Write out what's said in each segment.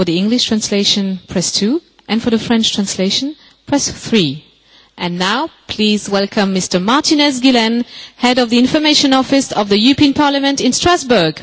For the English translation, press 2, and for the French translation, press 3. And now, please welcome Mr. Martinez Guillen, Head of the Information Office of the European Parliament in Strasbourg.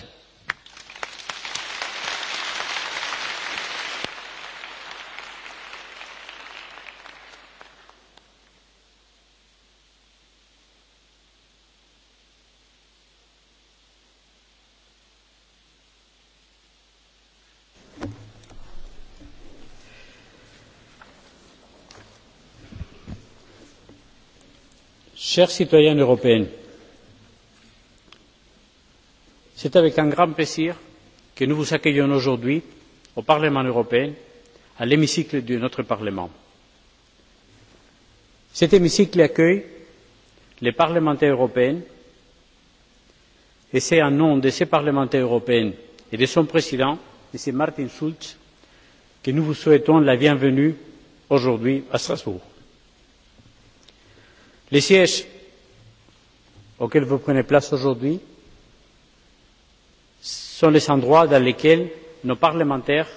chers citoyens européens c'est avec un grand plaisir que nous vous accueillons aujourd'hui au parlement européen à l'hémicycle de notre parlement. cet hémicycle accueille les parlementaires européens et c'est en nom de ces parlementaires européens et de son président m. martin schulz que nous vous souhaitons la bienvenue aujourd'hui à strasbourg. Les sièges auxquels vous prenez place aujourd'hui sont les endroits dans lesquels nos parlementaires,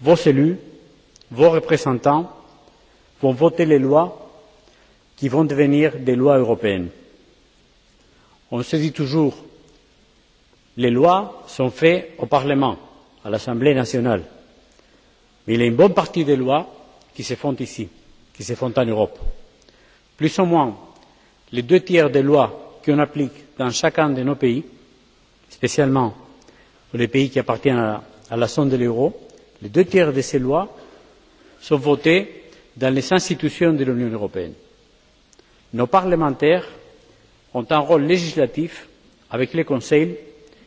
vos élus, vos représentants vont voter les lois qui vont devenir des lois européennes. On se dit toujours les lois sont faites au Parlement, à l'Assemblée nationale. Mais il y a une bonne partie des lois qui se font ici, qui se font en Europe plus ou moins les deux tiers des lois que l'on applique dans chacun de nos pays spécialement pour les pays qui appartiennent à la zone de l'euro les deux tiers de ces lois sont votées dans les institutions de l'union européenne. nos parlementaires ont un rôle législatif avec le conseil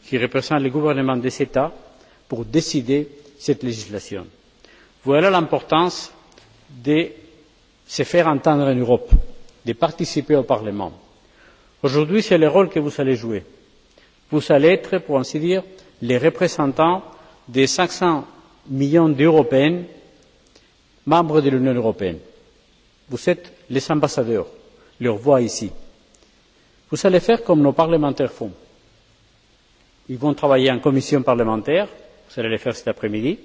qui représente les gouvernements des états pour décider cette législation. voilà l'importance de se faire entendre en europe de participer au Parlement. Aujourd'hui, c'est le rôle que vous allez jouer. Vous allez être, pour ainsi dire, les représentants des 500 millions d'Européens membres de l'Union européenne. Vous êtes les ambassadeurs, leur voix ici. Vous allez faire comme nos parlementaires font. Ils vont travailler en commission parlementaire, vous allez le faire cet après-midi.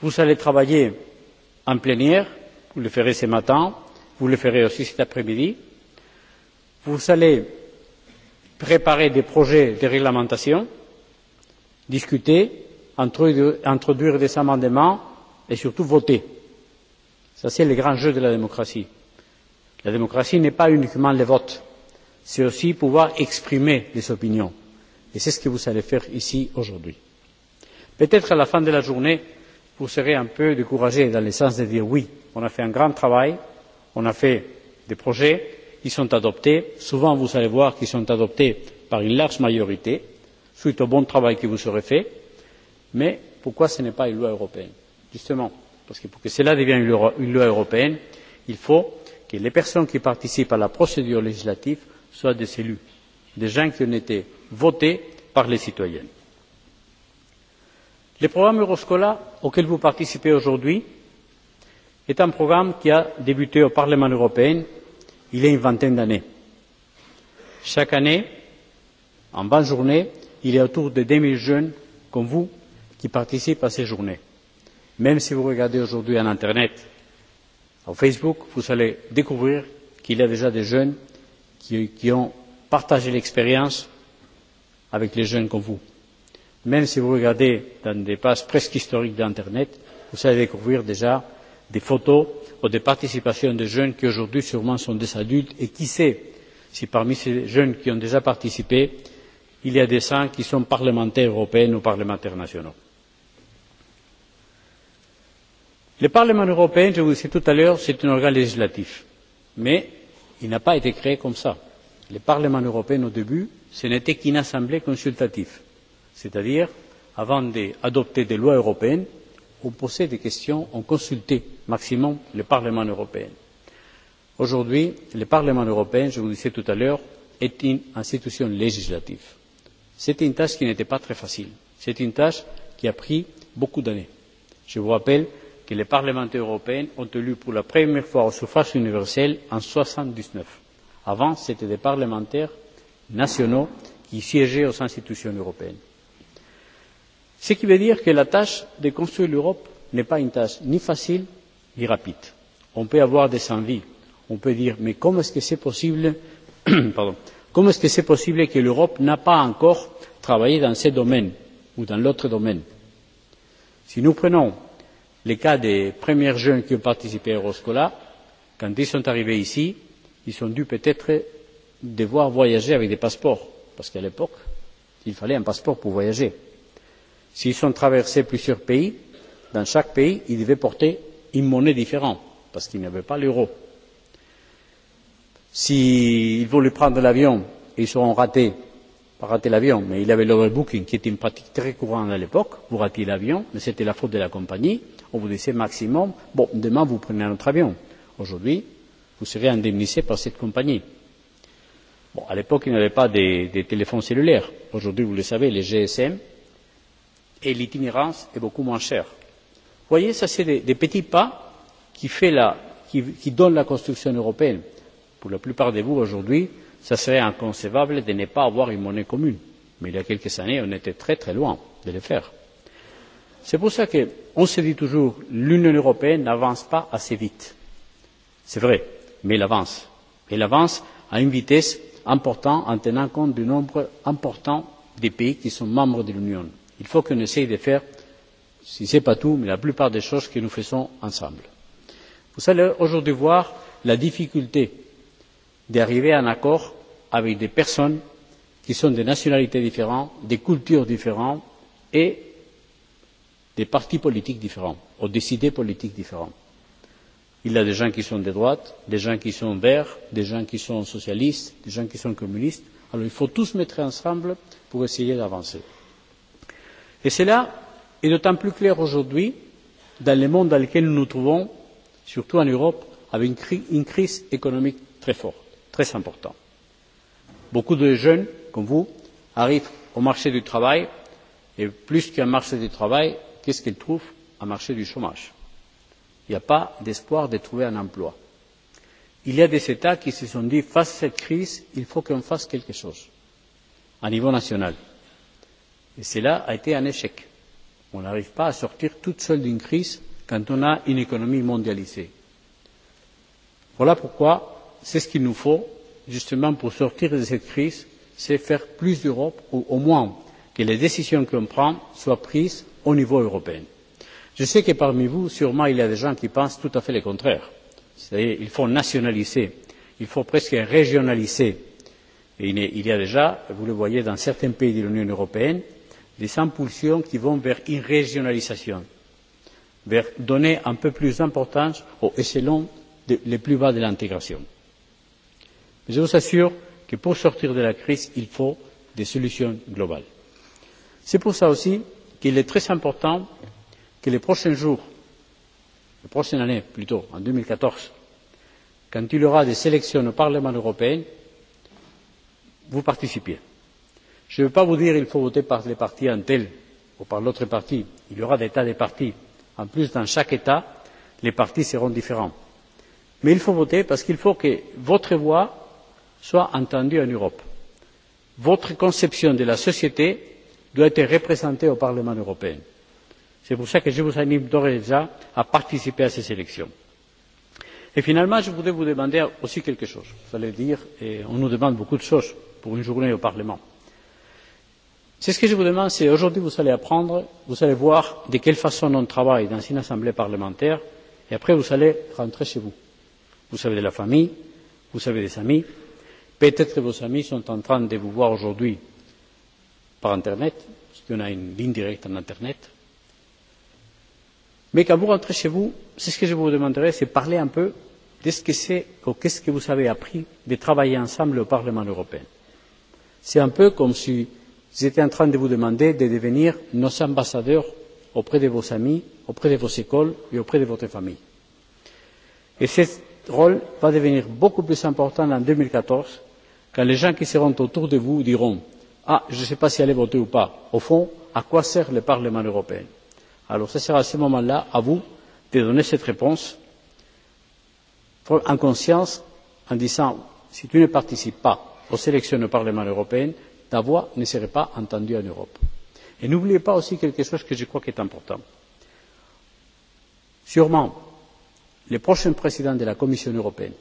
Vous allez travailler en plénière, vous le ferez ce matin vous le ferez aussi cet après midi vous allez préparer des projets de réglementation discuter introduire des amendements et surtout voter. c'est le grand jeu de la démocratie. la démocratie n'est pas uniquement le vote c'est aussi pouvoir exprimer des opinions et c'est ce que vous allez faire ici aujourd'hui. peut être à la fin de la journée vous serez un peu découragé dans le sens de dire oui on a fait un grand travail on a fait des projets ils sont adoptés souvent vous allez voir qu'ils sont adoptés par une large majorité suite au bon travail qui vous sera fait mais pourquoi ce n'est pas une loi européenne? justement parce que pour que cela devienne une loi européenne il faut que les personnes qui participent à la procédure législative soient des élus des gens qui ont été votés par les citoyens. le programme euroscola auquel vous participez aujourd'hui est un programme qui a débuté au Parlement européen il y a une vingtaine d'années. Chaque année, en bonne journée, il y a autour de 2000 jeunes comme vous qui participent à ces journées. Même si vous regardez aujourd'hui à Internet, au Facebook, vous allez découvrir qu'il y a déjà des jeunes qui ont partagé l'expérience avec les jeunes comme vous. Même si vous regardez dans des pages presque historiques d'Internet, vous allez découvrir déjà des photos ou des participations de jeunes qui aujourd'hui sûrement sont des adultes et qui sait si parmi ces jeunes qui ont déjà participé il y a des gens qui sont parlementaires européens ou parlementaires nationaux. le parlement européen je vous le disais tout à l'heure c'est un organe législatif mais il n'a pas été créé comme cela. le parlement européen au début ce n'était qu'une assemblée consultative c'est à dire avant d'adopter des lois européennes ont posé des questions, ont consulté maximum le Parlement européen. Aujourd'hui, le Parlement européen, je vous le disais tout à l'heure, est une institution législative. C'est une tâche qui n'était pas très facile. C'est une tâche qui a pris beaucoup d'années. Je vous rappelle que les parlementaires européens ont élu pour la première fois au suffrage universel en soixante dix neuf. Avant, c'étaient des parlementaires nationaux qui siégeaient aux institutions européennes. Ce qui veut dire que la tâche de construire l'Europe n'est pas une tâche ni facile ni rapide. On peut avoir des envies, on peut dire mais comment est-ce que c'est possible que l'Europe n'a pas encore travaillé dans ce domaine ou dans l'autre domaine. Si nous prenons le cas des premiers jeunes qui ont participé à Euroscola, quand ils sont arrivés ici, ils ont dû peut-être devoir voyager avec des passeports, parce qu'à l'époque, il fallait un passeport pour voyager. S'ils ont traversé plusieurs pays, dans chaque pays, ils devaient porter une monnaie différente, parce qu'ils n'avaient pas l'euro. S'ils voulaient prendre l'avion, ils seront ratés pas raté l'avion, mais il avait l'overbooking, qui était une pratique très courante à l'époque, vous ratiez l'avion, mais c'était la faute de la compagnie, on vous disait maximum, bon, demain vous prenez un autre avion. Aujourd'hui, vous serez indemnisé par cette compagnie. Bon, à l'époque, il n'y avait pas de téléphones cellulaire, Aujourd'hui, vous le savez, les GSM, et l'itinérance est beaucoup moins chère. Vous voyez, ce sont des petits pas qui donnent la construction européenne. Pour la plupart de vous aujourd'hui, ce serait inconcevable de ne pas avoir une monnaie commune. Mais il y a quelques années, on était très très loin de le faire. C'est pour cela qu'on se dit toujours l'Union européenne n'avance pas assez vite. C'est vrai, mais elle avance. Elle avance à une vitesse importante en tenant compte du nombre important des pays qui sont membres de l'Union il faut qu'on essaie de faire, si ce n'est pas tout, mais la plupart des choses que nous faisons ensemble. Vous allez aujourd'hui voir la difficulté d'arriver à un accord avec des personnes qui sont de nationalités différentes, des cultures différentes et des partis politiques différents, ou des politiques différentes. Il y a des gens qui sont de droite, des gens qui sont verts, des gens qui sont socialistes, des gens qui sont communistes. Alors il faut tous mettre ensemble pour essayer d'avancer. Et cela est d'autant plus clair aujourd'hui dans le monde dans lequel nous nous trouvons, surtout en Europe, avec une crise économique très forte, très importante. Beaucoup de jeunes, comme vous, arrivent au marché du travail et plus qu'un marché du travail, qu'est-ce qu'ils trouvent Un marché du chômage. Il n'y a pas d'espoir de trouver un emploi. Il y a des États qui se sont dit, face à cette crise, il faut qu'on fasse quelque chose, à niveau national. Et cela a été un échec. On n'arrive pas à sortir toute seule d'une crise quand on a une économie mondialisée. Voilà pourquoi c'est ce qu'il nous faut justement pour sortir de cette crise, c'est faire plus d'Europe ou au moins que les décisions que l'on prend soient prises au niveau européen. Je sais que parmi vous, sûrement, il y a des gens qui pensent tout à fait le contraire. C'est-à-dire qu'il faut nationaliser, il faut presque régionaliser. Il y a déjà, vous le voyez, dans certains pays de l'Union européenne, des impulsions qui vont vers une régionalisation, vers donner un peu plus d'importance aux échelons les plus bas de l'intégration. je vous assure que pour sortir de la crise, il faut des solutions globales. C'est pour cela aussi qu'il est très important que les prochains jours, les prochaine années plutôt, en 2014, quand il y aura des élections au Parlement européen, vous participiez je ne veux pas vous dire qu'il faut voter par le parti en tel ou par l'autre parti il y aura des tas de partis en plus dans chaque état les partis seront différents mais il faut voter parce qu'il faut que votre voix soit entendue en europe. votre conception de la société doit être représentée au parlement européen. c'est pour cela que je vous invite d'ores et déjà à participer à ces élections. et finalement je voudrais vous demander aussi quelque chose. vous allez dire on nous demande beaucoup de choses pour une journée au parlement. C'est ce que je vous demande, c'est aujourd'hui vous allez apprendre, vous allez voir de quelle façon on travaille dans une assemblée parlementaire, et après vous allez rentrer chez vous. Vous avez de la famille, vous avez des amis, peut-être que vos amis sont en train de vous voir aujourd'hui par Internet, parce qu'on a une ligne directe en Internet. Mais quand vous rentrez chez vous, c'est ce que je vous demanderai, c'est parler un peu de ce que c'est ou qu'est-ce que vous avez appris de travailler ensemble au Parlement européen. C'est un peu comme si vous étiez en train de vous demander de devenir nos ambassadeurs auprès de vos amis, auprès de vos écoles et auprès de votre famille. Et ce rôle va devenir beaucoup plus important en 2014 quand les gens qui seront autour de vous diront Ah, je ne sais pas si aller voter ou pas. Au fond, à quoi sert le Parlement européen Alors ce sera à ce moment-là à vous de donner cette réponse en conscience en disant Si tu ne participes pas aux élections au Parlement européen, la voix ne serait pas entendue en Europe. Et n'oubliez pas aussi quelque chose que je crois qui est important. Sûrement, le prochain président de la Commission européenne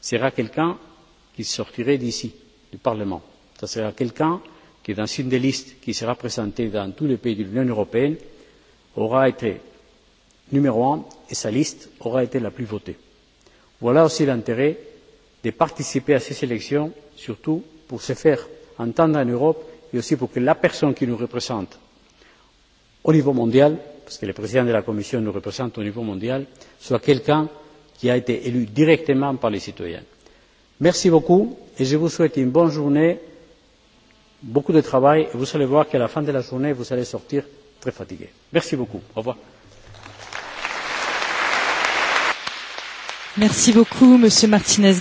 sera quelqu'un qui sortirait d'ici, du Parlement. Ce sera quelqu'un qui, dans une des listes qui sera présentée dans tous les pays de l'Union européenne, aura été numéro un et sa liste aura été la plus votée. Voilà aussi l'intérêt de participer à ces élections, surtout pour se faire entendre en Europe et aussi pour que la personne qui nous représente au niveau mondial, parce que le président de la Commission nous représente au niveau mondial, soit quelqu'un qui a été élu directement par les citoyens. Merci beaucoup et je vous souhaite une bonne journée, beaucoup de travail et vous allez voir qu'à la fin de la journée, vous allez sortir très fatigué. Merci beaucoup. Au revoir. Merci beaucoup, Monsieur martinez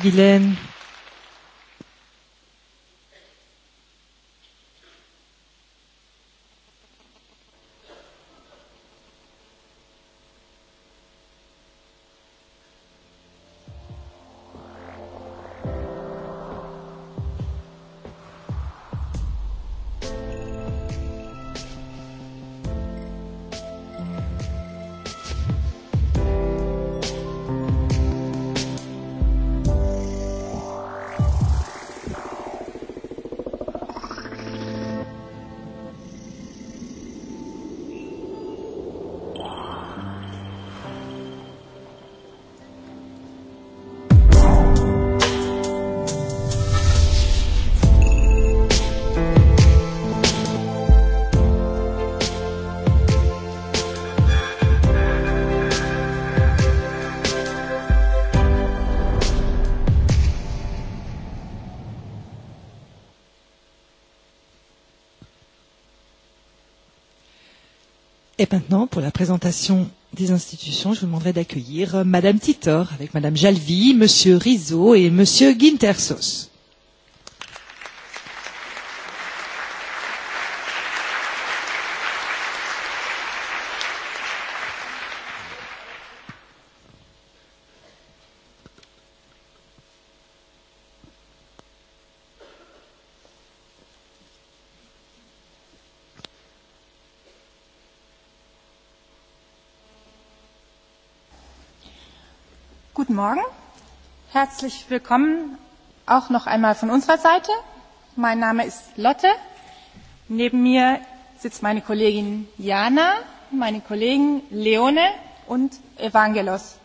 pour la présentation des institutions, je vous demanderai d'accueillir Madame Titor avec Madame Jalvi, Monsieur Rizzo et Monsieur Guintersos. Guten Morgen. Herzlich willkommen auch noch einmal von unserer Seite. Mein Name ist Lotte. Neben mir sitzt meine Kollegin Jana, meine Kollegen Leone und Evangelos.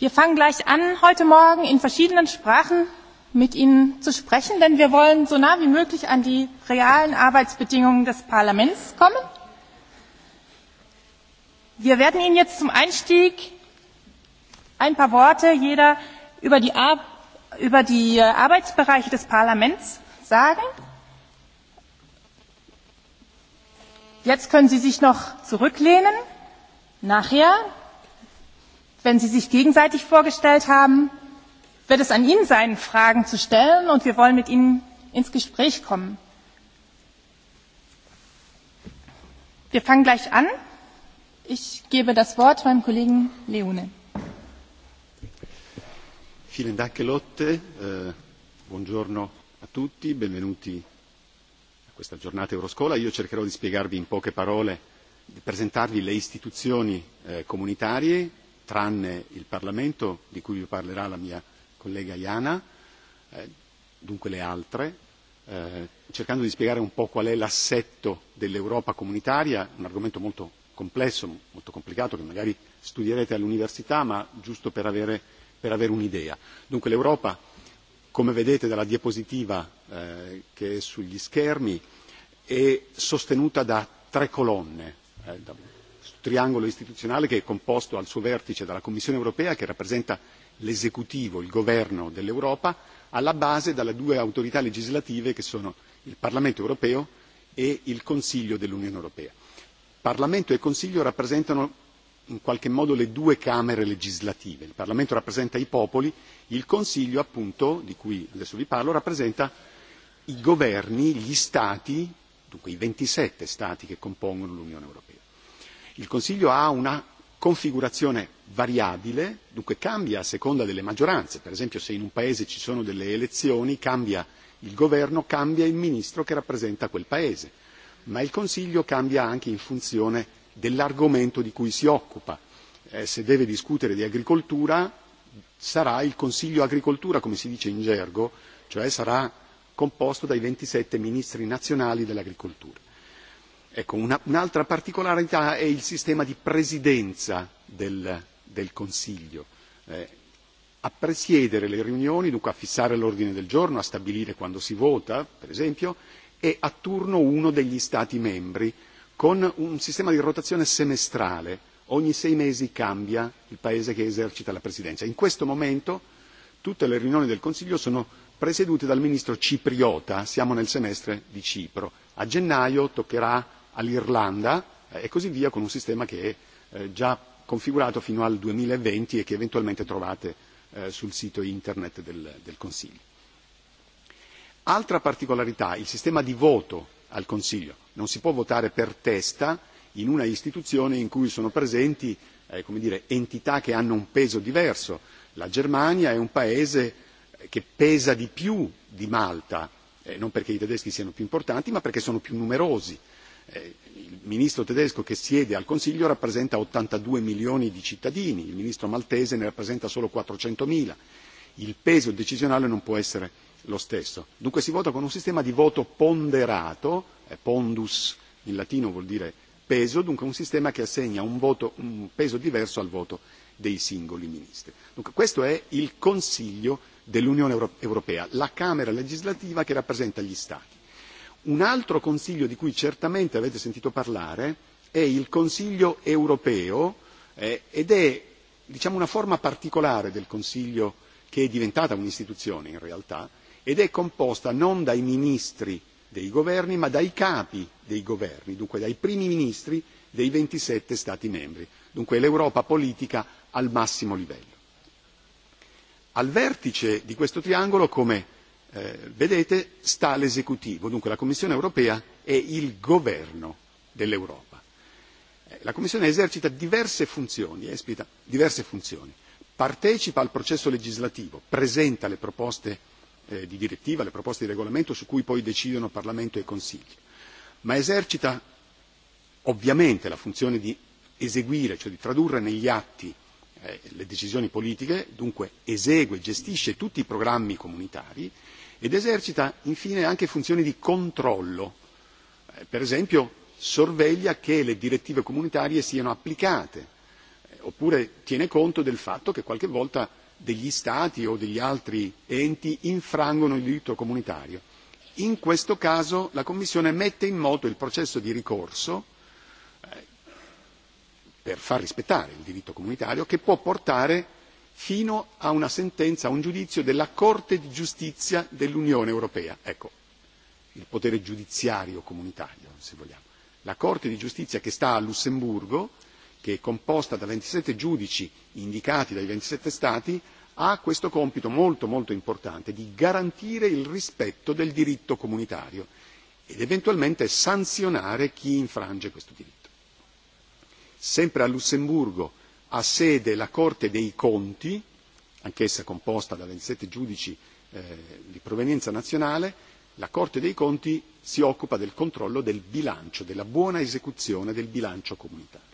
Wir fangen gleich an, heute Morgen in verschiedenen Sprachen mit Ihnen zu sprechen, denn wir wollen so nah wie möglich an die realen Arbeitsbedingungen des Parlaments kommen. Wir werden Ihnen jetzt zum Einstieg ein paar Worte jeder über die, Arbeitsbereiche des Parlaments sagen. Jetzt können Sie sich noch zurücklehnen. Nachher, wenn Sie sich gegenseitig vorgestellt haben, wird es an Ihnen sein, Fragen zu stellen, und wir wollen mit Ihnen ins Gespräch kommen. Wir fangen gleich an. Ich gebe das Wort meinem Kollegen Leone. Vielen Dank, Lotte. Buongiorno a tutti, benvenuti a questa giornata Euroscola. Io cercherò di spiegarvi in poche parole, di presentarvi le istituzioni comunitarie, tranne il Parlamento, di cui vi parlerà la mia collega Iana, dunque le altre, cercando di spiegare un po' qual è l'assetto dell'Europa comunitaria, un argomento molto complesso, molto complicato, che magari studierete all'università, ma giusto per avere per avere un'idea. Dunque l'Europa, come vedete dalla diapositiva che è sugli schermi, è sostenuta da tre colonne, da un triangolo istituzionale che è composto al suo vertice dalla Commissione europea, che rappresenta l'esecutivo, il governo dell'Europa, alla base dalle due autorità legislative che sono il Parlamento europeo e il Consiglio dell'Unione europea. Parlamento e Consiglio rappresentano in qualche modo le due camere legislative il parlamento rappresenta i popoli il consiglio appunto di cui adesso vi parlo rappresenta i governi gli stati dunque i 27 stati che compongono l'unione europea il consiglio ha una configurazione variabile dunque cambia a seconda delle maggioranze per esempio se in un paese ci sono delle elezioni cambia il governo cambia il ministro che rappresenta quel paese ma il consiglio cambia anche in funzione dell'argomento di cui si occupa. Se deve discutere di agricoltura sarà il Consiglio agricoltura, come si dice in gergo, cioè sarà composto dai 27 ministri nazionali dell'agricoltura. Ecco, un'altra particolarità è il sistema di presidenza del Consiglio. A presiedere le riunioni, dunque a fissare l'ordine del giorno, a stabilire quando si vota, per esempio, è a turno uno degli Stati membri con un sistema di rotazione semestrale. Ogni sei mesi cambia il Paese che esercita la Presidenza. In questo momento tutte le riunioni del Consiglio sono presiedute dal Ministro cipriota, siamo nel semestre di Cipro. A gennaio toccherà all'Irlanda e così via con un sistema che è già configurato fino al 2020 e che eventualmente trovate sul sito internet del Consiglio. Altra particolarità, il sistema di voto al Consiglio. Non si può votare per testa in una istituzione in cui sono presenti come dire, entità che hanno un peso diverso. La Germania è un paese che pesa di più di Malta, non perché i tedeschi siano più importanti, ma perché sono più numerosi. Il ministro tedesco che siede al Consiglio rappresenta 82 milioni di cittadini, il ministro maltese ne rappresenta solo 400.000. Il peso decisionale non può essere lo stesso. Dunque si vota con un sistema di voto ponderato, pondus in latino vuol dire peso, dunque un sistema che assegna un peso diverso al voto dei singoli ministri. Dunque questo è il Consiglio dell'Unione Europea, la Camera legislativa che rappresenta gli Stati. Un altro Consiglio di cui certamente avete sentito parlare è il Consiglio europeo ed è diciamo una forma particolare del Consiglio che è diventata un'istituzione in realtà ed è composta non dai ministri dei governi ma dai capi dei governi dunque dai primi ministri dei 27 stati membri dunque l'Europa politica al massimo livello al vertice di questo triangolo come vedete sta l'esecutivo dunque la Commissione europea è il governo dell'Europa la Commissione esercita diverse funzioni diverse funzioni partecipa al processo legislativo presenta le proposte di direttiva, le proposte di regolamento su cui poi decidono Parlamento e Consiglio, ma esercita ovviamente la funzione di eseguire, cioè di tradurre negli atti le decisioni politiche, dunque esegue, gestisce tutti i programmi comunitari ed esercita infine anche funzioni di controllo, per esempio sorveglia che le direttive comunitarie siano applicate, oppure tiene conto del fatto che qualche volta degli Stati o degli altri enti infrangono il diritto comunitario. In questo caso la Commissione mette in moto il processo di ricorso per far rispettare il diritto comunitario che può portare fino a una sentenza, a un giudizio della Corte di giustizia dell'Unione europea. Ecco, il potere giudiziario comunitario, se vogliamo. La Corte di giustizia che sta a Lussemburgo che è composta da 27 giudici indicati dai 27 Stati, ha questo compito molto molto importante di garantire il rispetto del diritto comunitario ed eventualmente sanzionare chi infrange questo diritto. Sempre a Lussemburgo ha sede la Corte dei Conti, anch'essa composta da 27 giudici di provenienza nazionale, la Corte dei Conti si occupa del controllo del bilancio, della buona esecuzione del bilancio comunitario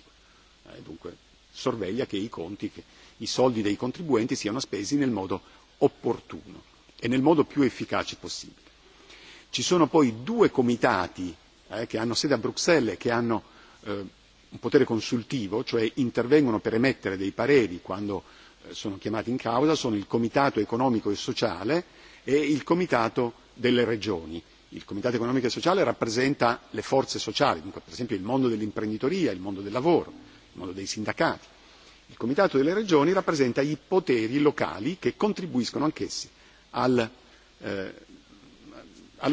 dunque sorveglia che i conti, che i soldi dei contribuenti siano spesi nel modo opportuno e nel modo più efficace possibile. Ci sono poi due comitati che hanno sede a Bruxelles e che hanno un potere consultivo, cioè intervengono per emettere dei pareri quando sono chiamati in causa, sono il Comitato economico e sociale e il Comitato delle regioni. Il Comitato economico e sociale rappresenta le forze sociali, dunque per esempio il mondo dell'imprenditoria, il mondo del lavoro dei sindacati. Il Comitato delle Regioni rappresenta i poteri locali che contribuiscono anch'essi alle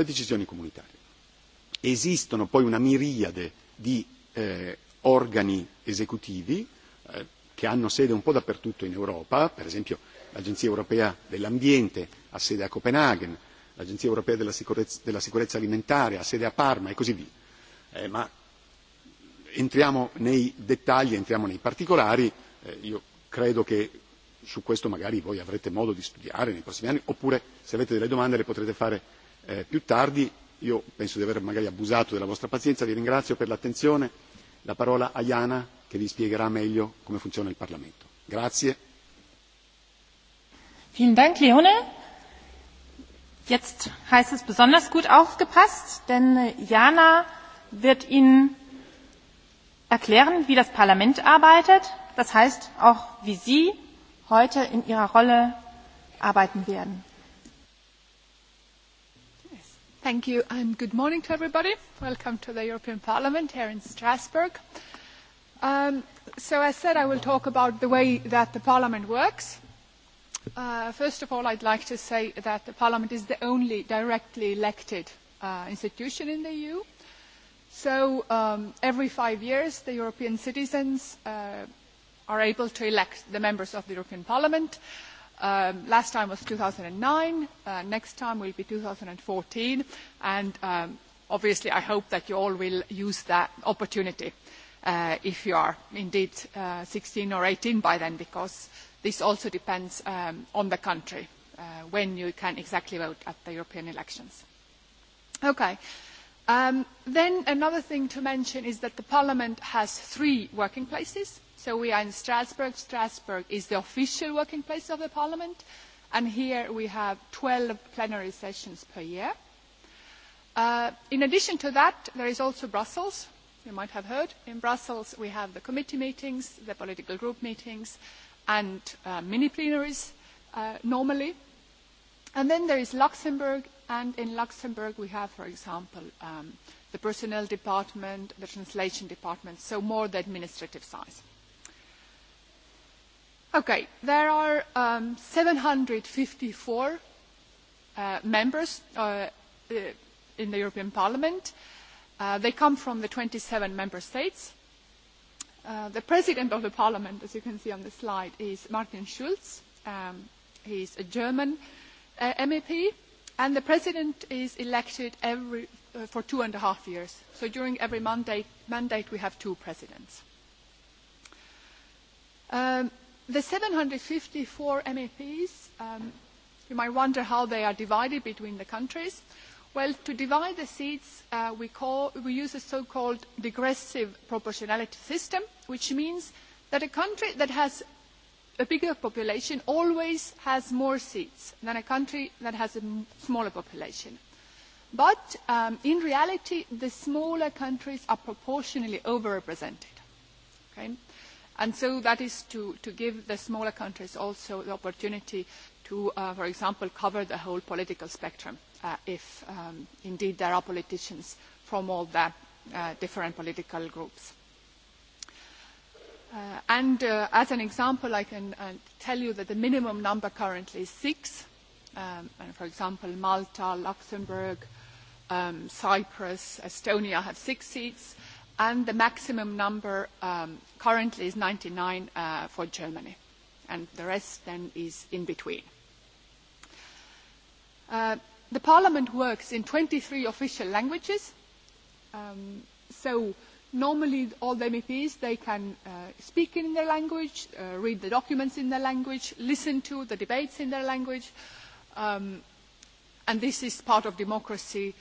decisioni comunitarie. Esistono poi una miriade di organi esecutivi che hanno sede un po' dappertutto in Europa, per esempio l'Agenzia europea dell'ambiente ha sede a Copenaghen, l'Agenzia europea della sicurezza alimentare ha sede a Parma e così via entriamo nei dettagli, entriamo nei particolari, io credo che su questo magari voi avrete modo di studiare nei prossimi anni, oppure se avete delle domande le potrete fare più tardi. Io penso di aver magari abusato della vostra pazienza, vi ringrazio per l'attenzione, la parola a Iana che vi spiegherà meglio come funziona il Parlamento. Grazie. Vielen Dank, Leone. Jetzt heißt es besonders gut aufgepasst, denn Jana wird Ihnen erklären, wie das Parlament arbeitet, das heißt auch, wie Sie heute in Ihrer Rolle arbeiten werden. Thank you and good morning to everybody. Welcome to the European Parliament here in Strasbourg. Um, so as said, I will talk about the way that the Parliament works. Uh, first of all, I'd like to say that the Parliament is the only directly elected institution in the EU So every five years the European citizens are able to elect the members of the European Parliament. Last time was 2009, next time will be 2014 and obviously I hope that you all will use that opportunity if you are indeed 16 or 18 by then because this also depends on the country when you can exactly vote at the European elections. Okay. Then another thing to mention is that the Parliament has three working places. So we are in Strasbourg. Strasbourg is the official working place of the Parliament. And here we have 12 plenary sessions per year. In addition to that, there is also Brussels. You might have heard. In Brussels, we have the committee meetings, the political group meetings, and mini plenaries normally. And then there is Luxembourg And in Luxembourg we have, for example, the personnel department, the translation department, so more the administrative size. Okay, there are 754 members in the European Parliament. They come from the 27 member states. The president of the parliament, as you can see on the slide, is Martin Schulz. He is a German MEP And the president is elected for two and a half years. So during every mandate we have two presidents. The 754 MEPs, you might wonder how they are divided between the countries. Well, to divide the seats we use a so-called digressive proportionality system, which means that a country that has a bigger population always has more seats than a country that has a smaller population. But in reality, the smaller countries are proportionally overrepresented. And so that is to give the smaller countries also the opportunity to, for example, cover the whole political spectrum if indeed there are politicians from all the different political groups. And as an example, I can tell you that the minimum number currently is six. And for example, Malta, Luxembourg, Cyprus, Estonia have six seats, and the maximum number currently is 99 for Germany, and the rest then is in between. The Parliament works in 23 official languages, so Normally, all the MEPs, they can speak in their language, read the documents in their language, listen to the debates in their language. And this is part of democracy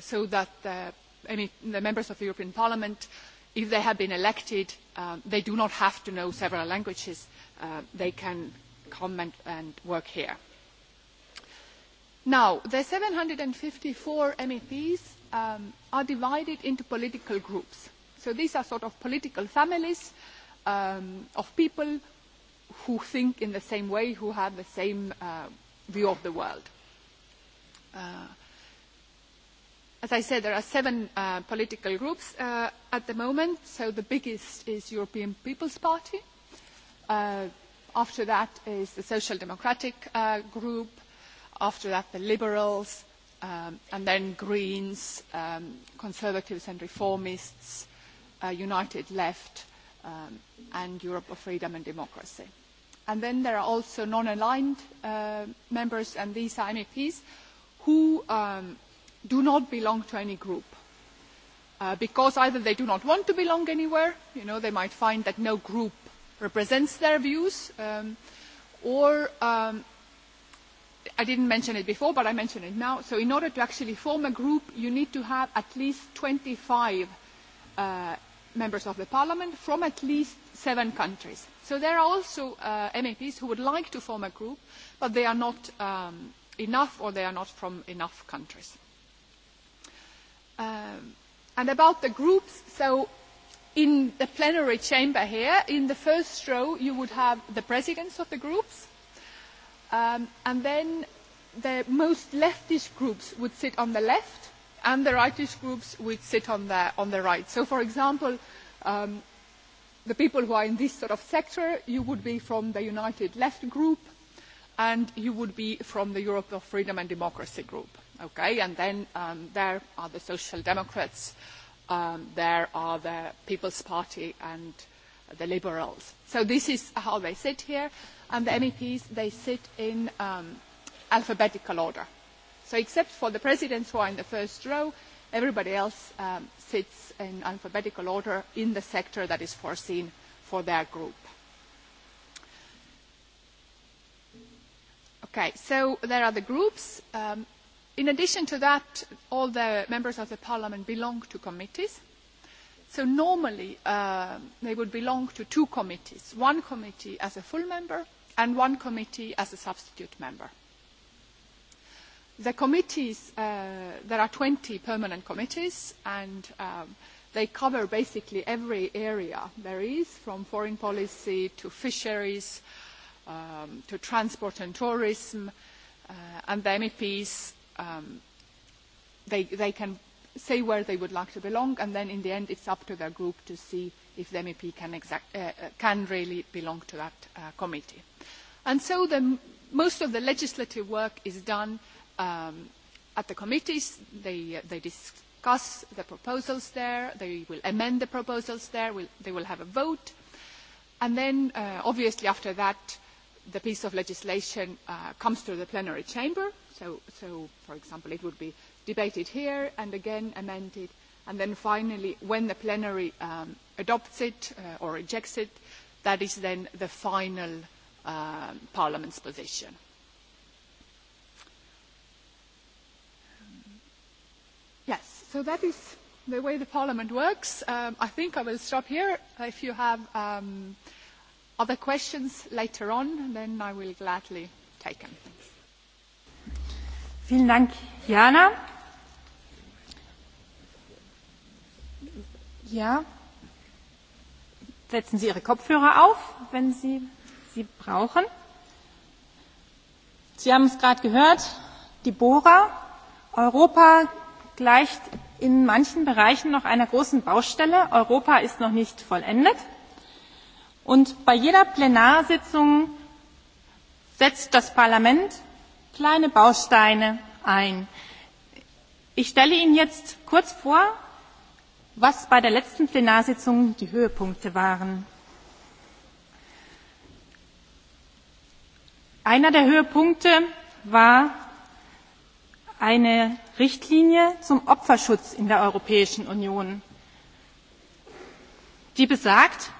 so that the members of the European Parliament, if they have been elected, they do not have to know several languages. They can come and work here. Now, the 754 MEPs are divided into political groups. So these are sort of political families of people who think in the same way, who have the same view of the world. As I said, there are seven political groups at the moment. So the biggest is European People's Party. After that is the Social Democratic group. After that, the Liberals, and then Greens, Conservatives and Reformists united left and Europe of freedom and democracy. And then there are also non-aligned members, and these are MEPs who do not belong to any group, because either they do not want to belong anywhere, you know, they might find that no group represents their views, or I didn't mention it before, but I mention it now. So in order to actually form a group, you need to have at least 25 members of the parliament from at least seven countries. So there are also MEPs who would like to form a group, but they are not enough or they are not from enough countries. And about the groups, so in the plenary chamber here, in the first row you would have the presidents of the groups, and then the most leftist groups would sit on the left, and the rightist groups which sit on the right. So, for example, the people who are in this sort of sector, you would be from the United Left group and you would be from the Europe of Freedom and Democracy group. Okay, and then there are the Social Democrats, there are the People's Party and the Liberals. So this is how they sit here, and the MEPs, they sit in alphabetical order. So except for the presidents who are in the first row, everybody else sits in alphabetical order in the sector that is foreseen for their group. Okay, so there are the groups. In addition to that, all the members of the parliament belong to committees. So normally they would belong to two committees, one committee as a full member and one committee as a substitute member. The committees, there are 20 permanent committees and they cover basically every area there is, from foreign policy to fisheries to transport and tourism, and the MEPs, they can say where they would like to belong and then in the end it's up to their group to see if the MEP can really belong to that committee. And so most of the legislative work is done at the committees. They discuss the proposals there. They will amend the proposals there. They will have a vote. And then, obviously, after that, the piece of legislation comes to the plenary chamber. So, for example, it would be debated here and again amended. And then finally, when the plenary adopts it or rejects it, that is then the final Parliament's position. So that is the way the Parliament works. I think I will stop here. If you have other questions later on, then I will gladly take them. Vielen Dank, Jana. Ja, setzen Sie Ihre Kopfhörer auf, wenn Sie sie brauchen. Sie haben es gerade gehört, die Bora, Europa gleicht in manchen Bereichen noch einer großen Baustelle. Europa ist noch nicht vollendet. Und bei jeder Plenarsitzung setzt das Parlament kleine Bausteine ein. Ich stelle Ihnen jetzt kurz vor, was bei der letzten Plenarsitzung die Höhepunkte waren. Einer der Höhepunkte war eine richtlinie zum opferschutz in der europäischen union die besagt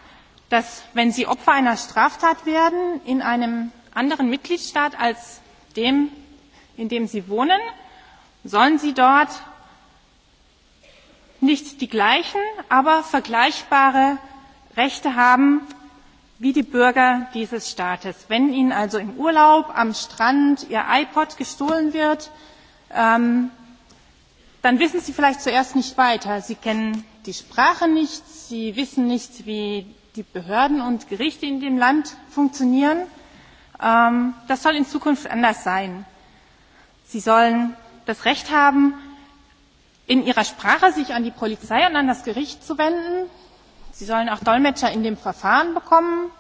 dass wenn sie opfer einer straftat werden in einem anderen mitgliedstaat als dem in dem sie wohnen sollen sie dort nicht die gleichen aber vergleichbare rechte haben wie die bürger dieses staates. wenn ihnen also im urlaub am strand ihr ipod gestohlen wird dann wissen Sie vielleicht zuerst nicht weiter. Sie kennen die Sprache nicht, Sie wissen nicht, wie die Behörden und Gerichte in dem Land funktionieren. Das soll in Zukunft anders sein. Sie sollen das Recht haben, in ihrer Sprache sich an die Polizei und an das Gericht zu wenden. Sie sollen auch Dolmetscher in dem Verfahren bekommen.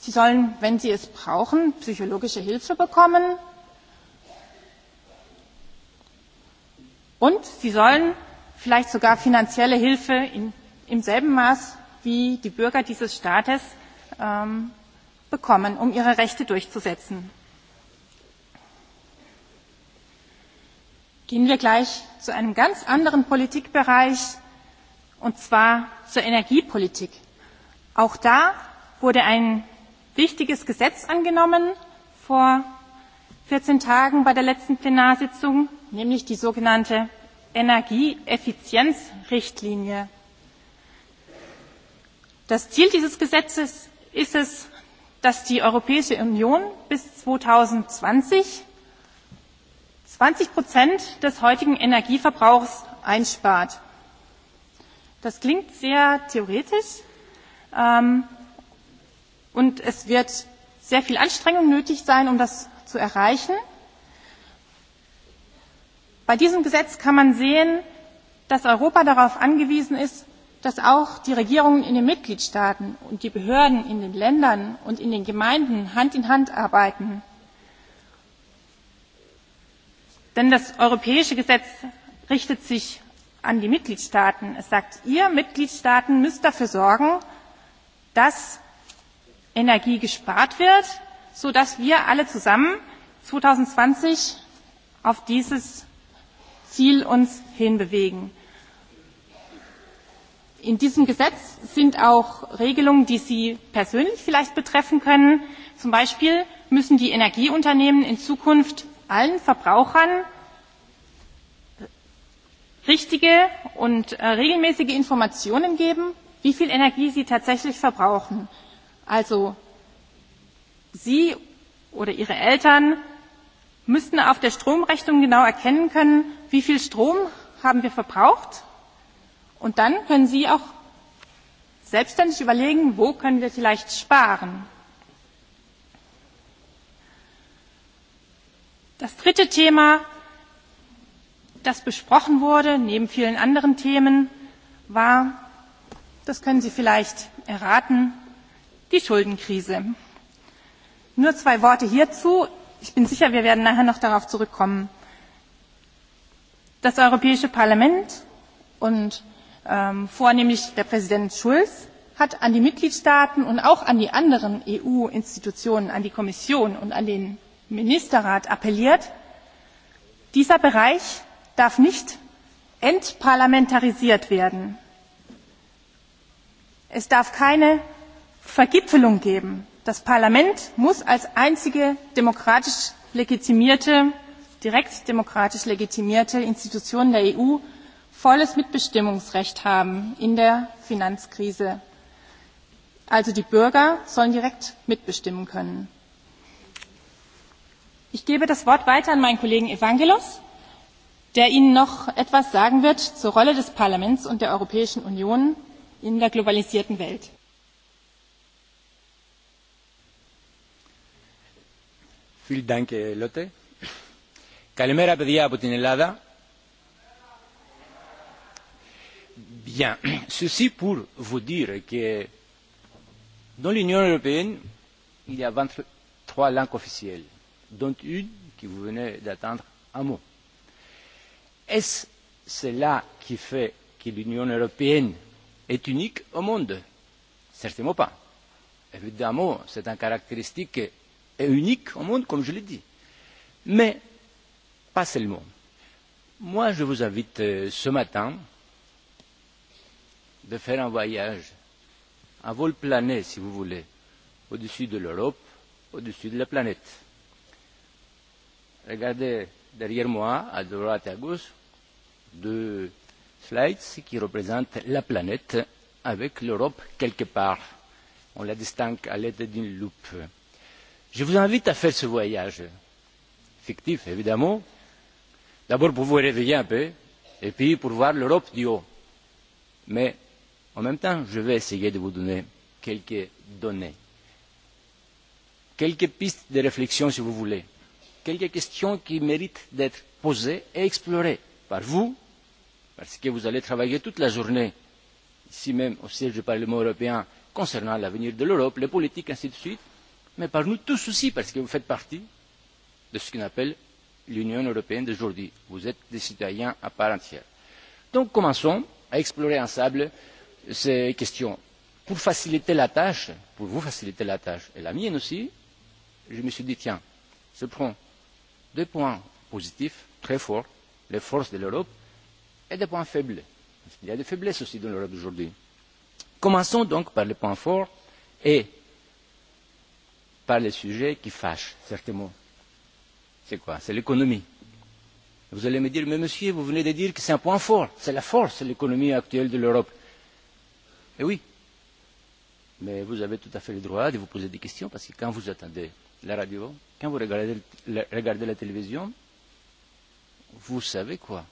Sie sollen, wenn sie es brauchen, psychologische Hilfe bekommen. und sie sollen vielleicht sogar finanzielle hilfe im selben maß wie die bürger dieses staates bekommen um ihre rechte durchzusetzen. gehen wir gleich zu einem ganz anderen politikbereich und zwar zur energiepolitik. auch da wurde ein wichtiges gesetz angenommen vor 14 tagen bei der letzten plenarsitzung nämlich die sogenannte Energieeffizienzrichtlinie. Das Ziel dieses Gesetzes ist es, dass die Europäische Union bis 2020 20 des heutigen Energieverbrauchs einspart. Das klingt sehr theoretisch und es wird sehr viel Anstrengung nötig sein, um das zu erreichen. Bei diesem Gesetz kann man sehen, dass Europa darauf angewiesen ist, dass auch die Regierungen in den Mitgliedstaaten und die Behörden in den Ländern und in den Gemeinden Hand in Hand arbeiten. Denn das europäische Gesetz richtet sich an die Mitgliedstaaten. Es sagt, ihr Mitgliedstaaten müsst dafür sorgen, dass Energie gespart wird, sodass wir alle zusammen 2020 auf dieses Ziel uns hinbewegen. In diesem Gesetz sind auch Regelungen, die Sie persönlich vielleicht betreffen können. Zum Beispiel müssen die Energieunternehmen in Zukunft allen Verbrauchern richtige und regelmäßige Informationen geben, wie viel Energie sie tatsächlich verbrauchen. Also Sie oder Ihre Eltern müssten auf der Stromrechnung genau erkennen können, wie viel Strom haben wir verbraucht. Und dann können Sie auch selbstständig überlegen, wo können wir vielleicht sparen. Das dritte Thema, das besprochen wurde, neben vielen anderen Themen, war, das können Sie vielleicht erraten, die Schuldenkrise. Nur zwei Worte hierzu. Ich bin sicher, wir werden nachher noch darauf zurückkommen das europäische parlament und vornehmlich der präsident schulz hat an die mitgliedstaaten und auch an die anderen eu institutionen an die kommission und an den ministerrat appelliert dieser bereich darf nicht entparlamentarisiert werden. es darf keine vergipfelung geben. das parlament muss als einzige demokratisch legitimierte direkt demokratisch legitimierte Institutionen der EU volles Mitbestimmungsrecht haben in der Finanzkrise. Also die Bürger sollen direkt mitbestimmen können. Ich gebe das Wort weiter an meinen Kollegen Evangelos, der Ihnen noch etwas sagen wird zur Rolle des Parlaments und der Europäischen Union in der globalisierten Welt. Vielen Dank, Lotte. Καλημέρα παιδιά από την Ελλάδα. Bien, ceci pour vous dire que dans l'Union européenne, il y a 23 langues officielles, dont une qui vous venez d'attendre un mot. Est-ce cela qui fait que l'Union européenne est unique au monde Certainement pas. Évidemment, c'est une caractéristique unique au monde, comme je l'ai dit. Mais pas seulement. Moi, je vous invite ce matin de faire un voyage, un vol plané, si vous voulez, au-dessus de l'Europe, au-dessus de la planète. Regardez derrière moi, à droite et à gauche, deux slides qui représentent la planète avec l'Europe quelque part. On la distingue à l'aide d'une loupe. Je vous invite à faire ce voyage, fictif évidemment, D'abord pour vous réveiller un peu, et puis pour voir l'Europe du haut. Mais en même temps, je vais essayer de vous donner quelques données, quelques pistes de réflexion si vous voulez, quelques questions qui méritent d'être posées et explorées par vous, parce que vous allez travailler toute la journée, ici même au siège du Parlement européen, concernant l'avenir de l'Europe, les politiques, ainsi de suite, mais par nous tous aussi, parce que vous faites partie de ce qu'on appelle l'Union européenne d'aujourd'hui. Vous êtes des citoyens à part entière. Donc commençons à explorer ensemble ces questions. Pour faciliter la tâche, pour vous faciliter la tâche, et la mienne aussi, je me suis dit, tiens, je prends deux points positifs, très forts, les forces de l'Europe, et des points faibles. Il y a des faiblesses aussi dans l'Europe d'aujourd'hui. Commençons donc par les points forts et par les sujets qui fâchent, certainement C'est quoi C'est l'économie. Vous allez me dire, mais monsieur, vous venez de dire que c'est un point fort, c'est la force, l'économie actuelle de l'Europe. Eh oui. Mais vous avez tout à fait le droit de vous poser des questions, parce que quand vous attendez la radio, quand vous regardez, regardez la télévision, vous savez quoi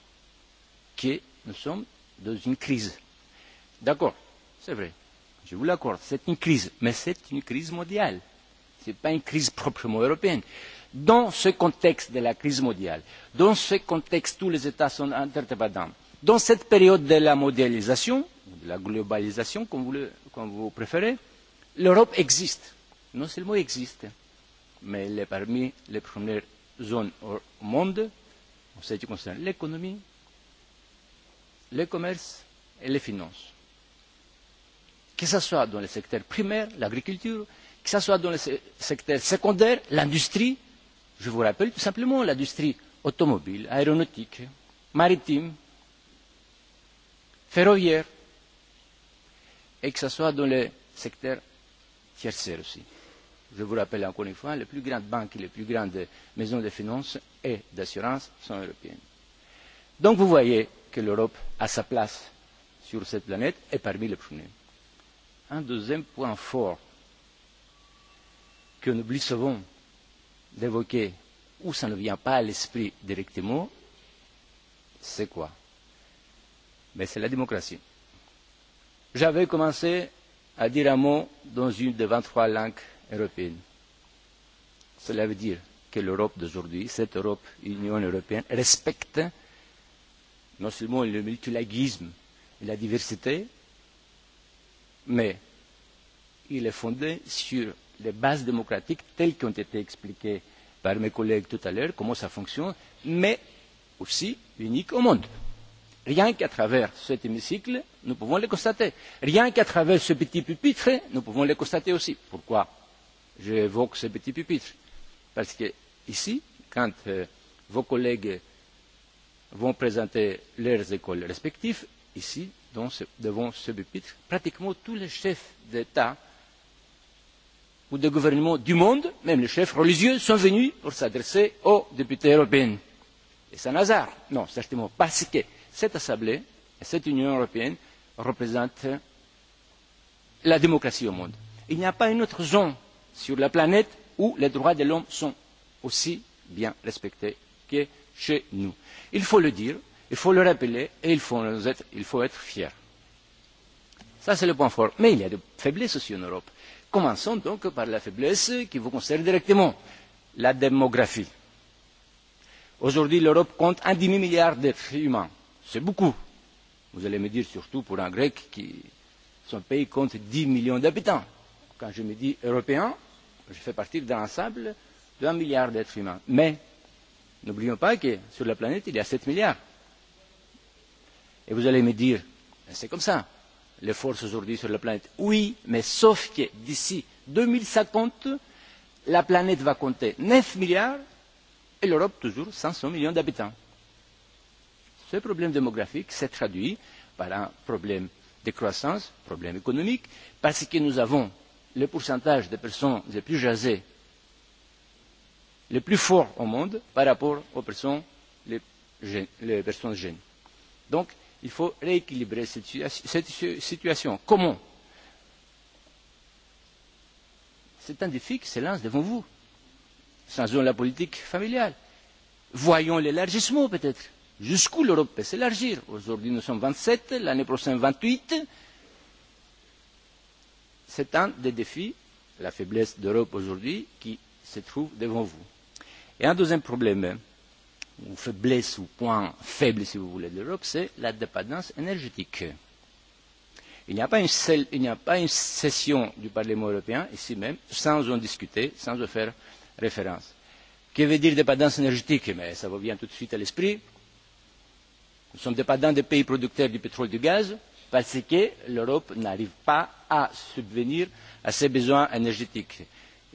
Que nous sommes dans une crise. D'accord, c'est vrai, je vous l'accorde, c'est une crise, mais c'est une crise mondiale. Ce n'est pas une crise proprement européenne dans ce contexte de la crise mondiale, dans ce contexte où tous les États sont interdépendants, dans cette période de la mondialisation, de la globalisation, comme vous préférez, l'Europe existe. Non seulement elle existe, mais elle est parmi les premières zones au monde en ce qui concerne l'économie, le commerce et les finances. Que ce soit dans le secteur primaire, l'agriculture, que ce soit dans le secteur secondaire, l'industrie, Je vous rappelle tout simplement l'industrie automobile, aéronautique, maritime, ferroviaire, et que ce soit dans le secteur tertiaire aussi. Je vous rappelle encore une fois, les plus grandes banques et les plus grandes maisons de finances et d'assurance sont européennes. Donc vous voyez que l'Europe a sa place sur cette planète et parmi les premiers. Un deuxième point fort que nous souvent d'évoquer où ça ne vient pas à l'esprit directement, c'est quoi Mais c'est la démocratie. J'avais commencé à dire un mot dans une des 23 langues européennes. Cela veut dire que l'Europe d'aujourd'hui, cette Europe, Union européenne, respecte non seulement le multilinguisme et la diversité, mais il est fondé sur les bases démocratiques telles qu'elles ont été expliquées par mes collègues tout à l'heure, comment ça fonctionne, mais aussi unique au monde. Rien qu'à travers cet hémicycle, nous pouvons le constater. Rien qu'à travers ce petit pupitre, nous pouvons le constater aussi. Pourquoi j'évoque ce petit pupitre Parce que ici, quand vos collègues vont présenter leurs écoles respectives, ici, devant ce pupitre, pratiquement tous les chefs d'État ou des gouvernements du monde, même les chefs religieux, sont venus pour s'adresser aux députés européens. Et c'est un hasard Non, certainement, parce que cette Assemblée, et cette Union européenne, représentent la démocratie au monde. Il n'y a pas une autre zone sur la planète où les droits de l'homme sont aussi bien respectés que chez nous. Il faut le dire, il faut le rappeler et il faut être fier. Ça, c'est le point fort. Mais il y a des faiblesses aussi en Europe Commençons donc par la faiblesse qui vous concerne directement, la démographie. Aujourd'hui, l'Europe compte un demi-milliard d'êtres humains. C'est beaucoup. Vous allez me dire, surtout pour un Grec qui, son pays compte 10 millions d'habitants. Quand je me dis européen, je fais partie d'un ensemble d'un milliard d'êtres humains. Mais, n'oublions pas que sur la planète, il y a 7 milliards. Et vous allez me dire, c'est comme ça les forces aujourd'hui sur la planète. Oui, mais sauf que d'ici 2050, la planète va compter 9 milliards et l'Europe toujours 500 millions d'habitants. Ce problème démographique s'est traduit par un problème de croissance, un problème économique, parce que nous avons le pourcentage de personnes les plus jasées, les plus forts au monde par rapport aux personnes, les personnes jeunes. Il faut rééquilibrer cette situation. Comment C'est un défi qui se lance devant vous. Changeons la politique familiale. Voyons l'élargissement peut-être. Jusqu'où l'Europe peut s'élargir Aujourd'hui nous sommes 27, l'année prochaine 28. C'est un des défis, la faiblesse d'Europe aujourd'hui, qui se trouve devant vous. Et un deuxième problème ou faiblesse ou point faible, si vous voulez, de l'Europe, c'est la dépendance énergétique. Il n'y a pas une a pas une session du Parlement européen ici même sans en discuter, sans en faire référence. Que veut dire dépendance énergétique Mais ça vous vient tout de suite à l'esprit. Nous sommes dépendants des pays producteurs du pétrole et du gaz parce que l'Europe n'arrive pas à subvenir à ses besoins énergétiques.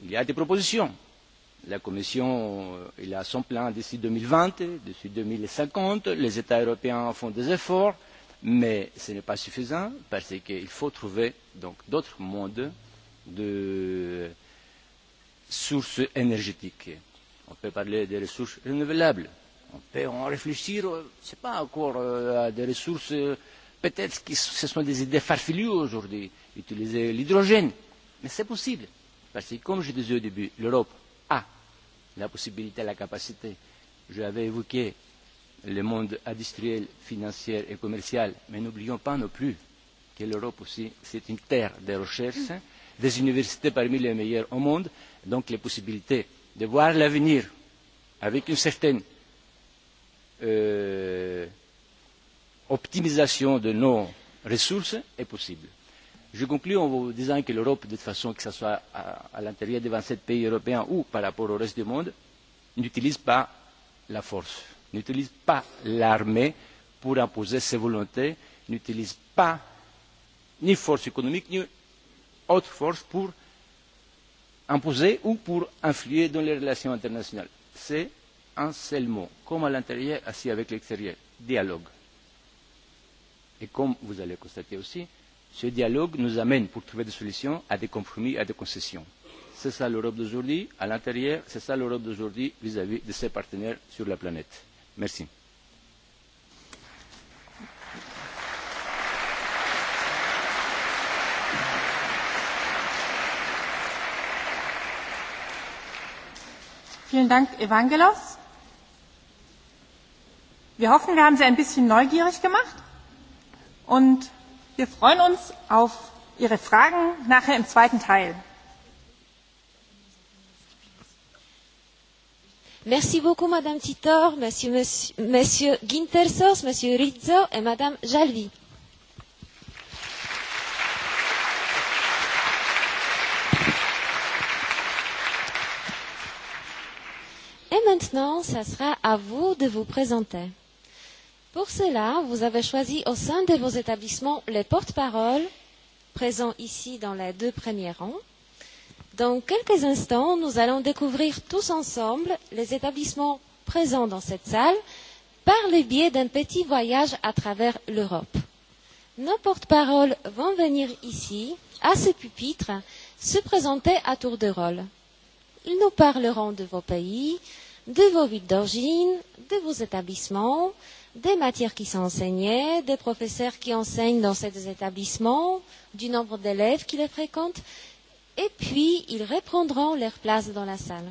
Il y a des propositions La Commission a son plan d'ici 2020, d'ici 2050. Les États européens font des efforts, mais ce n'est pas suffisant parce qu'il faut trouver donc d'autres modes de sources énergétiques. On peut parler des ressources renouvelables. On peut en réfléchir, je sais pas encore, à des ressources, peut-être que ce sont des idées farfelues aujourd'hui, utiliser l'hydrogène. Mais c'est possible. Parce que, comme je disais au début, l'Europe a la possibilité, la capacité. J'avais évoqué le monde industriel, financier et commercial, mais n'oublions pas non plus que l'Europe aussi, c'est une terre de recherche, des universités parmi les meilleures au monde, donc les possibilités de voir l'avenir avec une certaine optimisation de nos ressources est possible. Je conclus en vous disant que l'Europe, de façon, que ce soit à l'intérieur des vingt sept pays européens ou par rapport au reste du monde, n'utilise pas la force, n'utilise pas l'armée pour imposer ses volontés, n'utilise pas ni force économique ni autre force pour imposer ou pour influer dans les relations internationales. C'est un seul mot, comme à l'intérieur, ainsi avec l'extérieur dialogue. Et comme vous allez constater aussi, Ce dialogue nous amène, pour trouver des solutions, à des compromis, à des concessions. C'est ça l'Europe d'aujourd'hui, à l'intérieur, c'est ça l'Europe d'aujourd'hui vis-à-vis de ses partenaires sur la planète. Merci. Wir hoffen, wir haben Sie ein bisschen neugierig gemacht und Wir freuen uns auf Ihre Fragen nachher im zweiten Teil. Merci beaucoup, Madame Titor, Monsieur, Monsieur Gintersos, Monsieur Rizzo et Madame Jalvi. Et maintenant, ça sera à vous de vous présenter. Pour cela, vous avez choisi au sein de vos établissements les porte-paroles, présents ici dans les deux premiers rangs. Dans quelques instants, nous allons découvrir tous ensemble les établissements présents dans cette salle par le biais d'un petit voyage à travers l'Europe. Nos porte-paroles vont venir ici, à ce pupitre, se présenter à tour de rôle. Ils nous parleront de vos pays, de vos villes d'origine, de vos établissements, des matières qui sont enseignées, des professeurs qui enseignent dans ces établissements, du nombre d'élèves qui les fréquentent, et puis ils reprendront leur place dans la salle.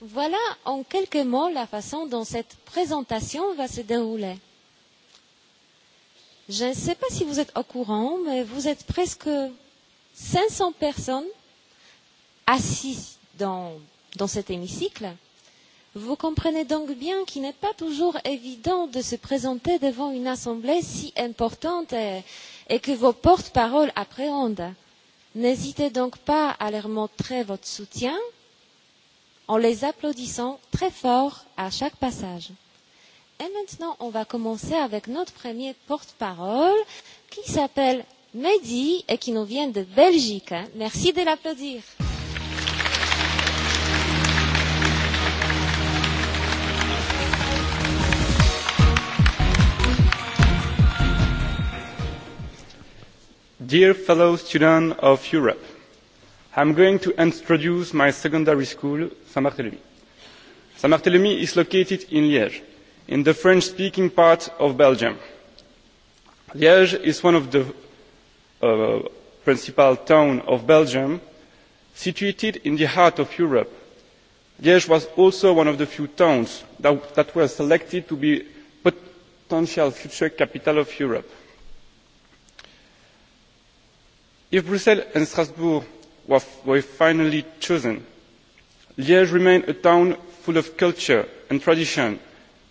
Voilà en quelques mots la façon dont cette présentation va se dérouler. Je ne sais pas si vous êtes au courant, mais vous êtes presque 500 personnes assises dans, dans cet hémicycle Vous comprenez donc bien qu'il n'est pas toujours évident de se présenter devant une assemblée si importante et que vos porte-paroles appréhendent. N'hésitez donc pas à leur montrer votre soutien en les applaudissant très fort à chaque passage. Et maintenant, on va commencer avec notre premier porte-parole qui s'appelle Mehdi et qui nous vient de Belgique. Merci de l'applaudir. Dear fellow students of Europe, I am going to introduce my secondary school, Saint-Barthélemy. Saint-Barthélemy is located in Liège, in the French-speaking part of Belgium. Liège is one of the principal towns of Belgium, situated in the heart of Europe. Liège was also one of the few towns that were selected to be potential future capital of Europe. If Brussels and Strasbourg were finally chosen, Liège remained a town full of culture and tradition,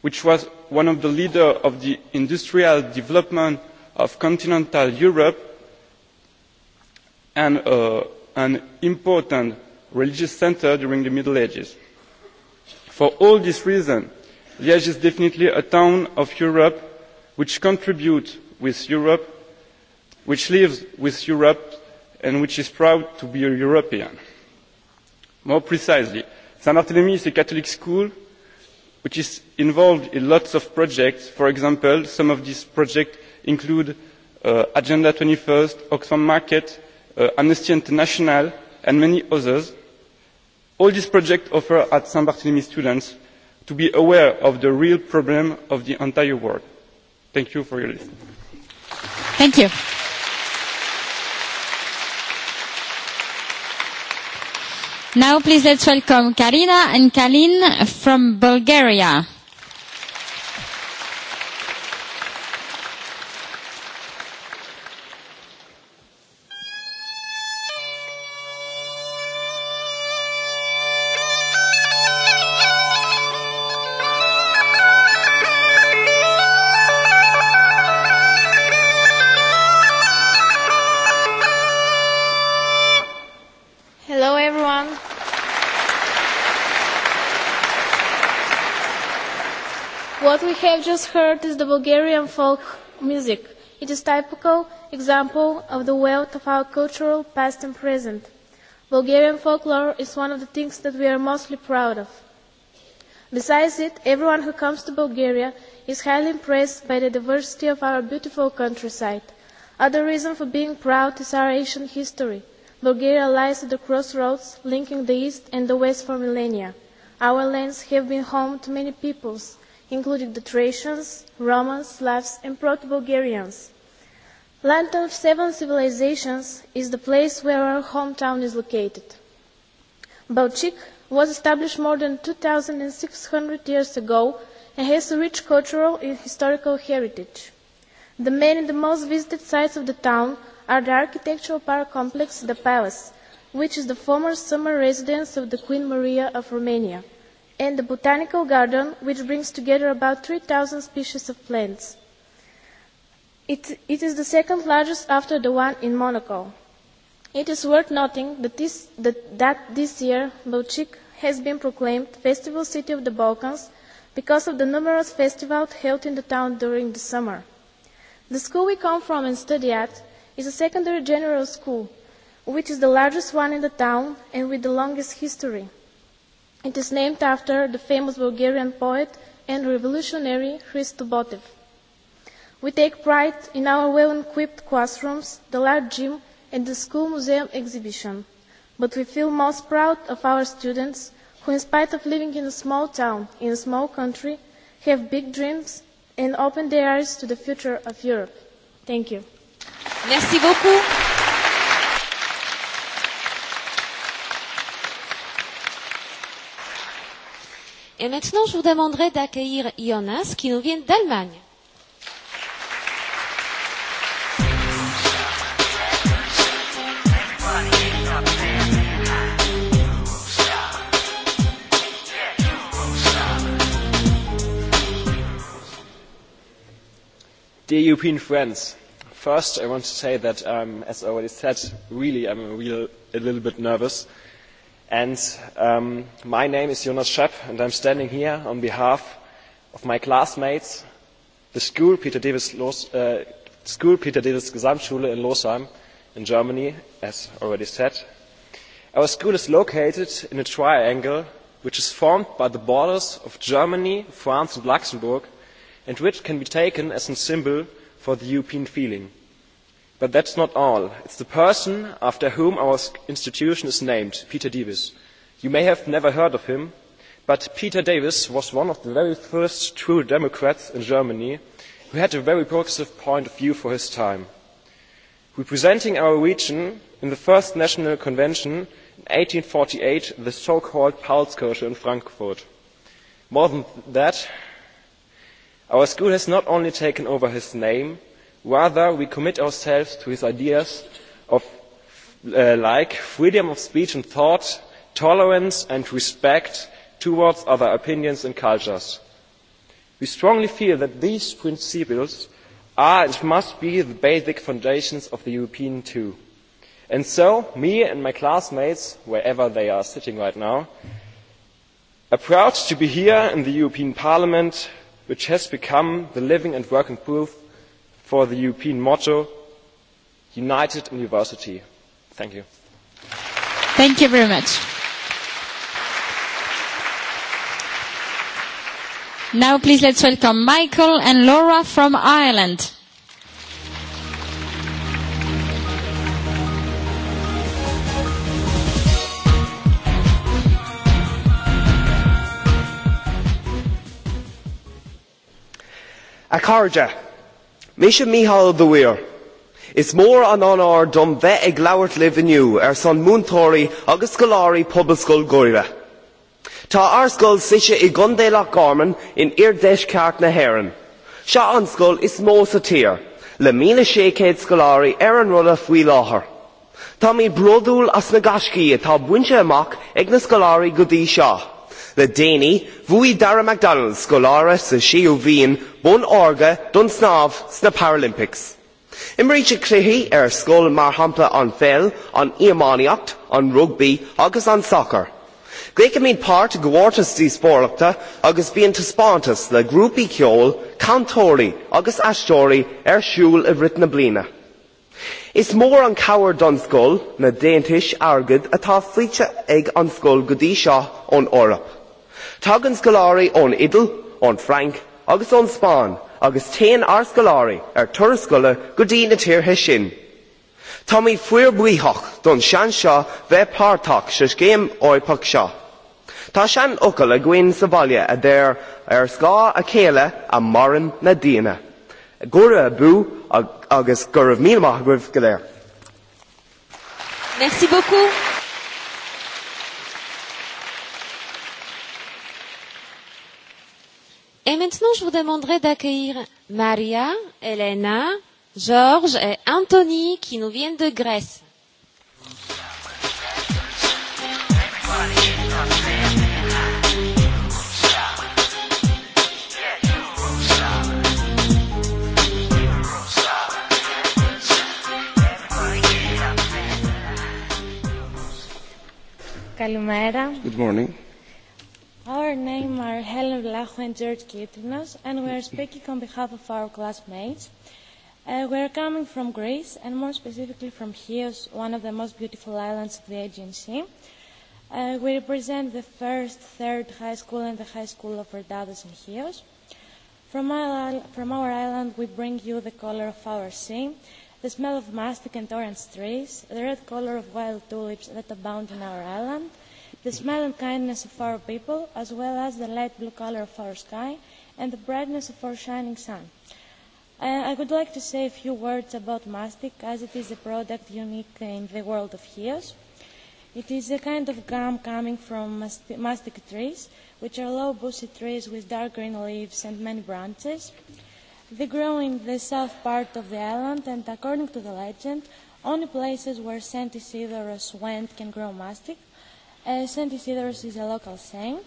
which was one of the leaders of the industrial development of continental Europe and an important religious centre during the Middle Ages. For all these reasons, Liège is definitely a town of Europe which contributes with Europe which lives with Europe and which is proud to be a European. More precisely, Saint Barthélemy is a Catholic school which is involved in lots of projects. For example, some of these projects include Agenda 21 first, Oxfam Market, Amnesty International and many others. All these projects offer at Saint Barthélemy students to be aware of the real problem of the entire world. Thank you for your listening. Thank you. Now please let's welcome Karina and Kalin from Bulgaria. What we have just heard is the Bulgarian folk music. It is a typical example of the wealth of our cultural past and present. Bulgarian folklore is one of the things that we are mostly proud of. Besides it, everyone who comes to Bulgaria is highly impressed by the diversity of our beautiful countryside. Other reason for being proud is our ancient history. Bulgaria lies at the crossroads linking the East and the West for millennia. Our lands have been home to many peoples including the Thracians, Romans, Slavs and Proto-Bulgarians. Land of Seven Civilizations is the place where our hometown is located. Balchik was established more than 2,600 years ago and has a rich cultural and historical heritage. The main and the most visited sites of the town are the architectural park complex The Palace, which is the former summer residence of the Queen Maria of Romania and the botanical garden which brings together about 3,000 species of plants. It is the second largest after the one in Monaco. It is worth noting that this year Balchik has been proclaimed Festival City of the Balkans because of the numerous festivals held in the town during the summer. The school we come from and study at is a secondary general school, which is the largest one in the town and with the longest history. It is named after the famous Bulgarian poet and revolutionary Hristo Botev. We take pride in our well-equipped classrooms, the large gym and the school museum exhibition. But we feel most proud of our students who, in spite of living in a small town, in a small country, have big dreams and open their eyes to the future of Europe. Thank you. Merci Et maintenant, je vous demanderai d'accueillir Jonas qui nous vient d'Allemagne. Dear European friends, first I want to say that, um, as already said, really I'm a, real, a little bit nervous And my name is Jonas Schepp, and I'm standing here on behalf of my classmates, the school Peter Davis Gesamtschule in Losheim in Germany, as already said. Our school is located in a triangle which is formed by the borders of Germany, France and Luxembourg, and which can be taken as a symbol for the European feeling. But that's not all. It's the person after whom our institution is named, Peter Davis. You may have never heard of him, but Peter Davis was one of the very first true Democrats in Germany who had a very progressive point of view for his time. Representing our region in the first national convention in forty eight the so called Paulskirche in Frankfurt. More than that, our school has not only taken over his name, Rather, we commit ourselves to his ideas of like freedom of speech and thought, tolerance and respect towards other opinions and cultures. We strongly feel that these principles are and must be the basic foundations of the European too. And so, me and my classmates, wherever they are sitting right now, are proud to be here in the European Parliament, which has become the living and working proof for the European motto United University. Thank you. Thank you very much. Now please let's welcome Michael and Laura from Ireland. A Misha Mihal weir Is more an honor dumvet e ag live in you, son son muntori, agus galari, poblascoil goira. Tá arscoil sisha i la garman in iardéis kart na heren. Sha is mó satir, le mina sécéad scoláirí ar an rud a faoi láthair. Tá í brodúil as nagashki, Vui Le Dara Macdonald scoláire sa siú b'un orga don snámh sna paralympics. imreoidh sé cluichí ar scoil mar shampla an bheal an íománaíocht an rugby, agus an soccer. Gréicim míid páirt go bhórtas dí spórlachta, agus bíonn taspántas le grúpaí ceol cantóirí agus astóri ar siúl i bhrit na bliana. Is mór an cabhair don scoil na déantais agad atá flitte ag an scoil go dtí seo ón Eorop. Tugann scoláirí ón Idal, ón Frank agus an Spáin agus téan arscoláirí ar tuarascoile go dtí na tíortha sin. Tá í fuir buíthach don sean seo bheith pártaach sa céim óipach seo. Tá sean ocail a gcuin sa bhaile a ar scá a chéile a maran na daine. Gura a bú agus gur míach go léir. Merci beaucoup. Et maintenant, je vous demanderai d'accueillir Maria, Elena, Georges et Anthony qui nous viennent de Grèce. Good morning. Our name are Helen Vlachou and George Kitrinos, and we are speaking on behalf of our classmates. we are coming from Greece, and more specifically from Chios, one of the most beautiful islands of the Aegean Sea. we represent the first, third high school and the high school of Rhodados in Chios. From our, from our island, we bring you the color of our sea, the smell of mastic and orange trees, the red color of wild tulips that abound in our island, the smell and kindness of our people, as well as the light blue color of our sky and the brightness of our shining sun. I would like to say a few words about mastic, as it is a product unique in the world of HEOS. It is a kind of gum coming from mastic trees, which are low bushy trees with dark green leaves and many branches. They grow in the south part of the island, and according to the legend, only places where Saint went went can grow mastic, Saint Isidorus is a local saint.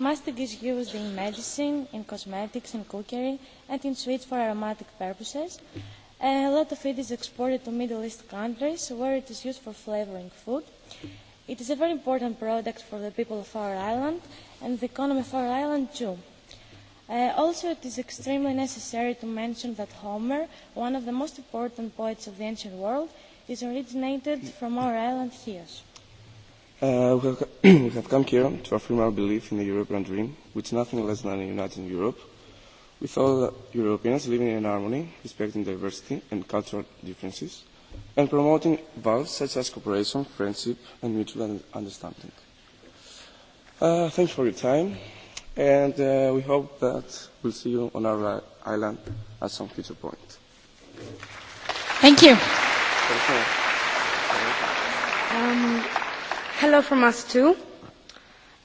Mastic is used in medicine, in cosmetics, in cookery, and in sweets for aromatic purposes. A lot of it is exported to Middle East countries, where it is used for flavoring food. It is a very important product for the people of our island, and the economy of our island too. Also, it is extremely necessary to mention that Homer, one of the most important poets of the ancient world, is originated from our island Chios. We have come here to affirm our belief in the European dream, which is nothing less than a united Europe, with all Europeans living in harmony, respecting diversity and cultural differences, and promoting values such as cooperation, friendship and mutual understanding. Thanks for your time, and we hope that we'll see you on our island at some future point. Thank you. Hello from us too.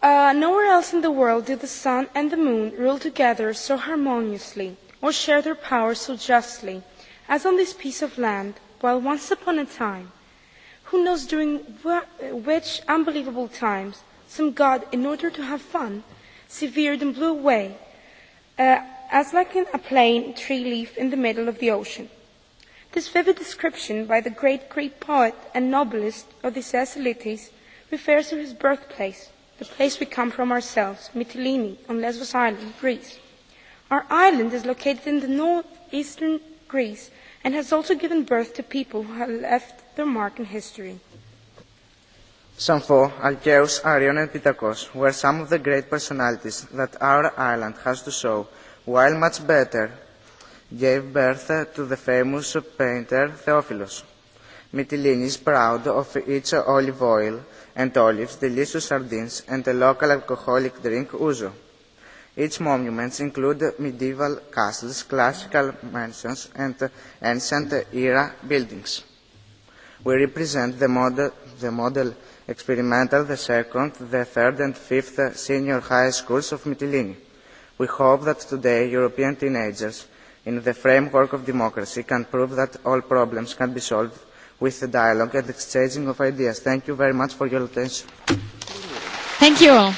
Nowhere else in the world do the sun and the moon rule together so harmoniously, or share their power so justly, as on this piece of land, while once upon a time, who knows during which unbelievable times, some god, in order to have fun, severed and blew away, as like a plain tree leaf in the middle of the ocean. This vivid description by the great Greek poet and novelist Odysseus Elitis refers to his birthplace, the place we come from ourselves, Mytilene, on Lesbos Island, Greece. Our island is located in the northeastern Greece and has also given birth to people who have left their mark in history. Sampho, Alkeus, Arion and Pitakos were some of the great personalities that our island has to show, while much better gave birth to the famous painter Theophilus. Mytilene is proud of its olive oil and olives, delicious sardines, and the local alcoholic drink, ouzo. Its monuments include medieval castles, classical mansions, and ancient-era buildings. We represent the model experimental, the second, the third, and fifth senior high schools of Mytilene. We hope that today European teenagers, in the framework of democracy, can prove that all problems can be solved with the dialogue and exchanging of ideas. Thank you very much for your attention. Thank you all.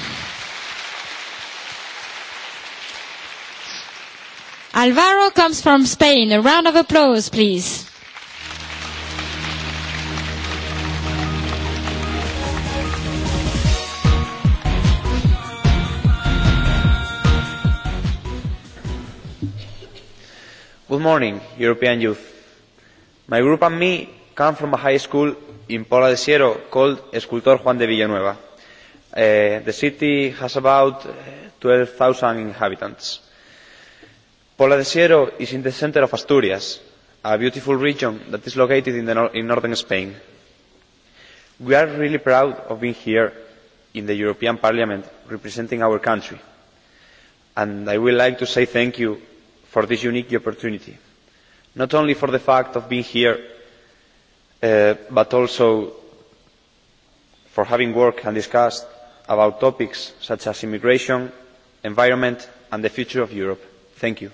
Alvaro comes from Spain. A round of applause, please. Good morning, European youth. My group and me come from a high school in Pola de Siero called Escultor Juan de Villanueva. The city has about 12,000 inhabitants. Pola de Siero is in the center of Asturias, a beautiful region that is located in northern Spain. We are really proud of being here in the European Parliament representing our country. And I would like to say thank you for this unique opportunity, not only for the fact of being here but also for having worked and discussed about topics such as immigration, environment and the future of Europe. Thank you.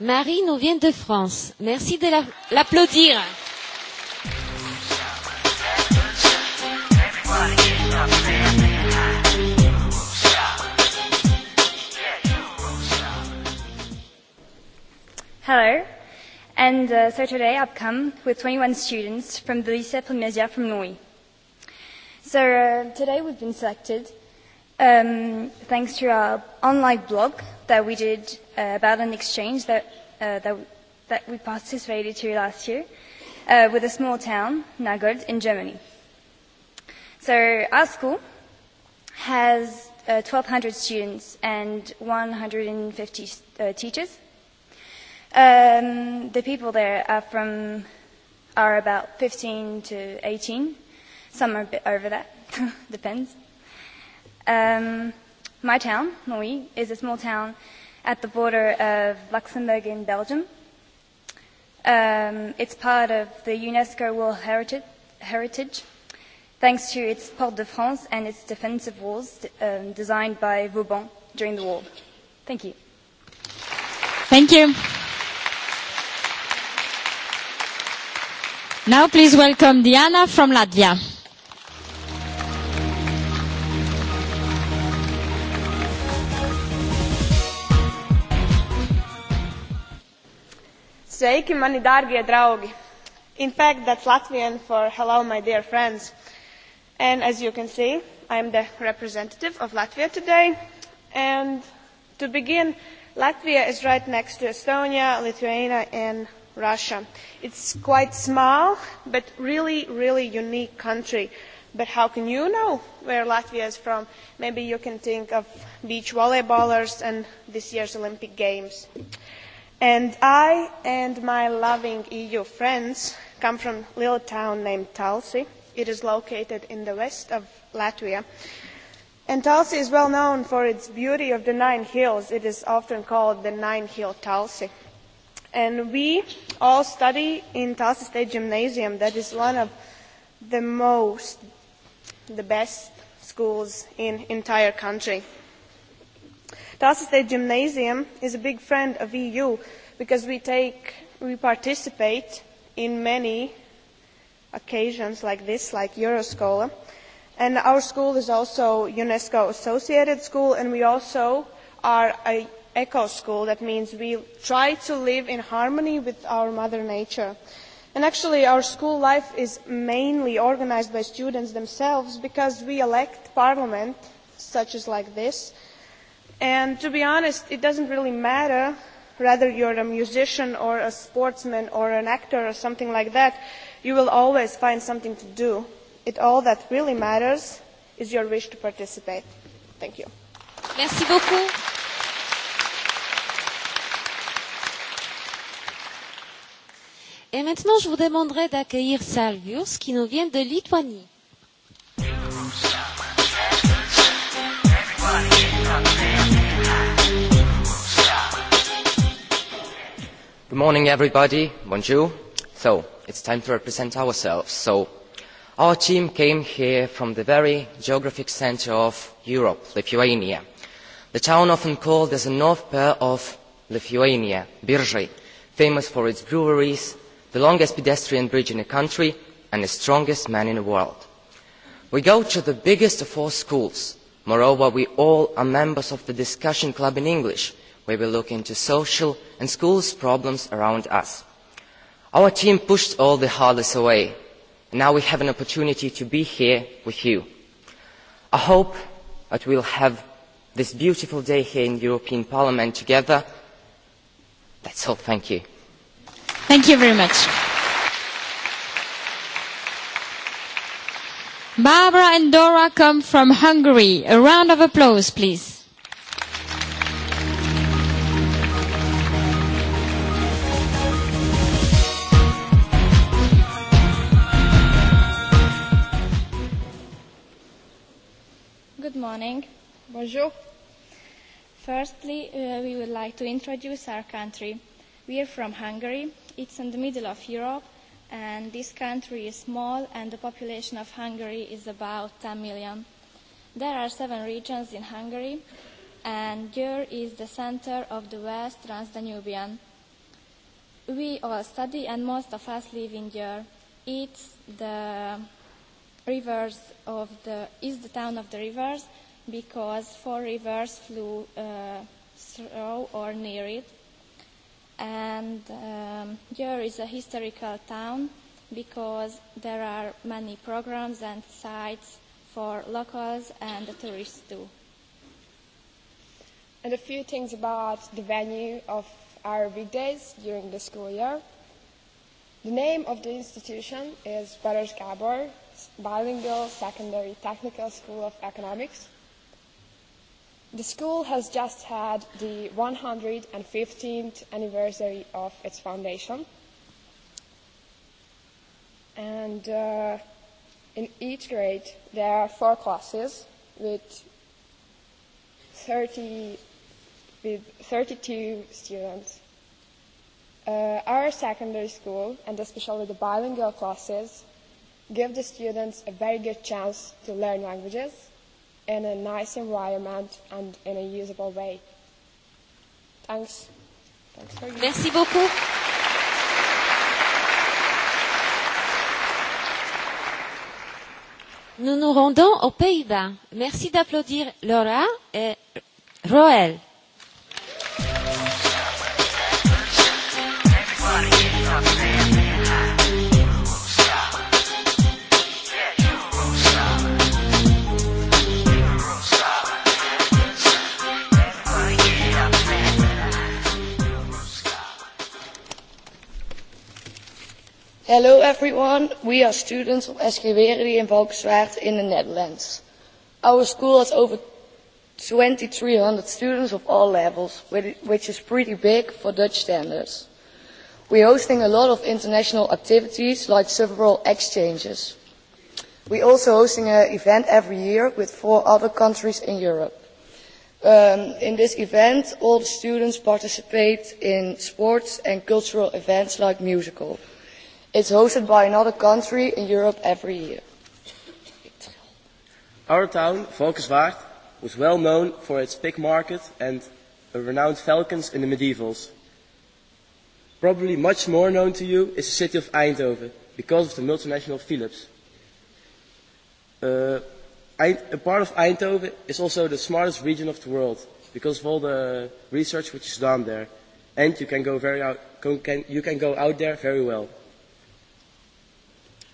Marie nous vient de France. Merci de l'applaudir. Hello. And so today I've come with 21 students from the Lycée Plumesia from Norway. So today we've been selected thanks to our online blog that we did about an exchange that that we participated to last year with a small town, Nagold, in Germany. So our school has 1,200 students and 150 teachers The people there are from are about 15 to 18. Some are a bit over that. Depends. My town, Noi, is a small town at the border of Luxembourg and Belgium. It's part of the UNESCO World Heritage thanks to its Porte de France and its defensive walls designed by Vauban during the war. Thank you. Thank you. Now please welcome Diana from Latvia. Sveiki, mani dārgie draugi. In fact, that's Latvian for hello, my dear friends. And as you can see, I am the representative of Latvia today. And to begin, Latvia is right next to Estonia, Lithuania, and Russia. It's quite small, but really, really unique country. But how can you know where Latvia is from? Maybe you can think of beach volleyballers and this year's Olympic Games. And I and my loving EU friends come from a little town named Talsi. It is located in the west of Latvia. And Talsi is well known for its beauty of the nine hills. It is often called the nine hill Talsi and we all study in Tulsa State Gymnasium that is one of the most the best schools in entire country. Tulsa State Gymnasium is a big friend of EU because we take we participate in many occasions like this like Euroscola and our school is also UNESCO associated school and we also are a eco school that means we try to live in harmony with our mother nature and actually our school life is mainly organized by students themselves because we elect parliament such as like this and to be honest it doesn't really matter whether you are a musician or a sportsman or an actor or something like that you will always find something to do it all that really matters is your wish to participate thank you merci Et maintenant, je vous demanderai d'accueillir Salvius, qui nous vient de Lituanie. Good morning, everybody. Bonjour. So, it's time to represent ourselves. So, our team came here from the very geographic center of Europe, Lithuania. The town often called as the North Pearl of Lithuania, Birzhai, famous for its breweries, the longest pedestrian bridge in the country and the strongest man in the world. We go to the biggest of all schools. Moreover, we all are members of the discussion club in English, where we look into social and schools problems around us. Our team pushed all the hardest away. and Now we have an opportunity to be here with you. I hope that we will have this beautiful day here in the European Parliament together. That's all. Thank you. Thank you very much. Barbara and Dora come from Hungary. A round of applause, please. Good morning. Bonjour. Firstly, we would like to introduce our country. We are from Hungary It's in the middle of Europe, and this country is small, and the population of Hungary is about 10 million. There are seven regions in Hungary, and Győr is the center of the West Transdanubian. We all study, and most of us live in Győr. It's the rivers of the is the town of the rivers because four rivers flew through or near it and Gyor is a historical town because there are many programs and sites for locals and tourists too. And a few things about the venue of our weekdays during the school year. The name of the institution is Baros Gabor, Bilingual Secondary Technical School of Economics. The school has just had the 115th anniversary of its foundation. And in each grade there are four classes with 30 with 32 students. Our secondary school and especially the bilingual classes give the students a very good chance to learn languages in a nice environment and in a usable way. Thanks. Thanks for Merci beaucoup. Nous nous rendons aux Pays-Bas. Merci d'applaudir Laura et Roel. Hello everyone, we are students of Escheweri in Valkenswaard in the Netherlands. Our school has over 2,300 students of all levels, which is pretty big for Dutch standards. We are hosting a lot of international activities like several exchanges. We are also hosting an event every year with four other countries in Europe. In this event, all the students participate in sports and cultural events like musicals is hosted by another country in Europe every year. Our town, Volkswaard, was well known for its pig market and renowned falcons in the medievals. Probably much more known to you is the city of Eindhoven because of the multinational Philips. a part of Eindhoven is also the smartest region of the world because of all the research which is done there. And you can go, very out, can, you can go out there very well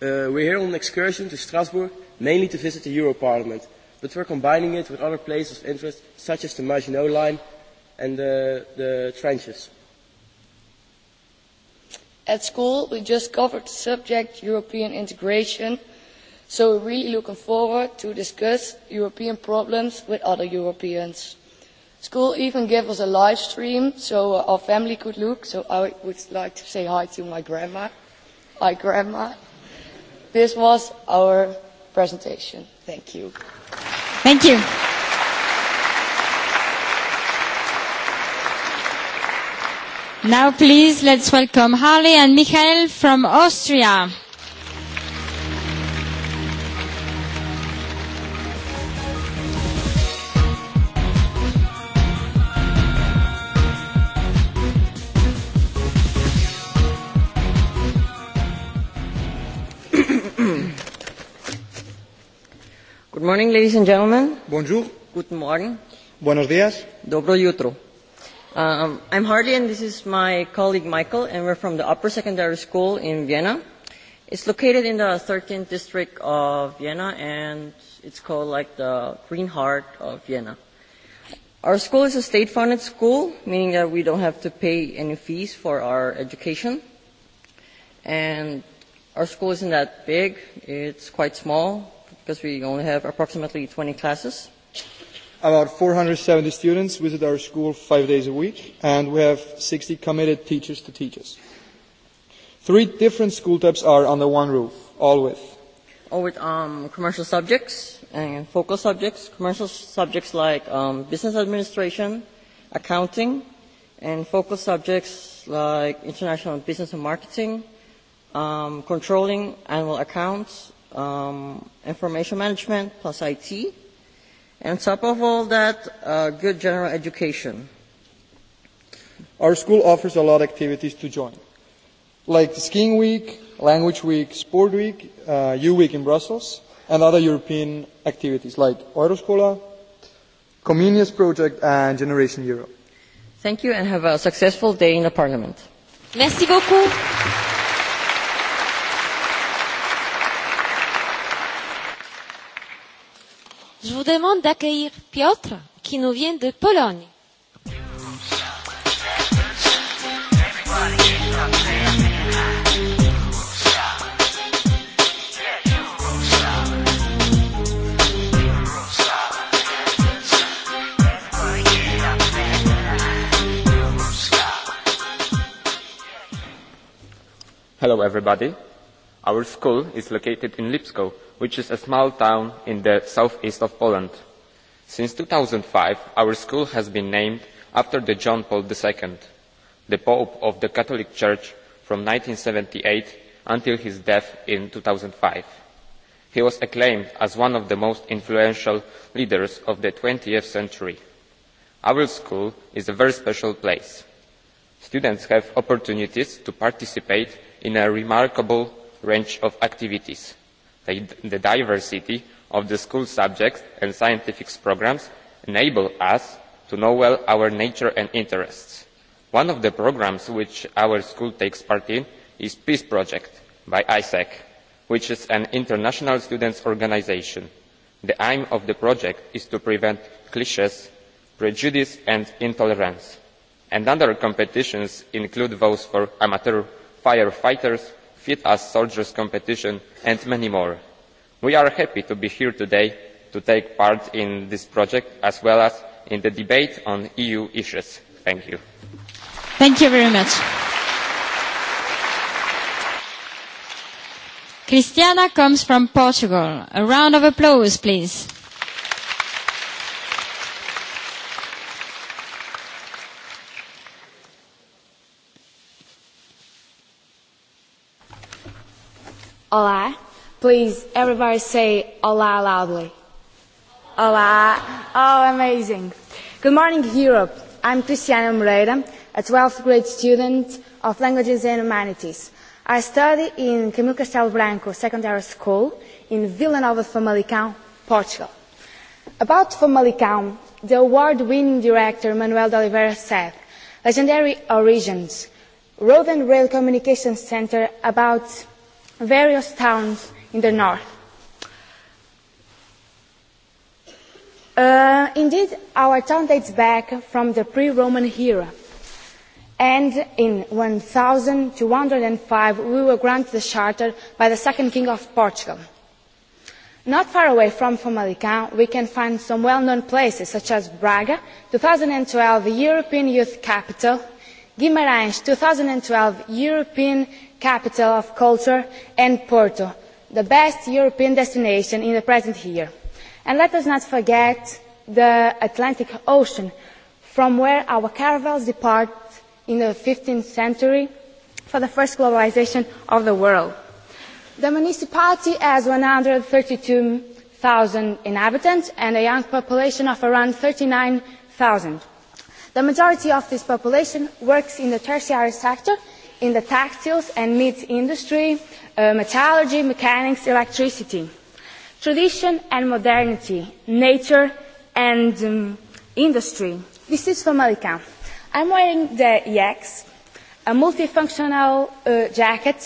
we're here on an excursion to Strasbourg, mainly to visit the Euro Parliament, but we're combining it with other places of interest, such as the Maginot Line and the, the trenches. At school, we just covered the subject European integration, so we're really looking forward to discuss European problems with other Europeans. School even gave us a live stream so our family could look, so I would like to say hi to my grandma. Hi, grandma. This was our presentation. Thank you. Thank you. Now please let's welcome Harley and Michael from Austria. morning, ladies and gentlemen. Bonjour. Guten Morgen. Buenos días. Dobro jutro. Um, I'm Harley and this is my colleague Michael and we're from the upper secondary school in Vienna. It's located in the 13th district of Vienna and it's called like the Green Heart of Vienna. Our school is a state-funded school, meaning that we don't have to pay any fees for our education. And our school isn't that big. It's quite small because we only have approximately 20 classes. About 470 students visit our school five days a week, and we have 60 committed teachers to teach us. Three different school types are under one roof, all with. All with um, commercial subjects and focal subjects. Commercial subjects like business administration, accounting, and focal subjects like international business and marketing, controlling annual accounts, information management plus IT, and top of all that, good general education. Our school offers a lot of activities to join, like the skiing week, language week, sport week, U week in Brussels, and other European activities like Euroscola, Comenius Project and Generation Europe. Thank you and have a successful day in the Parliament. Merci beaucoup. Je vous demande d'accueillir Piotr, qui nous vient de Pologne. Hello everybody Our school is located in Lipsko, which is a small town in the southeast of Poland. Since 2005, our school has been named after John Paul II, the Pope of the Catholic Church from 1978 until his death in 2005. He was acclaimed as one of the most influential leaders of the 20th century. Our school is a very special place. Students have opportunities to participate in a remarkable range of activities. The diversity of the school subjects and scientific programmes enable us to know well our nature and interests. One of the programmes which our school takes part in is Peace Project by ISEC, which is an international students' organisation. The aim of the project is to prevent cliches, prejudice and intolerance. And other competitions include those for amateur firefighters, fit as soldiers competition and many more. we are happy to be here today to take part in this project as well as in the debate on eu issues. thank you. thank you very much. cristiana comes from portugal. a round of applause please. Olá. Please, everybody say Olá loudly. Olá. Oh, amazing. Good morning, Europe. I'm Cristiana Moreira, a 12th grade student of Languages and Humanities. I study in Camilo Castelo Branco Secondary School in Vila Nova Famalicão, Portugal. About Famalicão, the award-winning director Manuel de Oliveira said, legendary origins, road and rail communications center about various towns in the north. Indeed, our town dates back from the pre-Roman era. And in 1205, we were granted the charter by the second king of Portugal. Not far away from Famalicão, we can find some well-known places, such as Braga, 2012 European Youth Capital, Guimarães twelve European Capital of Culture and Porto, the best European destination in the present year. And let us not forget the Atlantic Ocean, from where our caravels departed in the fifteenth century for the first globalisation of the world. The municipality has one hundred and thirty two zero inhabitants and a young population of around thirty nine thousand. The majority of this population works in the tertiary sector, in the textiles and meat industry, metallurgy, mechanics, electricity. Tradition and modernity, nature and industry. This is from Malika. I'm wearing the EX, a multifunctional jacket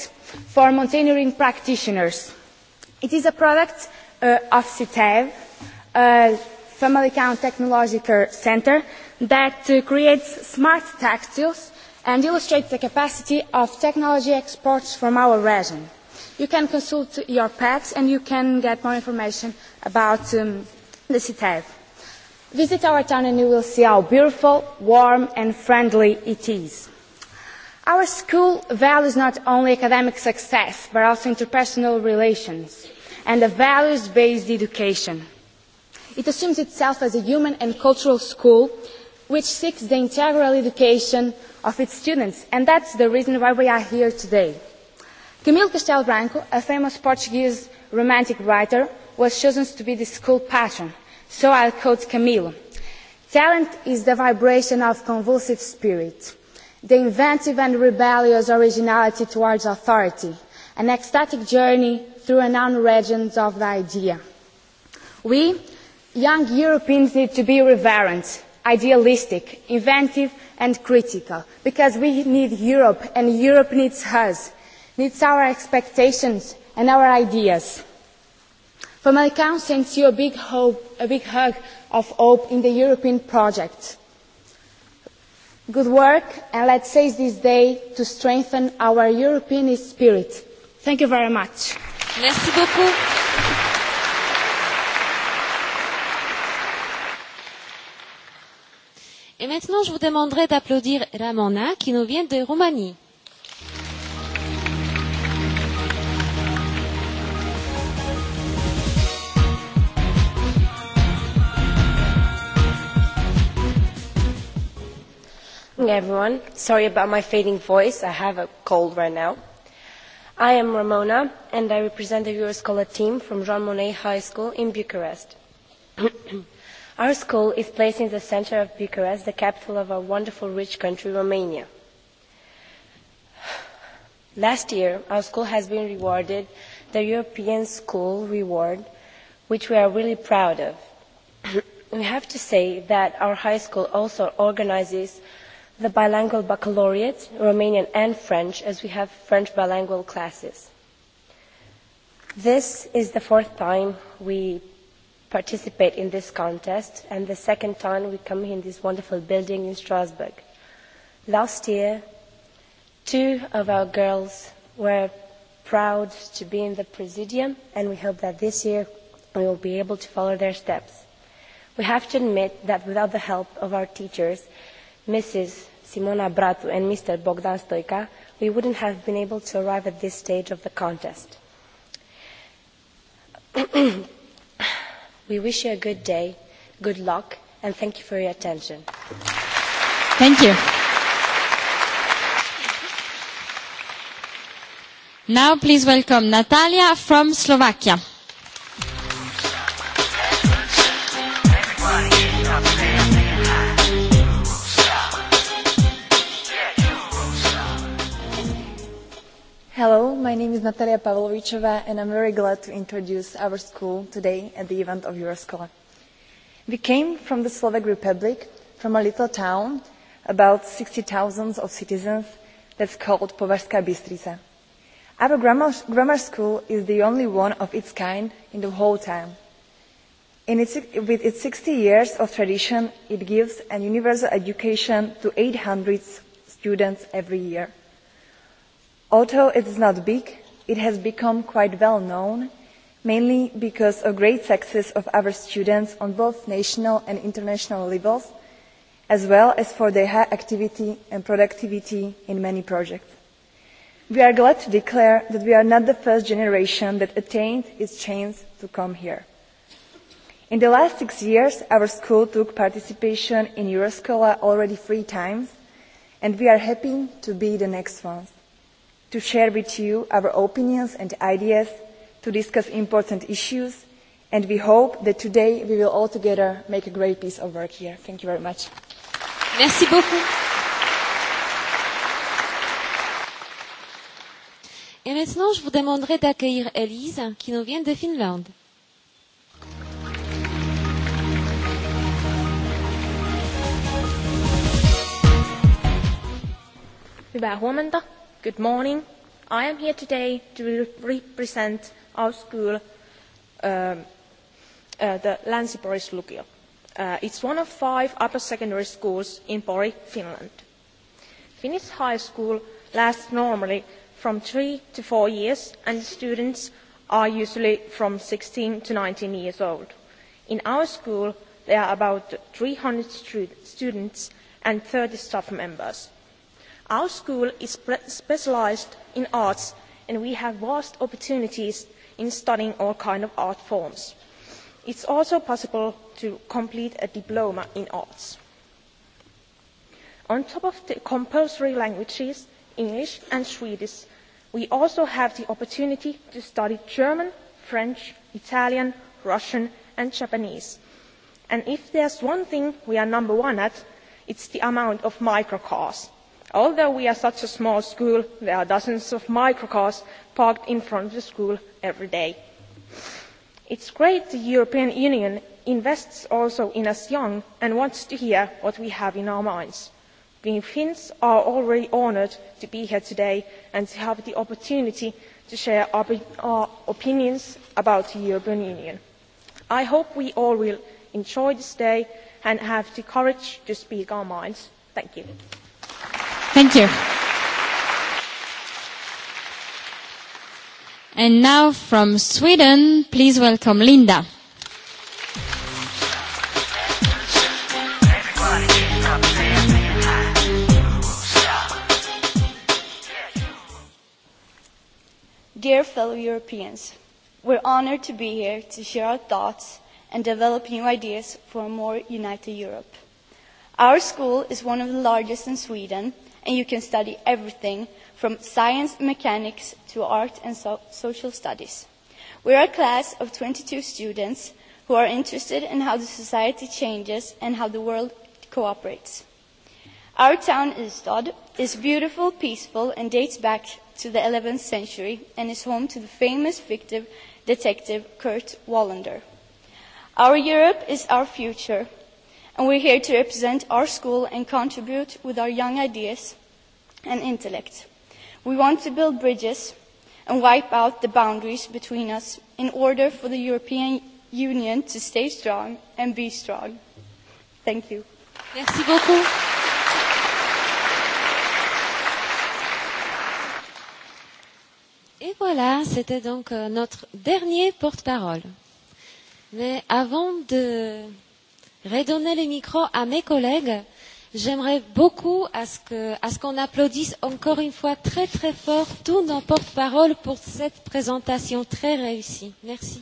for mountaineering practitioners. It is a product of CITEV, a Famalicão Technological Center, that creates smart textiles and illustrates the capacity of technology exports from our region. You can consult your packs and you can get more information about the CITEV. Visit our town and you will see how beautiful, warm and friendly it is. Our school values not only academic success but also interpersonal relations and a values-based education. It assumes itself as a human and cultural school which seeks the integral education of its students, and that's the reason why we are here today. Camilo Castelo Branco, a famous Portuguese romantic writer, was chosen to be the school patron, so I'll quote Camilo. Talent is the vibration of convulsive spirit, the inventive and rebellious originality towards authority, an ecstatic journey through an unknown regions of the idea. We, young Europeans, need to be reverent idealistic, inventive and critical, because we need Europe and Europe needs us, needs our expectations and our ideas. From my account sends you a big hug of hope in the European project. Good work and let's seize this day to strengthen our European spirit. Thank you very much. Et maintenant, je vous demanderai d'applaudir Ramona, qui nous vient de Roumanie. Good everyone. Sorry about my fading voice. I have a cold right now. I am Ramona, and I represent the Euroscola team from Jean Monnet High School in Bucharest. Our school is placed in the center of Bucharest, the capital of our wonderful rich country, Romania. Last year, our school has been rewarded the European School Reward, which we are really proud of. We have to say that our high school also organizes the bilingual baccalaureate, Romanian and French, as we have French bilingual classes. This is the fourth time we participate in this contest and the second time we come in this wonderful building in Strasbourg. Last year, two of our girls were proud to be in the Presidium and we hope that this year we will be able to follow their steps. We have to admit that without the help of our teachers, Mrs. Simona Bratu and Mr. Bogdan Stoica, we wouldn't have been able to arrive at this stage of the contest. We wish you a good day, good luck, and thank you for your attention. Thank you. Now please welcome Natalia from Slovakia. Hello, my name is Natalia Pavlovichova and I'm very glad to introduce our school today at the event of school. We came from the Slovak Republic, from a little town, about 60,000 of citizens, that's called Povařská Bystrica. Our grammar school is the only one of its kind in the whole town. With its 60 years of tradition, it gives an universal education to 800 students every year. Although it is not big, it has become quite well known, mainly because of great success of our students on both national and international levels, as well as for their high activity and productivity in many projects. We are glad to declare that we are not the first generation that attained its chance to come here. In the last six years, our school took participation in Euroscola already three times, and we are happy to be the next ones to share with you our opinions and ideas, to discuss important issues, and we hope that today we will all together make a great piece of work here. Thank you very much. Merci beaucoup. Et maintenant, je vous demanderai d'accueillir Elise, qui nous vient de Finlande. Hyvää huomenta. Good morning. I am here today to represent our school, the Länsi-Boris Lukio. It's one of five upper secondary schools in Pori, Finland. Finnish high school lasts normally from three to four years and students are usually from 16 to 19 years old. In our school, there are about 300 students and 30 staff members. Our school is specialised in arts and we have vast opportunities in studying all kinds of art forms. It is also possible to complete a diploma in arts. On top of the compulsory languages, English and Swedish, we also have the opportunity to study German, French, Italian, Russian and Japanese. And if there is one thing we are number one at, it is the amount of microcars. Although we are such a small school, there are dozens of microcars parked in front of the school every day. It's great the European Union invests also in us young and wants to hear what we have in our minds. We Finns are already honoured to be here today and to have the opportunity to share our opinions about the European Union. I hope we all will enjoy this day and have the courage to speak our minds. Thank you. Thank you. And now from Sweden, please welcome Linda. Dear fellow Europeans, we're honored to be here to share our thoughts and develop new ideas for a more united Europe. Our school is one of the largest in Sweden and you can study everything from science mechanics to art and social studies. We are a class of 22 students who are interested in how the society changes and how the world cooperates. Our town Stod is beautiful, peaceful and dates back to the 11th century and is home to the famous fictive detective Kurt Wallander. Our Europe is our future and we're here to represent our school and contribute with our young ideas and intellect. We want to build bridges and wipe out the boundaries between us in order for the European Union to stay strong and be strong. Thank you. Merci beaucoup. Et voilà, c'était donc notre dernier porte-parole. Mais avant de redonner le micro à mes collègues, J'aimerais beaucoup à ce qu'on applaudisse encore une fois très très fort tous nos porte-paroles pour cette présentation très réussie. Merci.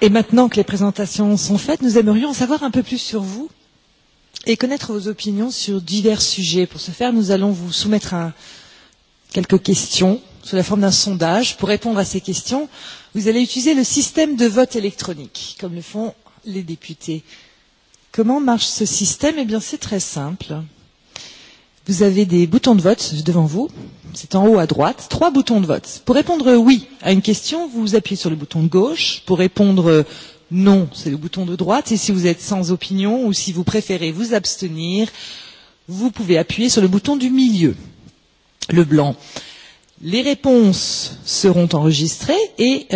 Et maintenant que les présentations sont faites, nous aimerions en savoir un peu plus sur vous et connaître vos opinions sur divers sujets. Pour ce faire, nous allons vous soumettre à quelques questions sous la forme d'un sondage. Pour répondre à ces questions, vous allez utiliser le système de vote électronique, comme le font les députés. Comment marche ce système Eh bien, c'est très simple. Vous avez des boutons de vote devant vous. C'est en haut à droite. Trois boutons de vote. Pour répondre oui à une question, vous appuyez sur le bouton de gauche. Pour répondre non, c'est le bouton de droite. Et si vous êtes sans opinion ou si vous préférez vous abstenir, vous pouvez appuyer sur le bouton du milieu, le blanc. Les réponses seront enregistrées et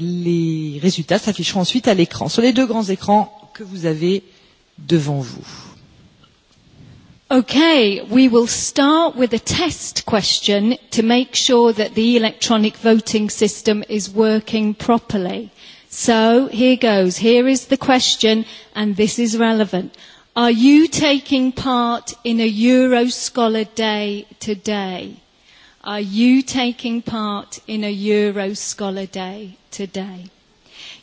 les résultats s'afficheront ensuite à l'écran, sur les deux grands écrans que vous avez devant vous. Okay, we will start with a test question to make sure that the electronic voting system is working properly. So here goes. Here is the question, and this is relevant. Are you taking part in a Euroscholar Day today? Are you taking part in a Euro Scholar Day today?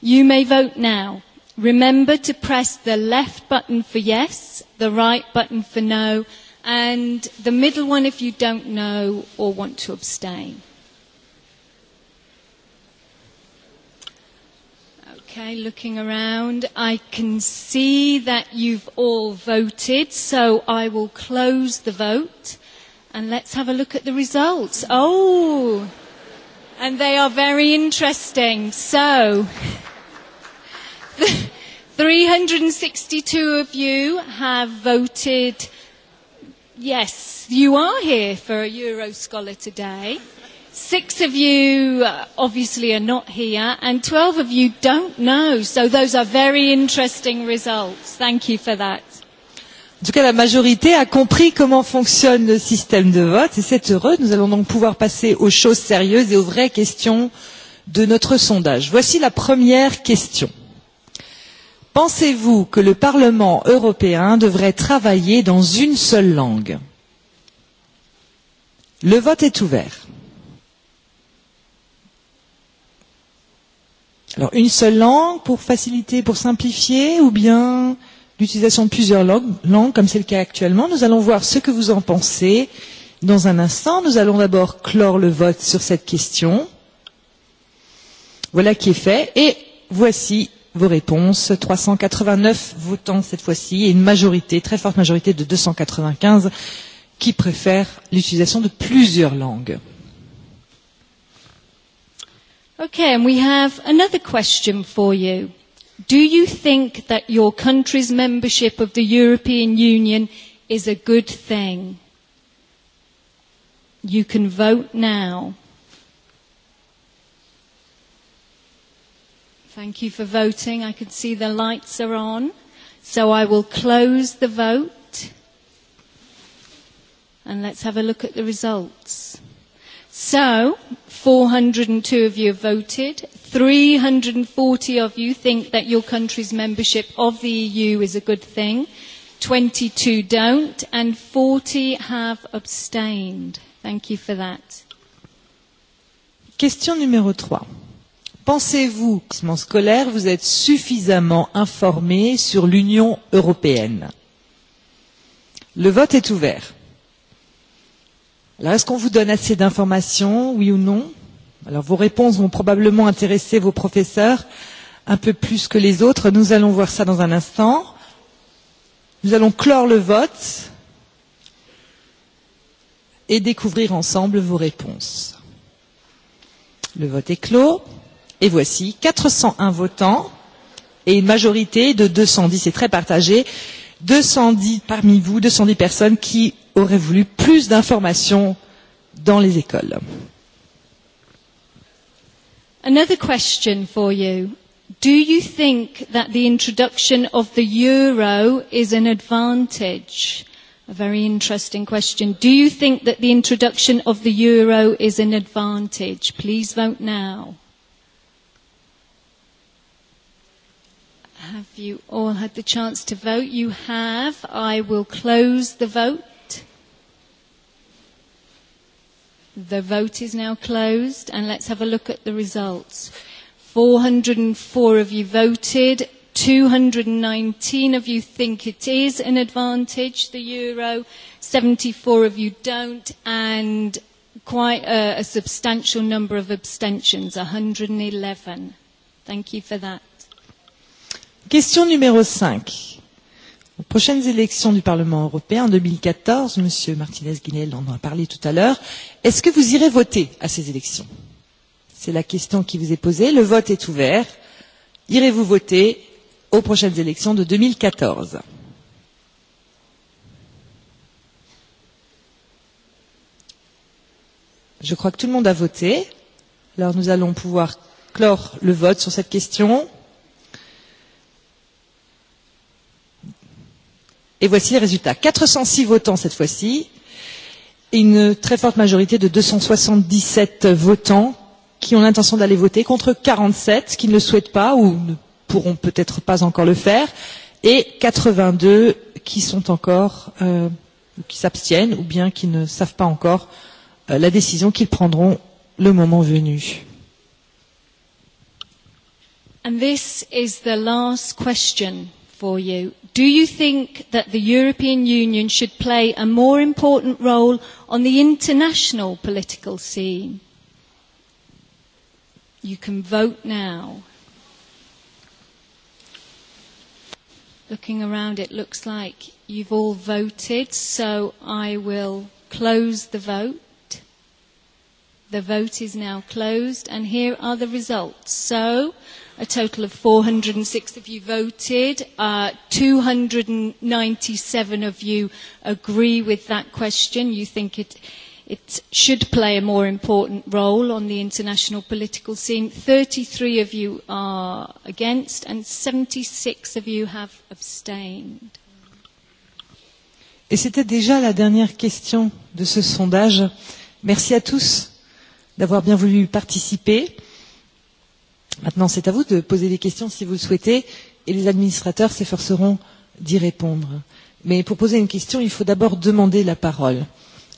You may vote now. Remember to press the left button for yes, the right button for no, and the middle one if you don't know or want to abstain. Okay, looking around, I can see that you've all voted, so I will close the vote. And let's have a look at the results. Oh, and they are very interesting. So, 362 of you have voted yes, you are here for a Euro Scholar today. Six of you obviously are not here, and 12 of you don't know. So those are very interesting results. Thank you for that. En tout cas, la majorité a compris comment fonctionne le système de vote et c'est heureux. Nous allons donc pouvoir passer aux choses sérieuses et aux vraies questions de notre sondage. Voici la première question. Pensez-vous que le Parlement européen devrait travailler dans une seule langue Le vote est ouvert. Alors, une seule langue pour faciliter, pour simplifier ou bien l'utilisation de plusieurs langues, comme c'est le cas actuellement. Nous allons voir ce que vous en pensez dans un instant. Nous allons d'abord clore le vote sur cette question. Voilà qui est fait. Et voici vos réponses. 389 votants cette fois-ci et une majorité, très forte majorité de 295 qui préfèrent l'utilisation de plusieurs langues. Okay, and we have another question for you do you think that your country's membership of the European Union is a good thing? You can vote now. Thank you for voting. I can see the lights are on. So I will close the vote. And let's have a look at the results. So, 402 of you have voted. 340 of you think that your country's membership of the EU is a good thing. 22 don't and 40 have abstained. Thank you for that. Question numéro 3. Pensez-vous que scolaire vous êtes suffisamment informé sur l'Union européenne Le vote est ouvert. Alors est-ce qu'on vous donne assez d'informations oui ou non Alors vos réponses vont probablement intéresser vos professeurs un peu plus que les autres. Nous allons voir ça dans un instant. Nous allons clore le vote et découvrir ensemble vos réponses. Le vote est clos. Et voici 401 votants et une majorité de 210, c'est très partagé, 210 parmi vous, 210 personnes qui auraient voulu plus d'informations dans les écoles. Another question for you. Do you think that the introduction of the euro is an advantage? A very interesting question. Do you think that the introduction of the euro is an advantage? Please vote now. Have you all had the chance to vote? You have. I will close the vote. The vote is now closed, and let's have a look at the results. 404 of you voted, 219 of you think it is an advantage, the euro, 74 of you don't, and quite a substantial number of abstentions, 111. Thank you for that. Question numéro 5. Aux prochaines élections du Parlement européen en 2014, Monsieur Martinez-Guinel en a parlé tout à l'heure, est-ce que vous irez voter à ces élections C'est la question qui vous est posée. Le vote est ouvert. Irez-vous voter aux prochaines élections de 2014 Je crois que tout le monde a voté. Alors nous allons pouvoir clore le vote sur cette question. Et voici les résultats. 406 votants cette fois-ci, une très forte majorité de 277 votants qui ont l'intention d'aller voter, contre 47 qui ne le souhaitent pas ou ne pourront peut-être pas encore le faire, et 82 qui sont encore, qui s'abstiennent ou bien qui ne savent pas encore la décision qu'ils prendront le moment venu. And this is the last question for you do you think that the European Union should play a more important role on the international political scene? You can vote now. Looking around, it looks like you've all voted, so I will close the vote. The vote is now closed, and here are the results. So, A total of 406 of you voted. 297 of you agree with that question. You think it it should play a more important role on the international political scene. 33 of you are against and 76 of you have abstained. Et c'était déjà la dernière question de ce sondage. Merci à tous d'avoir bien voulu participer. Maintenant, c'est à vous de poser des questions si vous le souhaitez, et les administrateurs s'efforceront d'y répondre. Mais pour poser une question, il faut d'abord demander la parole.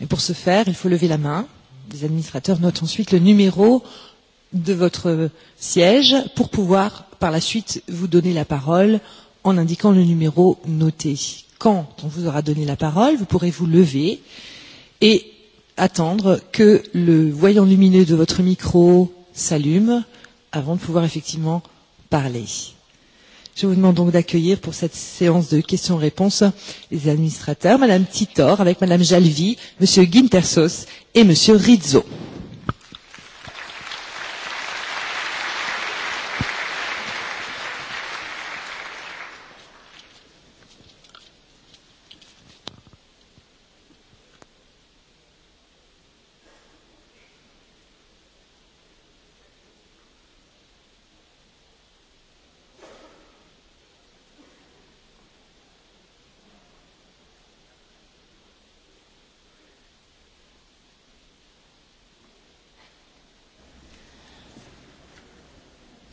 Et pour ce faire, il faut lever la main. Les administrateurs notent ensuite le numéro de votre siège pour pouvoir, par la suite, vous donner la parole en indiquant le numéro noté. Quand on vous aura donné la parole, vous pourrez vous lever et attendre que le voyant lumineux de votre micro s'allume avant de pouvoir effectivement parler. Je vous demande donc d'accueillir pour cette séance de questions-réponses les administrateurs, Madame Titor avec Madame Jalvi, Monsieur Guintersos et Monsieur Rizzo.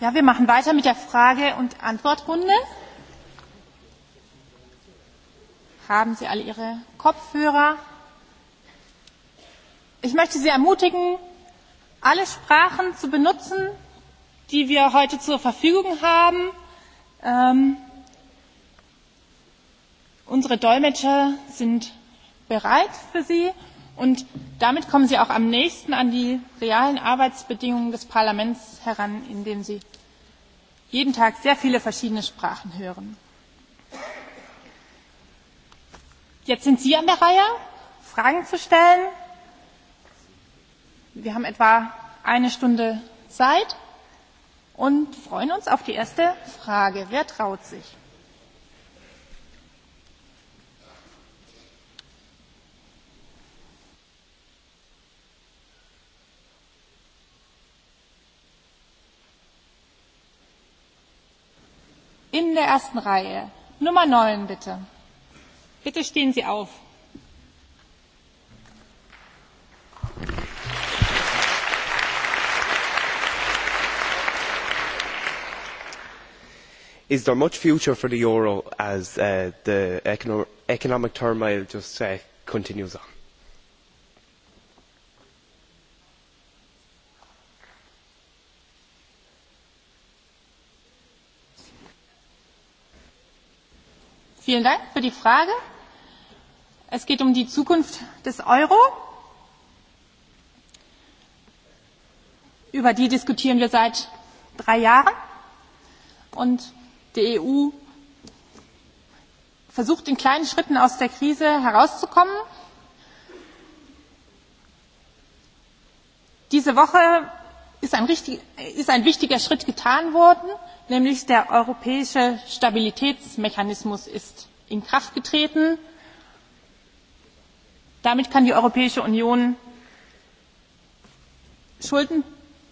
Ja, wir machen weiter mit der Frage- und Antwortrunde. Haben Sie alle Ihre Kopfhörer? Ich möchte Sie ermutigen, alle Sprachen zu benutzen, die wir heute zur Verfügung haben. Ähm, unsere Dolmetscher sind bereit für Sie und damit kommen Sie auch am nächsten an die realen Arbeitsbedingungen des Parlaments heran, indem Sie jeden Tag sehr viele verschiedene Sprachen hören. Jetzt sind Sie an der Reihe, Fragen zu stellen. Wir haben etwa eine Stunde Zeit und freuen uns auf die erste Frage. Wer traut sich? in der ersten Reihe. Nummer 9, bitte. Bitte stehen Sie auf. Is there much future for the euro as the economic turmoil just continues on? Vielen Dank für die Frage. Es geht um die Zukunft des Euro. Über die diskutieren wir seit drei Jahren. Und die EU versucht in kleinen Schritten aus der Krise herauszukommen. Diese Woche ist ein wichtiger Schritt getan worden nämlich der europäische stabilitätsmechanismus ist in kraft getreten. damit kann die europäische union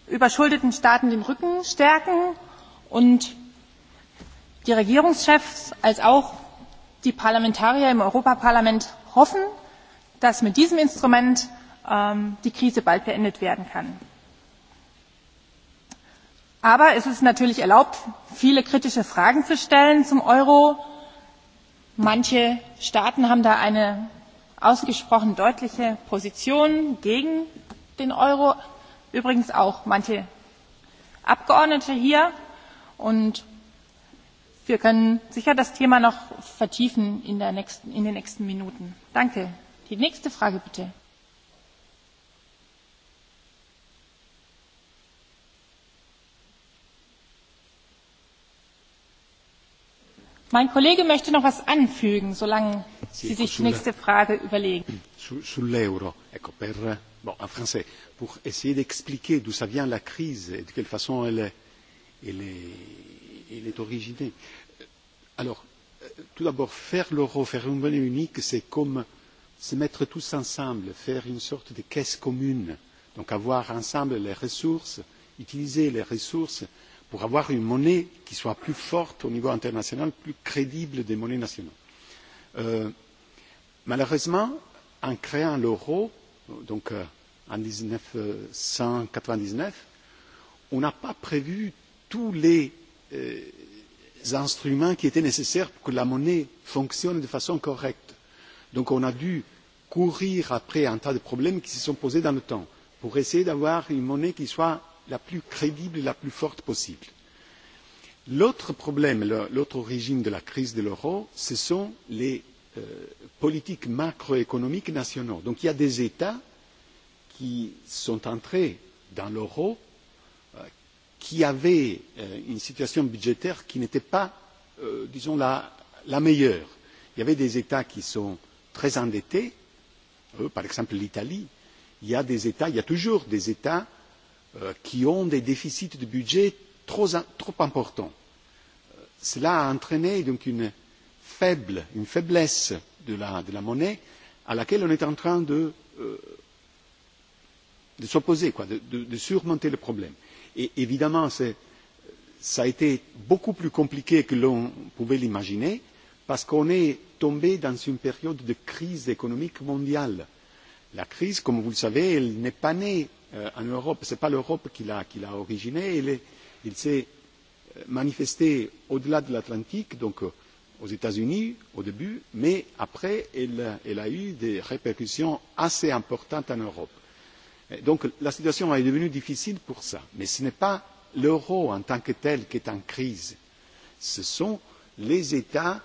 überschuldeten staaten den rücken stärken und die regierungschefs als auch die parlamentarier im europäischen parlament hoffen dass mit diesem instrument die krise bald beendet werden kann aber es ist natürlich erlaubt viele kritische fragen zu stellen zum euro. manche staaten haben da eine ausgesprochen deutliche position gegen den euro übrigens auch manche abgeordnete hier und wir können sicher das thema noch vertiefen in den nächsten minuten. danke. die nächste frage bitte. Mein Kollege möchte noch etwas anfügen, solange Sie sich die nächste Frage überlegen. Sull'euro, ecco, per, bon, en français, pour essayer d'expliquer d'où ça vient la crise et de quelle façon elle, elle, est, elle est originée. Alors, tout d'abord, faire l'euro, faire une monnaie unique, c'est comme se mettre tous ensemble, faire une sorte de caisse commune. Donc avoir ensemble les ressources, utiliser les ressources pour avoir une monnaie qui soit plus forte au niveau international, plus crédible des monnaies nationales. Malheureusement, en créant l'euro, donc en neuf, on n'a pas prévu tous les instruments qui étaient nécessaires pour que la monnaie fonctionne de façon correcte. Donc on a dû courir après un tas de problèmes qui se sont posés dans le temps pour essayer d'avoir une monnaie qui soit la plus crédible et la plus forte possible. L'autre problème, l'autre origine de la crise de l'euro, ce sont les politiques macroéconomiques nationaux. Donc il y a des États qui sont entrés dans l'euro, qui avaient une situation budgétaire qui n'était pas, disons, la meilleure. Il y avait des États qui sont très endettés, par exemple l'Italie. Il y a des États, il y a toujours des États qui ont des déficits de budget trop importants. Cela a entraîné donc une faiblesse de la monnaie à laquelle on est en train de s'opposer, de surmonter le problème. Et évidemment, cela a été beaucoup plus compliqué que l'on pouvait l'imaginer parce qu'on est tombé dans une période de crise économique mondiale. La crise, comme vous le savez, elle n'est pas née en Europe. Ce n'est pas l'Europe qui l'a originé. Il s'est manifesté au-delà de l'Atlantique, donc aux États-Unis au début, mais après, elle a eu des répercussions assez importantes en Europe. Donc la situation est devenue difficile pour ça. Mais ce n'est pas l'euro en tant que tel qui est en crise. Ce sont les États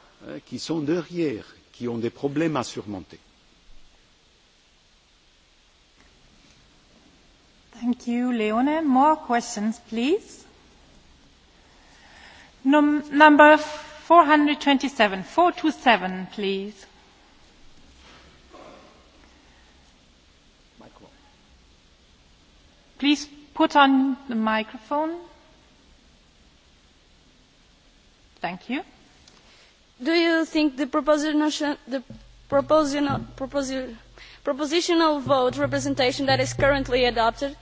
qui sont derrière, qui ont des problèmes à surmonter. Thank you, Leone. More questions, please. Number 427. 427, please. Please put on the microphone. Thank you. Do you think the propositional vote representation that is currently adopted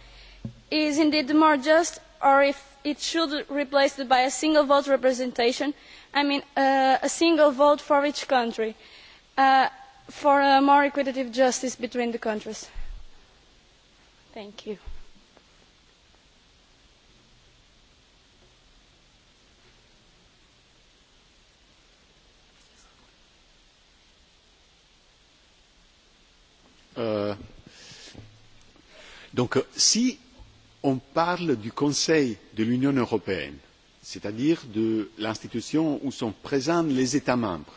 is indeed more just or if it should be replaced by a single vote representation i mean a single vote for each country for a more equitable justice between the countries. Thank you. Donc si on parle du Conseil de l'Union européenne, c'est-à-dire de l'institution où sont présents les États membres.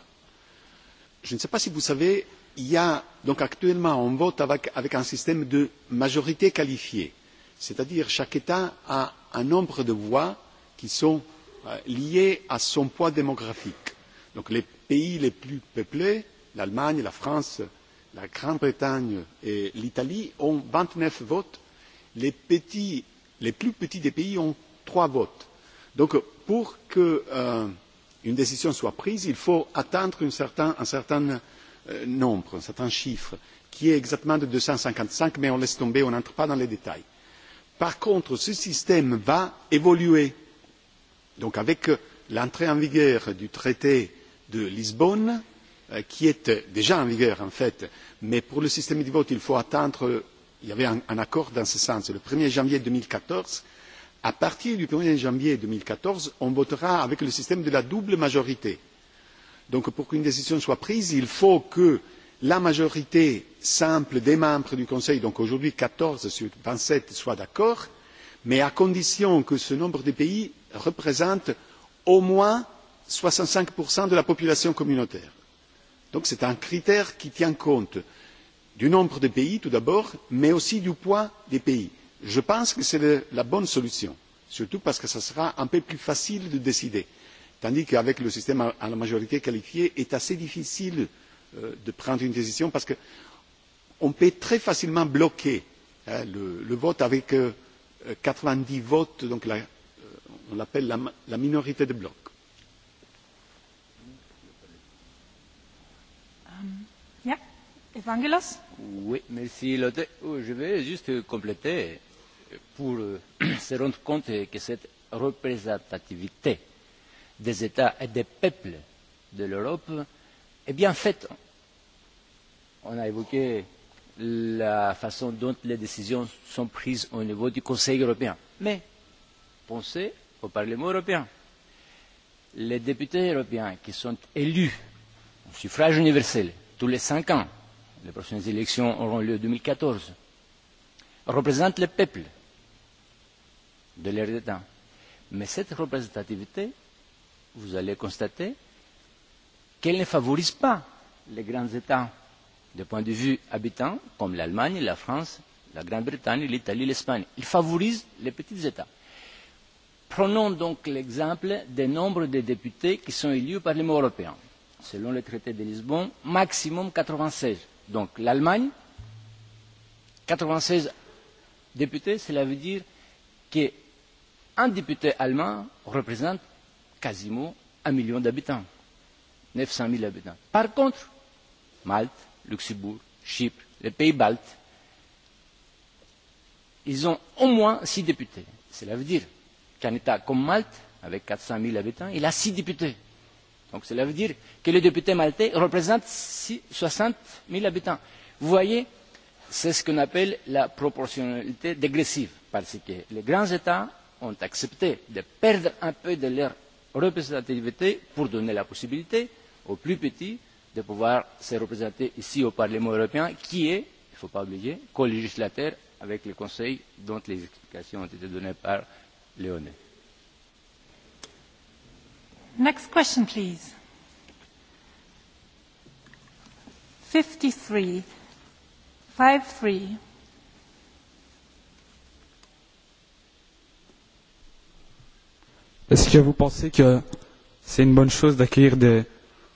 Je ne sais pas si vous savez, il y a donc actuellement un vote avec un système de majorité qualifiée, c'est-à-dire chaque État a un nombre de voix qui sont liées à son poids démographique. Donc les pays les plus peuplés, l'Allemagne, la France, la Grande-Bretagne et l'Italie, ont 29 votes les plus petits des pays ont trois votes. donc pour qu'une décision soit prise il faut atteindre un certain nombre un certain chiffre qui est exactement de deux cent cinquante cinq mais on laisse tomber on n'entre pas dans les détails. par contre ce système va évoluer. donc avec l'entrée en vigueur du traité de lisbonne qui est déjà en vigueur en fait mais pour le système de vote il faut attendre il y avait un accord dans ce sens le 1er janvier quatorze. à partir du 1er janvier quatorze, on votera avec le système de la double majorité donc pour qu'une décision soit prise il faut que la majorité simple des membres du conseil donc aujourd'hui quatorze sur vingt sept soit d'accord mais à condition que ce nombre de pays représente au moins soixante cinq de la population communautaire donc c'est un critère qui tient compte du nombre de pays tout d'abord mais aussi du poids des pays. je pense que c'est la bonne solution surtout parce que ce sera un peu plus facile de décider tandis qu'avec le système à la majorité qualifiée il est assez difficile de prendre une décision parce qu'on peut très facilement bloquer le vote avec quatre vingt dix votes donc on l'appelle la minorité de bloc. Evangelos Oui, merci Lotte. Je vais juste compléter pour se rendre compte que cette représentativité des États et des peuples de l'Europe est bien faite. On a évoqué la façon dont les décisions sont prises au niveau du Conseil européen. Mais pensez au Parlement européen. Les députés européens qui sont élus au suffrage universel tous les cinq ans les prochaines élections auront lieu en 2014, représentent le peuple de l'Erdétan. Mais cette représentativité, vous allez constater qu'elle ne favorise pas les grands États du point de vue habitants comme l'Allemagne, la France, la Grande-Bretagne, l'Italie, l'Espagne. Il favorise les petits États. Prenons donc l'exemple des nombre de députés qui sont élus au Parlement européen. Selon le traité de Lisbonne, maximum 96. Donc l'Allemagne, seize députés, cela veut dire qu'un député allemand représente quasiment un million d'habitants, 900 habitants. Par contre, Malte, Luxembourg, Chypre, les pays baltes, ils ont au moins six députés. Cela veut dire qu'un État comme Malte, avec 400 000 habitants, il a six députés. Donc cela veut dire que les députés maltais représentent 60 000 habitants. Vous voyez, c'est ce qu'on appelle la proportionnalité dégressive, parce que les grands États ont accepté de perdre un peu de leur représentativité pour donner la possibilité aux plus petits de pouvoir se représenter ici au Parlement européen, qui est, il ne faut pas oublier, co avec le Conseil, dont les explications ont été données par Léonet. Next question, please. 53. 53. Est-ce que vous pensez que c'est une bonne chose d'accueillir des,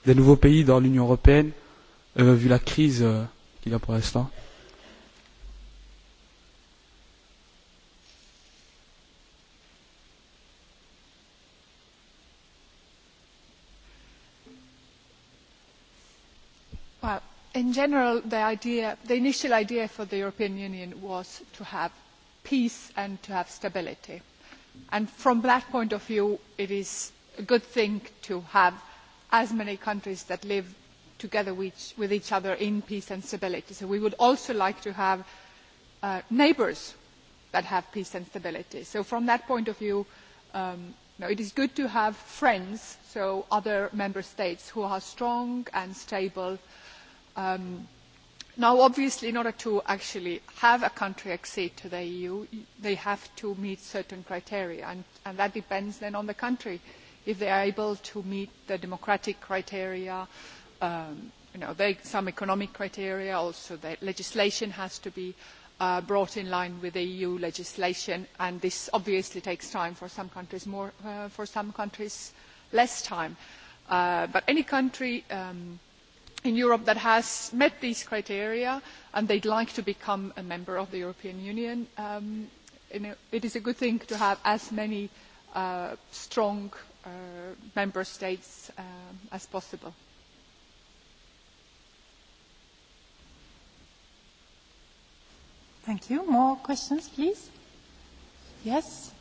des nouveaux pays dans l'Union européenne, euh, vu la crise euh, qu'il y a pour l'instant in general, the idea, the initial idea for the European Union was to have peace and to have stability. And from that point of view, it is a good thing to have as many countries that live together with each other in peace and stability. So we would also like to have neighbours that have peace and stability. So from that point of view, it is good to have friends, so other member states who are strong and stable Now, obviously, in order to actually have a country accede to the EU, they have to meet certain criteria, and that depends then on the country. If they are able to meet the democratic criteria, some economic criteria, also the legislation has to be brought in line with the EU legislation, and this obviously takes time for some countries more, for some countries less time. But any country in Europe that has met these criteria and they'd like to become a member of the European Union, it is a good thing to have as many strong member states as possible. Thank you. More questions, please? Yes.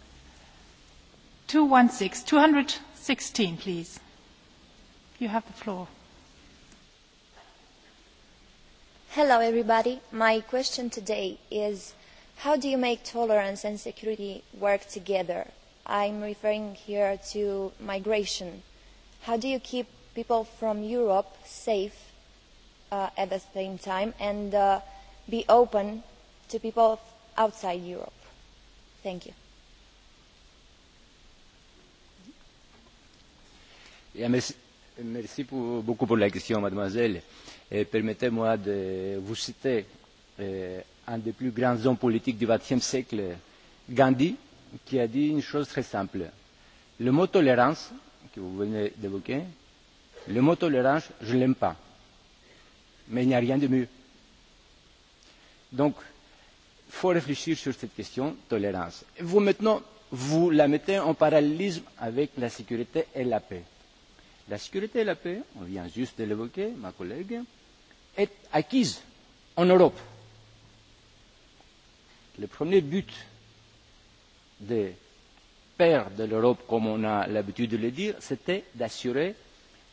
216, 216, please. You have the floor. Hello everybody. My question today is how do you make tolerance and security work together? I'm referring here to migration. How do you keep people from Europe safe at the same time and be open to people outside Europe? Thank you. Merci beaucoup pour la question, mademoiselle. Permettez-moi de vous citer un des plus grands hommes politiques du XXe siècle, Gandhi, qui a dit une chose très simple. Le mot tolérance, que vous venez d'évoquer, le mot tolérance, je ne l'aime pas. Mais il n'y a rien de mieux. Donc, il faut réfléchir sur cette question, tolérance. Vous, maintenant, vous la mettez en parallélisme avec la sécurité et la paix. La sécurité et la paix, on vient juste de l'évoquer, ma collègue, est acquise en Europe. Le premier but des pères de l'Europe, comme on a l'habitude de le dire, c'était d'assurer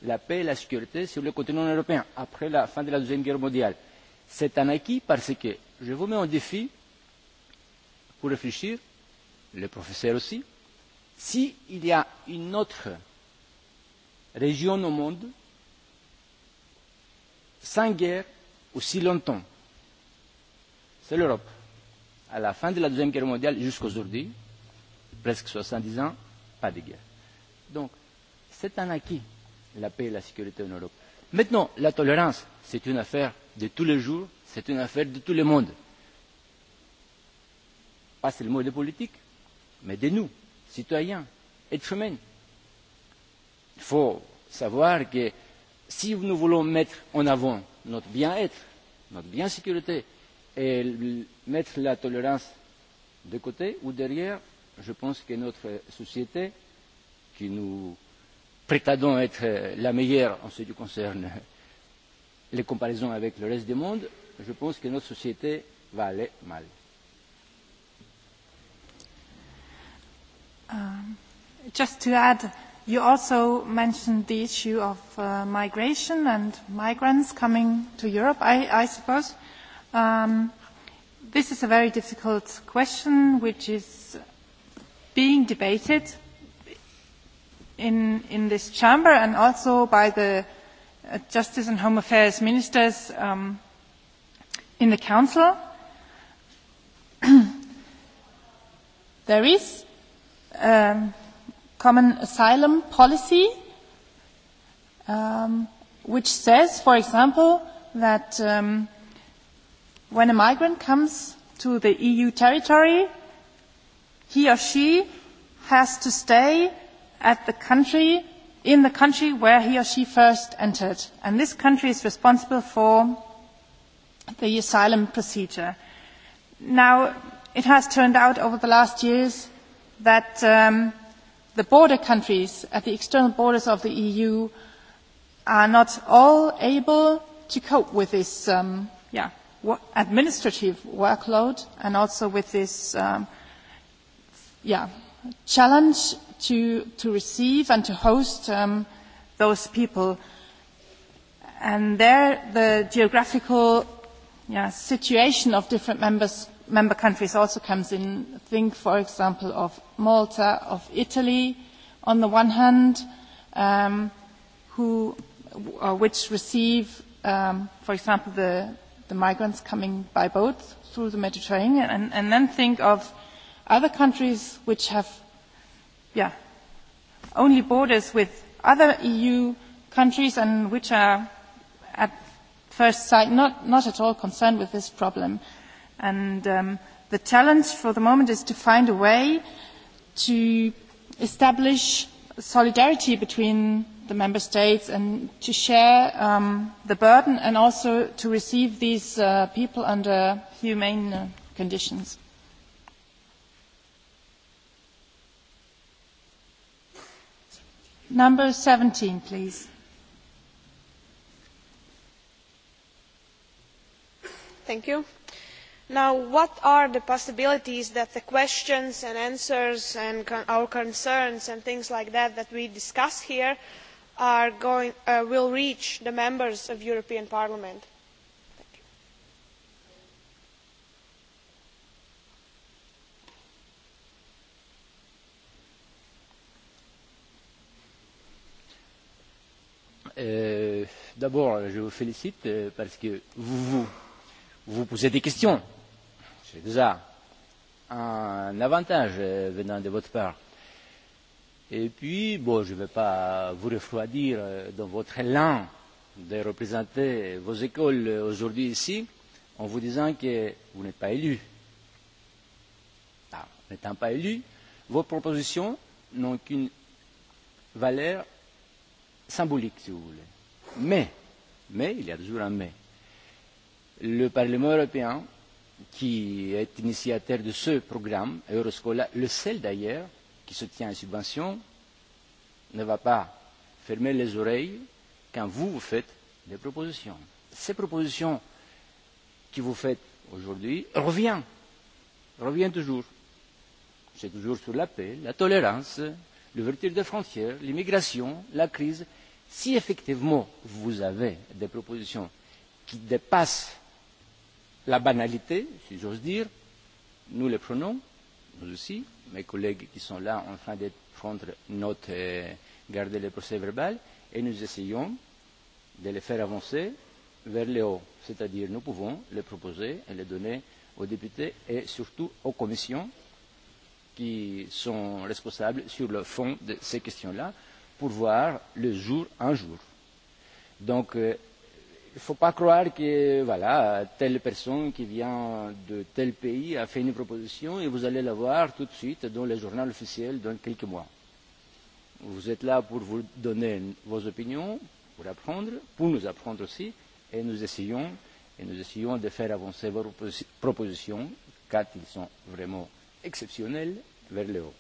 la paix et la sécurité sur le continent européen après la fin de la Deuxième Guerre mondiale. C'est un acquis parce que je vous mets en défi pour réfléchir, les professeurs aussi, s'il y a une autre région au monde sans guerre aussi longtemps. C'est l'Europe. À la fin de la Deuxième Guerre mondiale jusqu'à aujourd'hui, presque 70 ans, pas de guerre. Donc, c'est un acquis, la paix et la sécurité en Europe. Maintenant, la tolérance, c'est une affaire de tous les jours, c'est une affaire de tout le monde. Pas seulement des politiques, mais de nous, citoyens, êtres humains. Il faut savoir que si nous voulons mettre en avant notre bien-être, notre bien-sécurité, et mettre la tolérance de côté ou derrière, je pense que notre société, qui nous prétendons être la meilleure en ce qui concerne les comparaisons avec le reste du monde, je pense que notre société va aller mal. Just to add, You also mentioned the issue of migration and migrants coming to Europe, I suppose. This is a very difficult question which is being debated in this chamber and also by the Justice and Home Affairs Ministers in the Council. There is common asylum policy which says for example that when a migrant comes to the eu territory he or she has to stay at the country in the country where he or she first entered and this country is responsible for the asylum procedure now it has turned out over the last years that the border countries at the external borders of the eu are not all able to cope with this administrative workload and also with this challenge to receive and to host those people. And there the geographical situation of different member member countries also come in. Think, for example, of Malta, of Italy, on the one hand, who, which receive, for example, the the migrants coming by boat through the Mediterranean, and then think of other countries which have, only borders with other EU countries and which are at first sight not at all concerned with this problem. And the challenge for the moment is to find a way to establish solidarity between the member states and to share the burden and also to receive these people under humane conditions. Number 17, please. Thank you now what are the possibilities that the questions and answers and our concerns and things like that that we discuss here will reach the members of the european parliament? d'abord je vous félicite parce que vous vous posez des questions c'est un avantage venant de votre part. Et puis, bon, je ne vais pas vous refroidir dans votre élan de représenter vos écoles aujourd'hui ici en vous disant que vous n'êtes pas élu. N'étant pas élu, vos propositions n'ont qu'une valeur symbolique, si vous voulez. Mais, mais, il y a toujours un mais, le Parlement européen qui est initiateur de ce programme, Euroscola, le seul d'ailleurs qui se tient à subvention, ne va pas fermer les oreilles quand vous, vous faites des propositions. Ces propositions que vous faites aujourd'hui reviennent, reviennent toujours. C'est toujours sur la paix, la tolérance, l'ouverture des frontières, l'immigration, la crise. Si effectivement vous avez des propositions qui dépassent la banalité, si j'ose dire, nous les prenons, nous aussi, mes collègues qui sont là en train de prendre note et garder le procès verbal, et nous essayons de les faire avancer vers le haut. C'est-à-dire, nous pouvons les proposer et les donner aux députés et surtout aux commissions qui sont responsables sur le fond de ces questions-là pour voir le jour un jour. Donc, Il ne faut pas croire que voilà, telle personne qui vient de tel pays a fait une proposition et vous allez la voir tout de suite dans le journal officiel dans quelques mois. Vous êtes là pour vous donner vos opinions, pour apprendre, pour nous apprendre aussi, et nous essayons, et nous essayons de faire avancer vos propositions, car ils sont vraiment exceptionnels, vers le haut.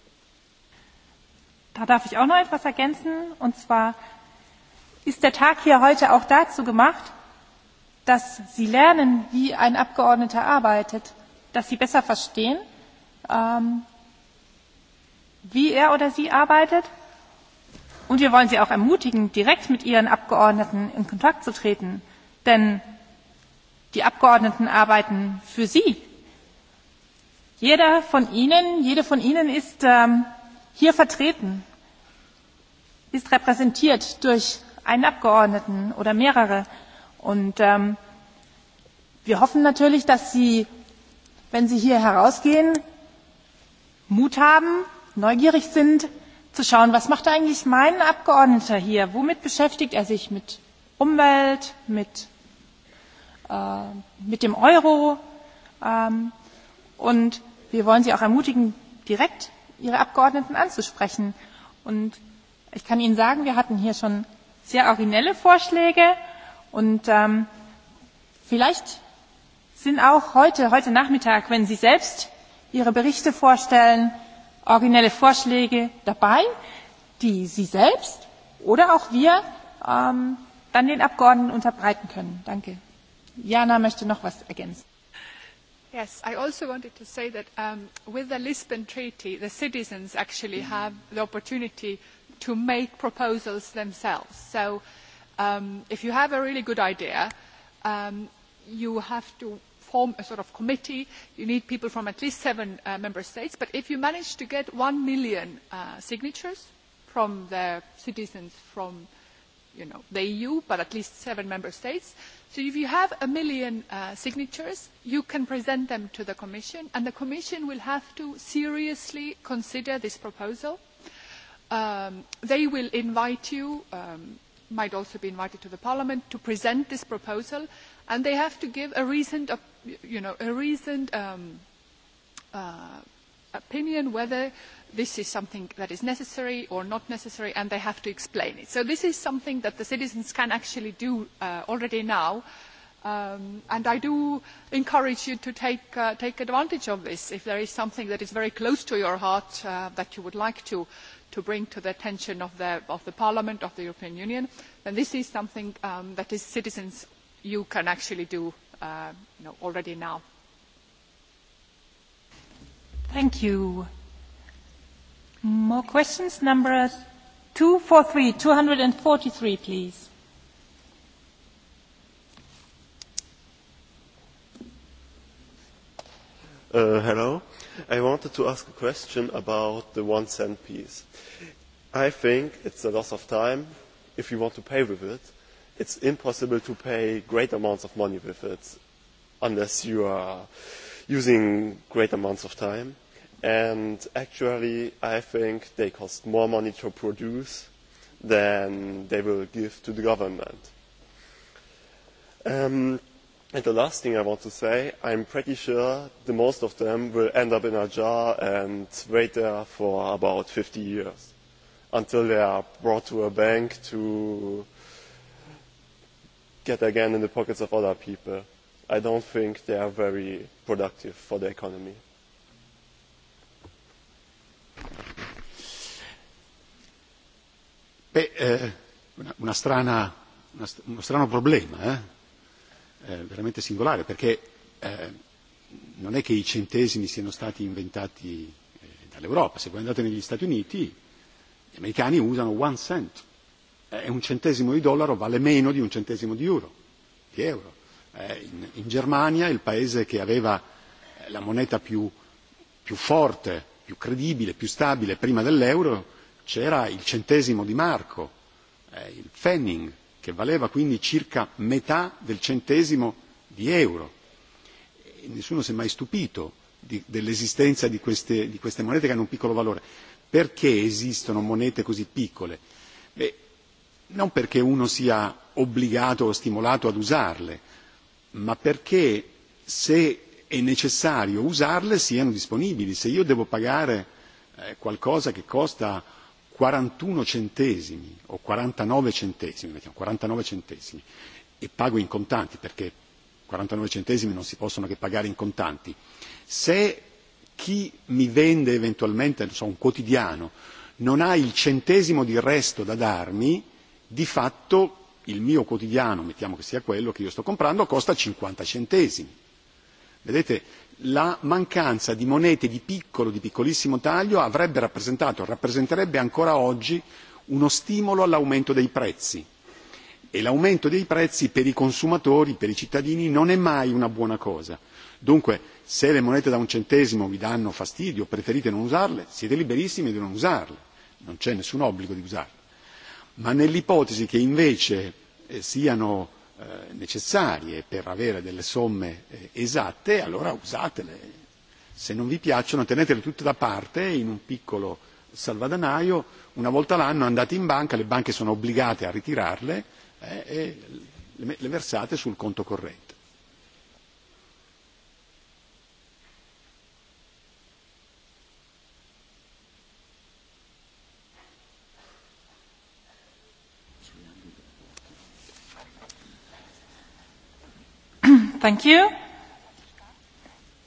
Da darf ich auch noch etwas ergänzen, und zwar ist der Tag hier heute auch dazu gemacht, dass sie lernen, wie ein Abgeordneter arbeitet, dass sie besser verstehen, wie er oder sie arbeitet. Und wir wollen sie auch ermutigen, direkt mit ihren Abgeordneten in Kontakt zu treten. Denn die Abgeordneten arbeiten für sie. Jeder von ihnen, jede von ihnen ist hier vertreten, ist repräsentiert durch einen Abgeordneten oder mehrere. Und wir hoffen natürlich, dass Sie, wenn Sie hier herausgehen, Mut haben, neugierig sind, zu schauen, was macht eigentlich mein Abgeordneter hier? Womit beschäftigt er sich? Mit Umwelt, mit mit dem Euro. Und wir wollen Sie auch ermutigen, direkt Ihre Abgeordneten anzusprechen. Und ich kann Ihnen sagen, wir hatten hier schon sehr originelle Vorschläge, Und vielleicht sind auch heute, heute Nachmittag, wenn Sie selbst Ihre Berichte vorstellen, originelle Vorschläge dabei, die Sie selbst oder auch wir dann den Abgeordneten unterbreiten können. Danke. Jana möchte noch etwas ergänzen. Yes, I also wanted to say that with the Lisbon Treaty, the citizens actually have the opportunity to make proposals themselves. So if you have a really good idea, you have to form a sort of committee. You need people from at least seven member states. But if you manage to get one million signatures from the citizens from the EU, but at least seven member states, so if you have a million signatures, you can present them to the Commission, and the Commission will have to seriously consider this proposal. They will invite you might also be invited to the Parliament to present this proposal, and they have to give a reasoned you know, a opinion whether this is something that is necessary or not necessary, and they have to explain it. So this is something that the citizens can actually do already now, and I do encourage you to take advantage of this. If there is something that is very close to your heart that you would like to to bring to the attention of the Parliament of the European Union, then this is something that as citizens you can actually do already now. Thank you. More questions? Number 243, 243, please. Hello. I wanted to ask a question about the one cent piece. I think it's a loss of time if you want to pay with it. It's impossible to pay great amounts of money with it unless you are using great amounts of time. And actually, I think they cost more money to produce than they will give to the government. And the last thing I want to say, I'm pretty sure the most of them will end up in a jar and wait there for about 50 years until they are brought to a bank to get again in the pockets of other people. I don't think they are very productive for the economy. Beh, una strana, strano problema, veramente singolare perché non è che i centesimi siano stati inventati dall'Europa. Se voi andate negli Stati Uniti gli americani usano one cent e un centesimo di dollaro vale meno di un centesimo di euro. di euro. In Germania il paese che aveva la moneta più forte, più credibile, più stabile prima dell'euro c'era il centesimo di marco, il Fenning, che valeva quindi circa metà del centesimo di euro. Nessuno si è mai stupito dell'esistenza di queste monete che hanno un piccolo valore. Perché esistono monete così piccole? Non perché uno sia obbligato o stimolato ad usarle, ma perché se è necessario usarle siano disponibili. Se io devo pagare qualcosa che costa 41 centesimi o 49 centesimi, mettiamo 49 centesimi, e pago in contanti perché 49 centesimi non si possono che pagare in contanti, se chi mi vende eventualmente non so, un quotidiano non ha il centesimo di resto da darmi, di fatto il mio quotidiano, mettiamo che sia quello che io sto comprando, costa 50 centesimi. Vedete, la mancanza di monete di piccolo di piccolissimo taglio avrebbe rappresentato rappresenterebbe ancora oggi uno stimolo all'aumento dei prezzi e l'aumento dei prezzi per i consumatori per i cittadini non è mai una buona cosa dunque se le monete da un centesimo vi danno fastidio preferite non usarle siete liberissimi di non usarle non c'è nessun obbligo di usarle ma nell'ipotesi che invece siano necessarie per avere delle somme esatte, allora usatele. Se non vi piacciono tenetele tutte da parte in un piccolo salvadanaio, una volta l'anno andate in banca, le banche sono obbligate a ritirarle e le versate sul conto corrente. Thank you.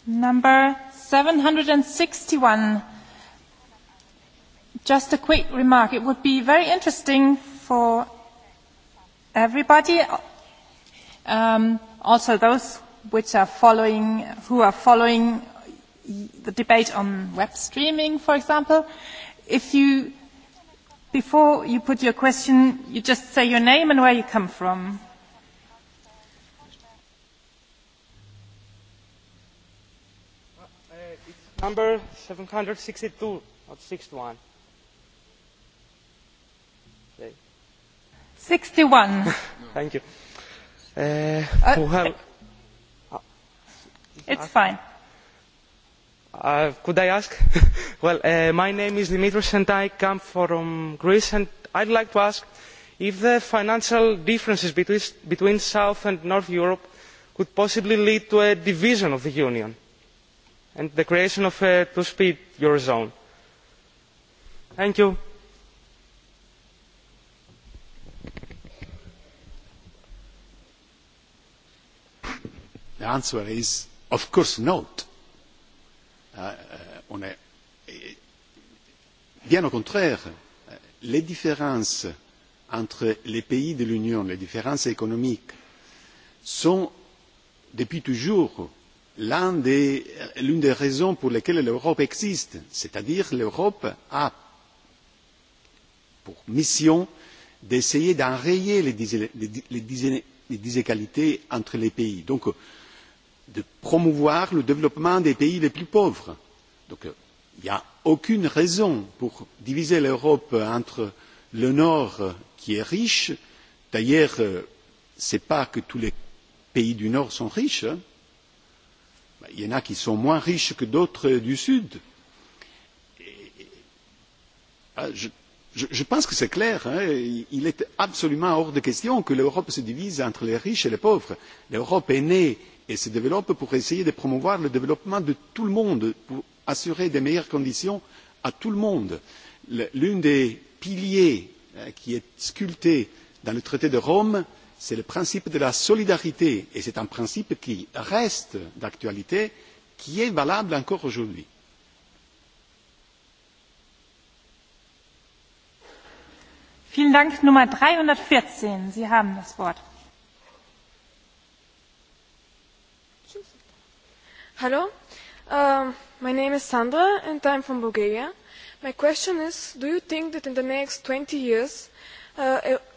Number 761. Just a quick remark. It would be very interesting for everybody, also those which are following, who are following the debate on web streaming, for example, if you, before you put your question, you just say your name and where you come from. number seven hundred sixty two not sixty one sixty one thank you it's fine could i ask well my name is dimitris and i come from greece and i'd like to ask if the financial differences between south and north europe could possibly lead to a division of the union and the creation of a two speed eurozone. Thank you. The answer is of course not. Bien au contraire, les différences entre les pays de l'Union, les différences économiques, sont depuis toujours l'une des raisons pour lesquelles l'Europe existe, c'est-à-dire l'Europe a pour mission d'essayer d'enrayer les inégalités entre les pays, donc de promouvoir le développement des pays les plus pauvres. il n'y a aucune raison pour diviser l'Europe entre le Nord qui est riche, d'ailleurs ce n'est pas que tous les pays du Nord sont riches, il y en a qui sont moins riches que d'autres du Sud. Je pense que c'est clair. Il est absolument hors de question que l'Europe se divise entre les riches et les pauvres. L'Europe est née et se développe pour essayer de promouvoir le développement de tout le monde, pour assurer de meilleures conditions à tout le monde. L'un des piliers qui est sculpté dans le traité de Rome, c'est le principe de la solidarité et c'est un principe qui reste d'actualité qui est valable encore aujourd'hui. Vielen Dank. Nummer 314. Sie haben das Wort. Hello. my name is Sandra and I'm from Bulgaria. My question is, do you think that in the next 20 years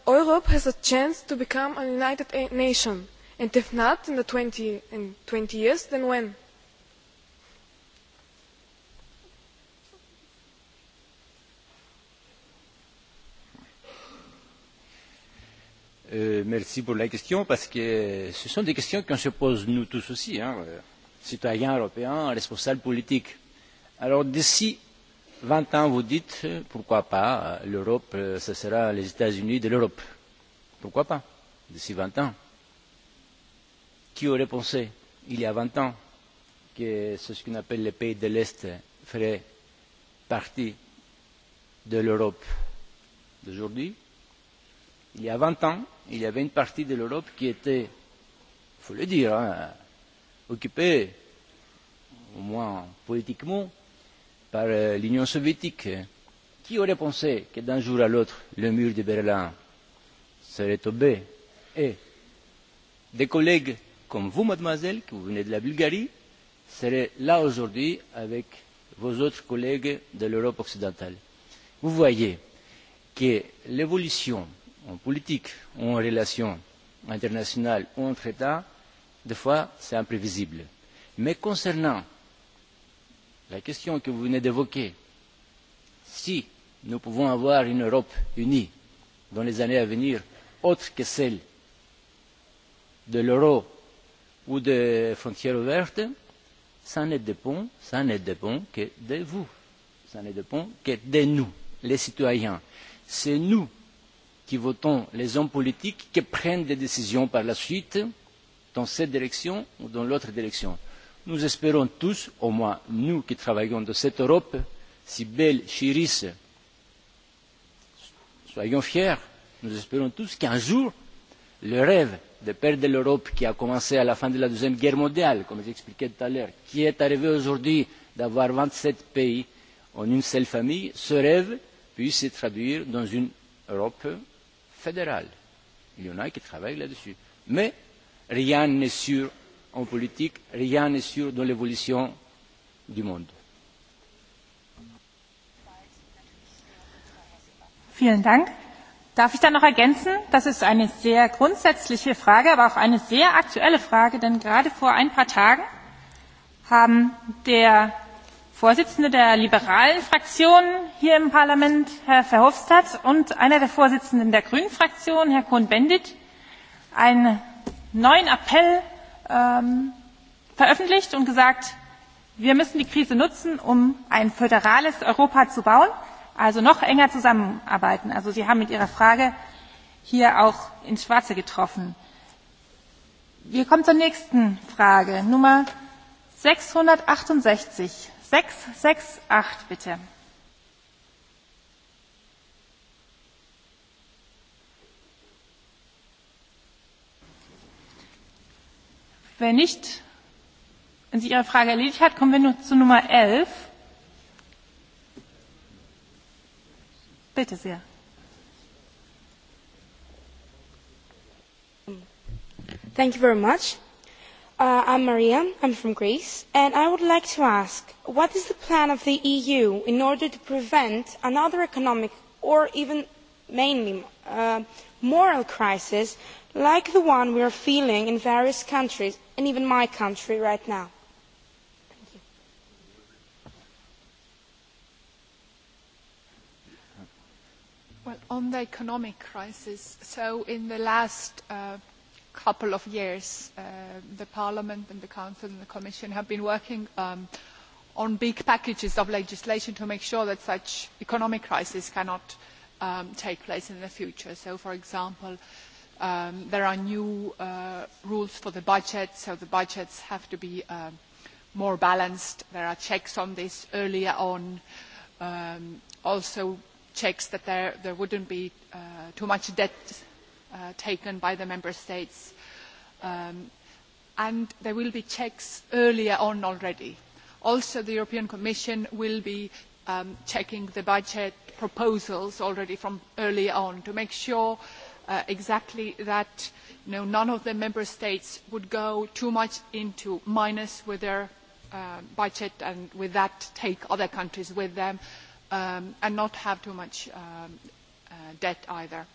Europe has a chance to become a united nation, and if not in the 20 in years, then when? Merci pour la question, parce que ce sont des questions qu'on se pose nous tous aussi, citoyens européens, responsables politiques. Alors d'ici vingt ans vous dites pourquoi pas l'europe ce sera les états unis de l'europe. pourquoi pas d'ici vingt ans? qui aurait pensé il y a vingt ans que ce qu'on appelle les pays de l'est ferait partie de l'europe d'aujourd'hui? il y a vingt ans il y avait une partie de l'europe qui était il faut le dire occupée au moins politiquement par l'Union soviétique. Qui aurait pensé que d'un jour à l'autre, le mur de Berlin serait tombé et des collègues comme vous, mademoiselle, qui vous venez de la Bulgarie, seraient là aujourd'hui avec vos autres collègues de l'Europe occidentale. Vous voyez que l'évolution en politique ou en relation internationale ou entre États, des fois, c'est imprévisible. Mais concernant la question que vous venez d'évoquer si nous pouvons avoir une europe unie dans les années à venir autre que celle de l'euro ou des frontières ouvertes ça ne dépend que de vous ça ne dépend que de nous les citoyens. c'est nous qui votons les hommes politiques qui prennent des décisions par la suite dans cette direction ou dans l'autre direction. Nous espérons tous, au moins nous qui travaillons dans cette Europe, si belle, chérisse, soyons fiers, nous espérons tous qu'un jour, le rêve de de l'Europe qui a commencé à la fin de la Deuxième Guerre mondiale, comme j'expliquais tout à l'heure, qui est arrivé aujourd'hui d'avoir vingt sept pays en une seule famille, ce rêve puisse se traduire dans une Europe fédérale. Il y en a qui travaillent là-dessus. Mais rien n'est sûr en politique, rien n'est sûr dans l'évolution du monde. Vielen Dank. Darf ich da noch ergänzen? Das ist eine sehr grundsätzliche Frage, aber auch eine sehr aktuelle Frage, denn gerade vor ein paar Tagen haben der Vorsitzende der liberalen Fraktion hier im Parlament, Herr Verhofstadt, und einer der Vorsitzenden der Grünen Fraktion, Herr Cohn-Bendit, einen neuen Appell veröffentlicht und gesagt wir müssen die krise nutzen um ein föderales europa zu bauen also noch enger zusammenarbeiten. also sie haben mit ihrer frage hier auch ins schwarze getroffen. wir kommen zur nächsten frage nummer 668. 668 bitte. Wenn nicht, wenn sich Ihre Frage erledigt hat, kommen wir nun zu Nummer 11. Bitte sehr. Thank you very much. Uh, I'm Maria, I'm from Greece, and I would like to ask, what is the plan of the EU in order to prevent another economic or even mainly uh, moral crisis like the one we are feeling in various countries and even my country right now. Well, on the economic crisis, so in the last couple of years, the Parliament and the Council and the Commission have been working on big packages of legislation to make sure that such economic crisis cannot take place in the future. So, for example, There are new rules for the budget, so the budgets have to be more balanced. There are checks on this earlier on, also checks that there wouldn't be too much debt taken by the member states. And there will be checks earlier on already. Also, the European Commission will be checking the budget proposals already from early on to make sure exactly that none of the member states would go too much into minus with their budget and with that take other countries with them and not have too much debt either.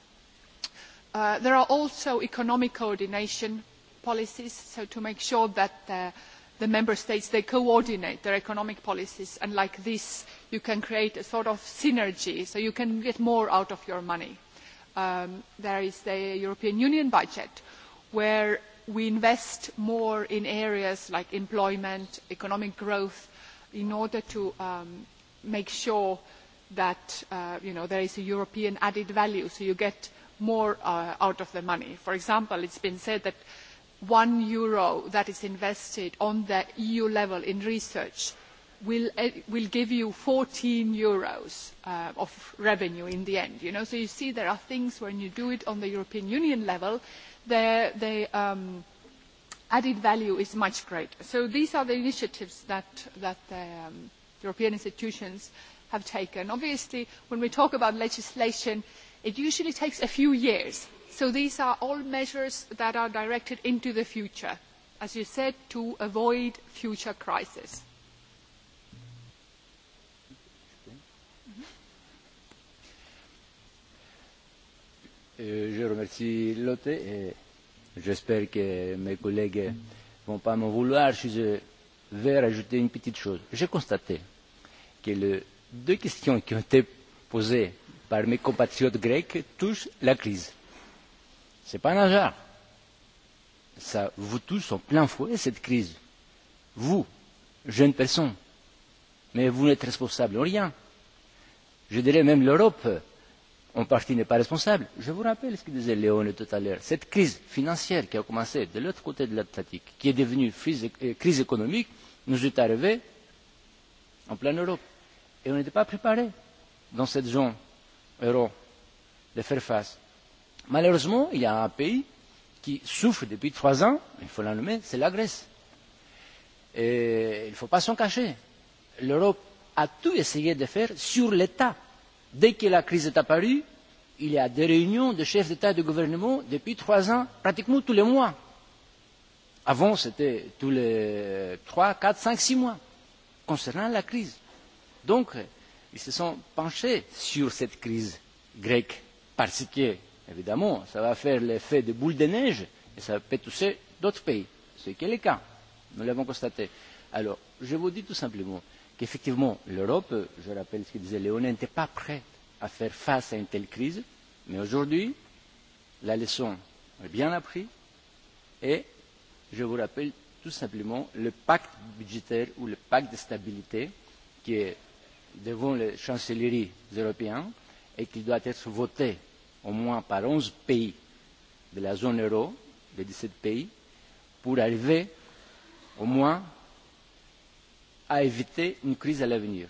There are also economic coordination policies, so to make sure that the member states, they coordinate their economic policies and like this you can create a sort of synergy so you can get more out of your money there is the European Union budget, where we invest more in areas like employment, economic growth, in order to make sure that there is a European added value, so you get more out of the money. For example, it has been said that one euro that is invested on the EU level in research will give you 14 euros of revenue in the end. So you see there are things when you do it on the European Union level, the added value is much greater. So these are the initiatives that the European institutions have taken. Obviously, when we talk about legislation, it usually takes a few years. So these are all measures that are directed into the future, as you said, to avoid future crises. Je remercie Lotte et j'espère que mes collègues ne vont pas m'en vouloir si je vais rajouter une petite chose. J'ai constaté que les deux questions qui ont été posées par mes compatriotes grecs touchent la crise. Ce n'est pas un hasard. Ça vous touche en plein fouet, cette crise. Vous, jeune personne, mais vous n'êtes responsable de rien. Je dirais même l'Europe en partie n'est pas responsable. Je vous rappelle ce que disait Léone tout à l'heure. Cette crise financière qui a commencé de l'autre côté de l'Atlantique, qui est devenue crise économique, nous est arrivée en pleine Europe. Et on n'était pas préparé dans cette zone euro de faire face. Malheureusement, il y a un pays qui souffre depuis trois ans, il faut la nommer, c'est la Grèce. Et il ne faut pas s'en cacher. L'Europe a tout essayé de faire sur l'État Dès que la crise est apparue, il y a des réunions de chefs d'État et de gouvernement depuis trois ans, pratiquement tous les mois. Avant, c'était tous les trois, quatre, cinq, six mois, concernant la crise. Donc, ils se sont penchés sur cette crise grecque, parce que, évidemment, ça va faire l'effet de boule de neige et ça peut toucher d'autres pays, ce qui est le cas. Nous l'avons constaté. Alors, je vous dis tout simplement Effectivement, l'Europe, je rappelle ce que disait Léon, n'était pas prête à faire face à une telle crise, mais aujourd'hui, la leçon est bien apprise et je vous rappelle tout simplement le pacte budgétaire ou le pacte de stabilité qui est devant les chancelleries européennes et qui doit être voté au moins par onze pays de la zone euro, des dix sept pays, pour arriver au moins à éviter une crise à l'avenir.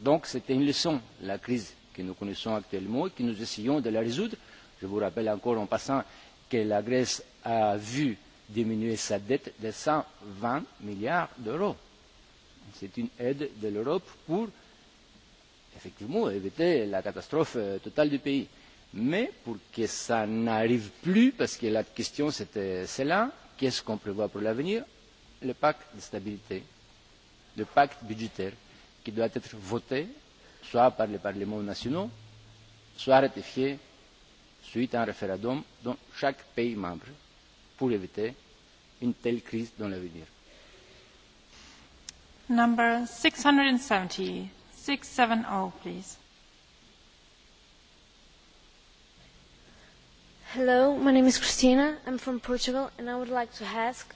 Donc c'était une leçon, la crise que nous connaissons actuellement et que nous essayons de la résoudre. Je vous rappelle encore en passant que la Grèce a vu diminuer sa dette de 120 milliards d'euros. C'est une aide de l'Europe pour, effectivement, éviter la catastrophe totale du pays. Mais pour que ça n'arrive plus, parce que la question c'était quest qu'est-ce qu'on prévoit pour l'avenir Le pacte de stabilité le pacte budgétaire qui doit être voté soit par les parlements nationaux, soit ratifié suite à un référendum dans chaque pays membre pour éviter une telle crise dans l'avenir. Number 670, 670, please. Hello, my name is Christina. I'm from Portugal, and I would like to ask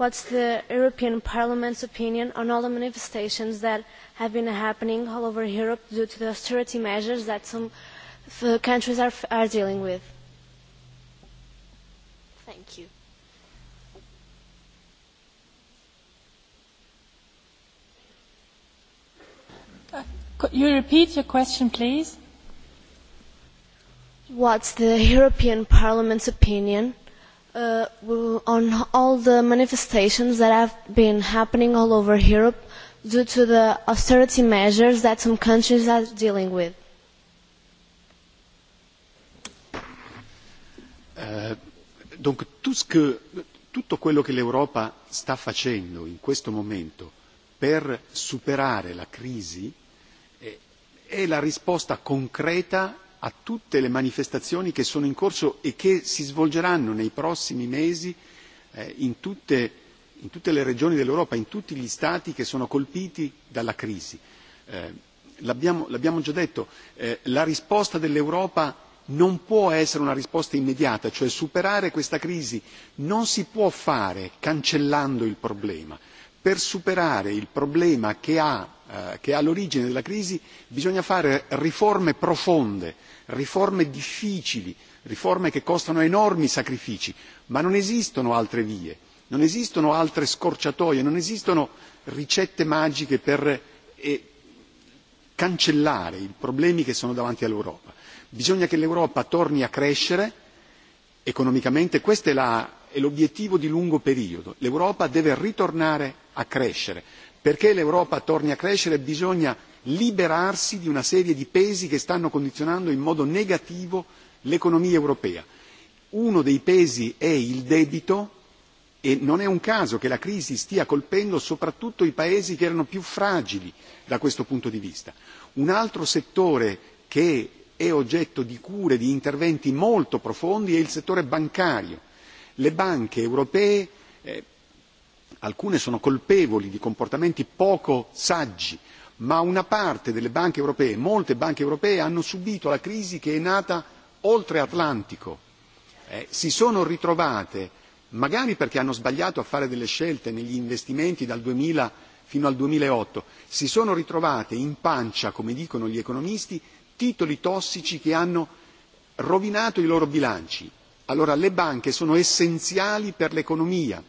What's the European Parliament's opinion on all the manifestations that have been happening all over Europe due to the austerity measures that some countries are dealing with? Thank you. Could you repeat your question, please? What's the European Parliament's opinion on all the manifestations that have been happening all over Europe due to the austerity measures that some countries are dealing with. Donc tutto quello che l'Europa sta facendo in questo momento per superare la crisi è la risposta concreta a tutte le manifestazioni che sono in corso e che si svolgeranno nei prossimi mesi in tutte le regioni dell'Europa, in tutti gli Stati che sono colpiti dalla crisi. L'abbiamo già detto, la risposta dell'Europa non può essere una risposta immediata, cioè superare questa crisi non si può fare cancellando il problema, per superare il problema che ha all'origine della crisi bisogna fare riforme profonde riforme difficili riforme che costano enormi sacrifici ma non esistono altre vie non esistono altre scorciatoie non esistono ricette magiche per cancellare i problemi che sono davanti all'Europa. Bisogna che l'Europa torni a crescere economicamente, questo è l'obiettivo di lungo periodo. L'Europa deve ritornare a crescere. Perché l'Europa torni a crescere bisogna liberarsi di una serie di pesi che stanno condizionando in modo negativo l'economia europea. Uno dei pesi è il debito e non è un caso che la crisi stia colpendo soprattutto i paesi che erano più fragili da questo punto di vista. Un altro settore che è oggetto di cure, di interventi molto profondi è il settore bancario. Le banche europee alcune sono colpevoli di comportamenti poco saggi ma una parte delle banche europee molte banche europee hanno subito la crisi che è nata oltre atlantico si sono ritrovate magari perché hanno sbagliato a fare delle scelte negli investimenti dal 2000 fino al 2008 si sono ritrovate in pancia come dicono gli economisti titoli tossici che hanno rovinato i loro bilanci allora le banche sono essenziali per l'economia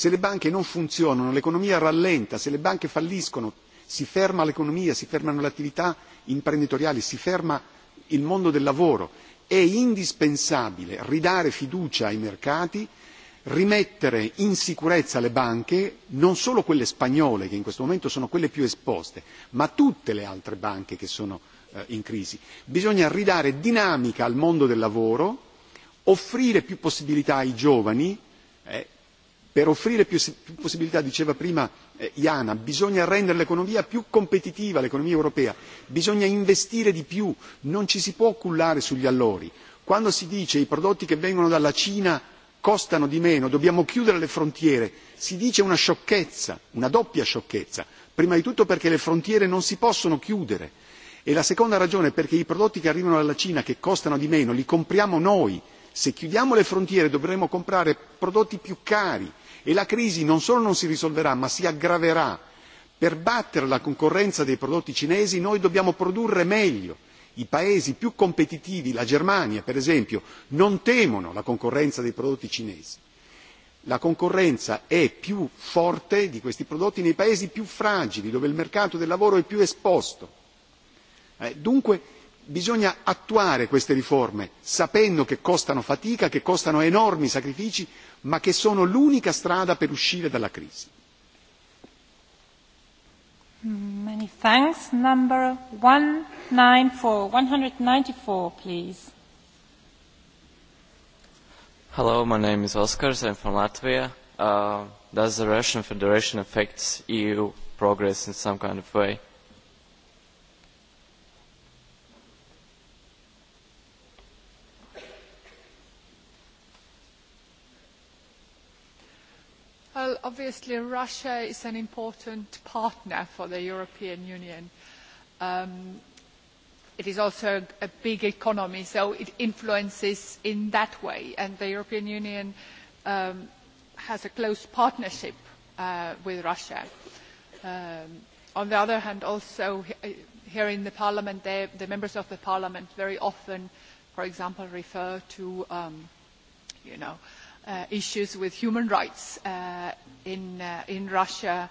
se le banche non funzionano l'economia rallenta se le banche falliscono si ferma l'economia si fermano le attività imprenditoriali si ferma il mondo del lavoro è indispensabile ridare fiducia ai mercati rimettere in sicurezza le banche non solo quelle spagnole che in questo momento sono quelle più esposte ma tutte le altre banche che sono in crisi bisogna ridare dinamica al mondo del lavoro offrire più possibilità ai giovani per offrire più possibilità diceva prima Iana bisogna rendere l'economia più competitiva l'economia europea bisogna investire di più non ci si può cullare sugli allori quando si dice i prodotti che vengono dalla Cina costano di meno dobbiamo chiudere le frontiere si dice una sciocchezza una doppia sciocchezza prima di tutto perché le frontiere non si possono chiudere e la seconda ragione è perché i prodotti che arrivano dalla Cina che costano di meno li compriamo noi se chiudiamo le frontiere dovremo comprare prodotti più cari e la crisi non solo non si risolverà ma si aggraverà. per battere la concorrenza dei prodotti cinesi noi dobbiamo produrre meglio i paesi più competitivi la germania per esempio non temono la concorrenza dei prodotti cinesi la concorrenza è più forte di questi prodotti nei paesi più fragili dove il mercato del lavoro è più esposto. dunque bisogna attuare queste riforme sapendo che costano fatica che costano enormi sacrifici ma che sono l'unica strada per uscire dalla crisi. Many thanks. Number 194, 194, please. Hello, my name is Oskars. I'm from Latvia. Uh, does the Russian Federation affect EU progress in some kind of way? obviously Russia is an important partner for the European Union. It is also a big economy, so it influences in that way. And the European Union has a close partnership with Russia. On the other hand, also here in the Parliament, the members of the Parliament very often, for example, refer to, you know, issues with human rights in Russia.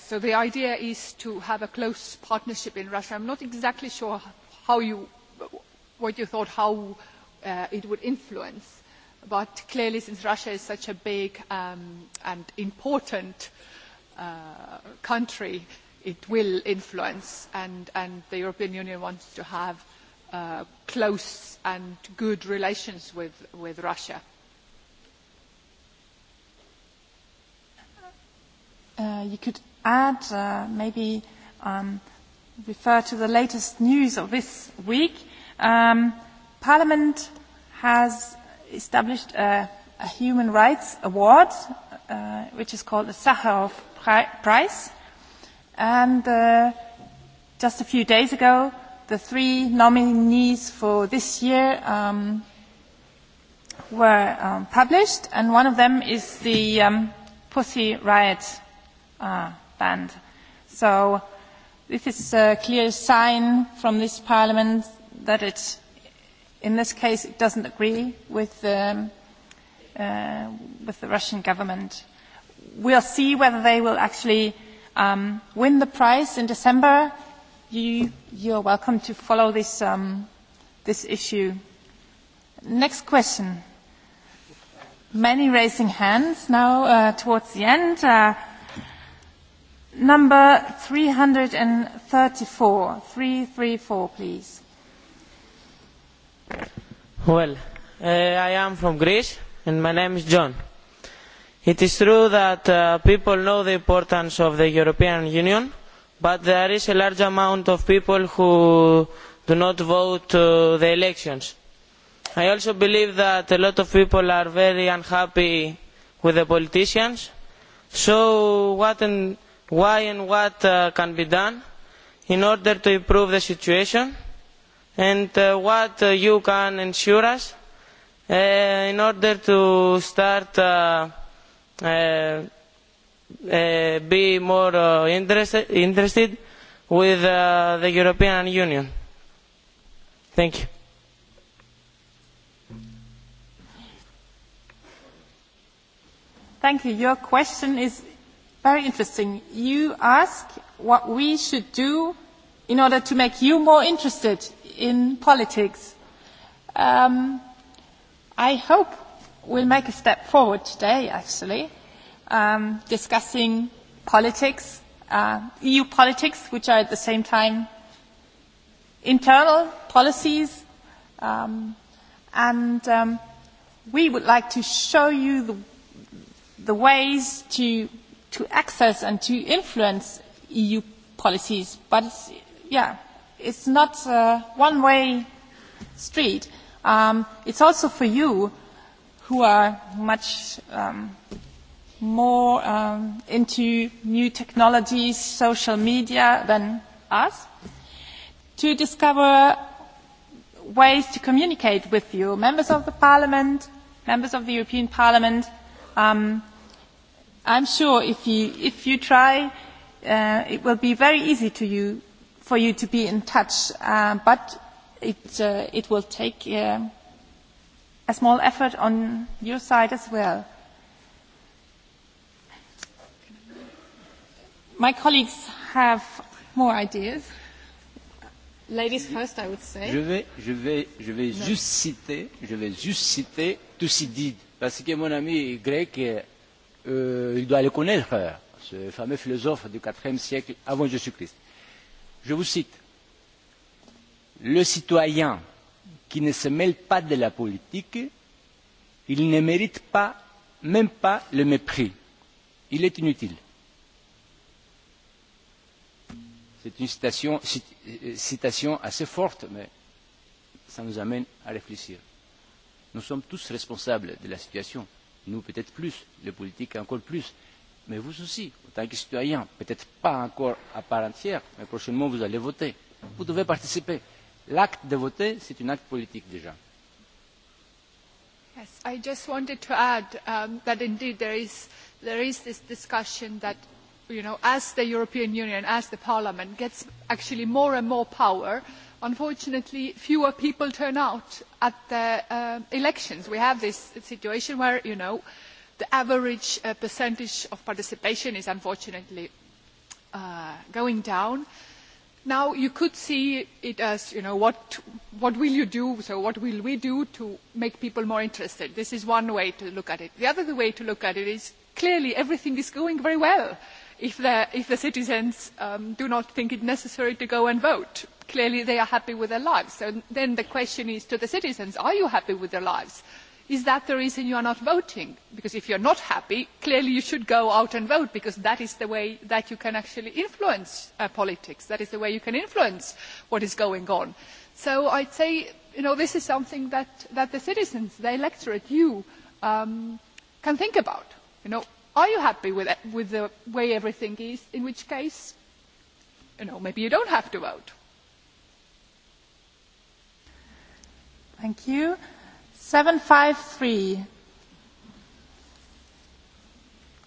so the idea is to have a close partnership in Russia. I'm not exactly sure how you, what you thought, how it would influence, but clearly since Russia is such a big and important country, it will influence, and the European Union wants to have close and good relations with Russia. You could add, maybe refer to the latest news of this week. Parliament has established a human rights award, which is called the Sakharov Prize. And just a few days ago, The three nominees for this year were published, and one of them is the Pussy Riot band. So this is a clear sign from this Parliament that it, in this case, it doesn't agree with the Russian government. We'll see whether they will actually win the prize in December you are welcome to follow this this issue next question many raising hands now towards the end number 334 334 please well i am from greece and my name is john it is true that people know the importance of the european union but there is a large amount of people who do not vote the elections. i also believe that a lot of people are very unhappy with the politicians so why and what can be done in order to improve the situation and what you can ensure us in order to start be more interested with the European Union. Thank you. Thank you. Your question is very interesting. You ask what we should do in order to make you more interested in politics. I hope we'll make a step forward today, actually discussing politics, EU politics, which are at the same time internal policies. And we would like to show you the ways to access and to influence EU policies. But, yeah, it's not a one-way street. It's also for you who are much more into new technologies, social media than us, to discover ways to communicate with you, members of the Parliament, members of the European Parliament. I'm sure if you if you try, it will be very easy to you for you to be in touch, but it will take a small effort on your side as well. My colleagues have more ideas. Ladies first, I would say. Je vais, je vais, je vais juste citer, je vais juste citer parce que mon ami grec, euh, il doit le connaître, ce fameux philosophe du IVe siècle avant Jésus-Christ. Je vous cite. Le citoyen qui ne se mêle pas de la politique, il ne mérite pas, même pas le mépris. Il est inutile. C'est une citation assez forte, mais ça nous amène à réfléchir. Nous sommes tous responsables de la situation. Nous, peut-être plus. Les politiques, encore plus. Mais vous aussi, en tant que citoyens. Peut-être pas encore à part entière, mais prochainement, vous allez voter. Vous devez participer. L'acte de voter, c'est un acte politique déjà. Yes, I just wanted to add that indeed there is this discussion that you know, as the European Union, as the Parliament gets actually more and more power, unfortunately fewer people turn out at the elections. We have this situation where, the average percentage of participation is unfortunately going down. Now you could see it as, what what will you do? So what will we do to make people more interested? This is one way to look at it. The other way to look at it is clearly everything is going very well if the citizens do not think it necessary to go and vote. Clearly they are happy with their lives. So then the question is to the citizens, are you happy with your lives? Is that the reason you are not voting? Because if you are not happy, clearly you should go out and vote because that is the way that you can actually influence politics. That is the way you can influence what is going on. So I'd say, you this is something that the citizens, the electorate, you can think about. Are you happy with with the way everything is? In which case, you know, maybe you don't have to vote. Thank you. 753.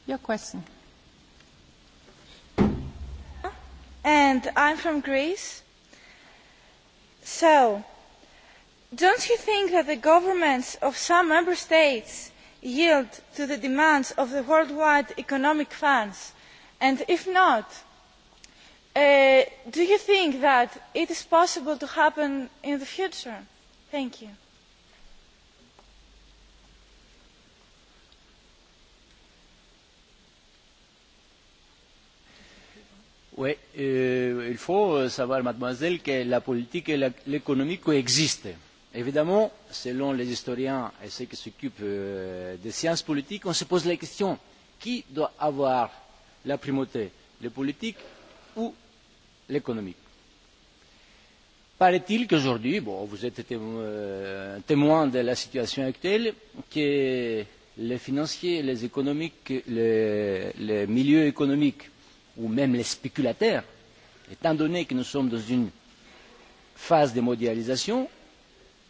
Your question. And I'm from Greece. So, don't you think that the governments of some member states yield to the demands of the worldwide economic funds? And if not, do you think that it is possible to happen in the future? Thank you. Oui, il faut savoir, mademoiselle, que la politique et l'économie coexistent Évidemment, selon les historiens et ceux qui s'occupent des sciences politiques, on se pose la question qui doit avoir la primauté, le politique ou l'économique Paraît-il qu'aujourd'hui, vous êtes témoin de la situation actuelle, que les financiers, les économiques, les milieux économiques ou même les spéculateurs, étant donné que nous sommes dans une phase de mondialisation,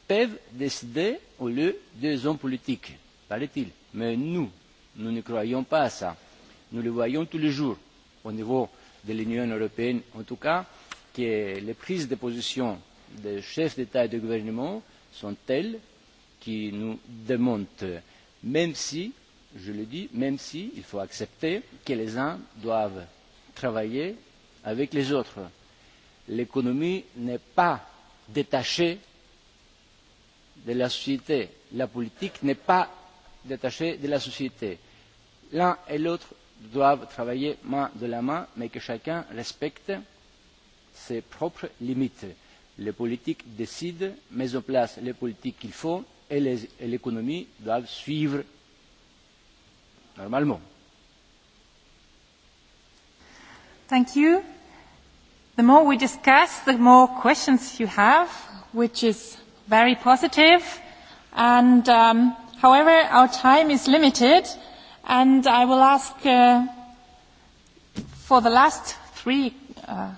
peuvent décider au lieu des hommes politiques, paraît-il. Mais nous, nous ne croyons pas à ça. Nous le voyons tous les jours, au niveau de l'Union européenne en tout cas, que les prises de position des chefs d'État et de gouvernement sont telles qui nous démontent, même si, je le dis, même si il faut accepter que les uns doivent travailler avec les autres. L'économie n'est pas détachée de la société. La politique n'est pas détachée de la société. L'un et l'autre doivent travailler main de la main, mais que chacun respecte ses propres limites. Les politiques décident, mettent en place les politiques qu'il faut et l'économie doivent suivre normalement. Thank you. The more we discuss, the more questions you have, which is very positive. And however, our time is limited, and I will ask for the last three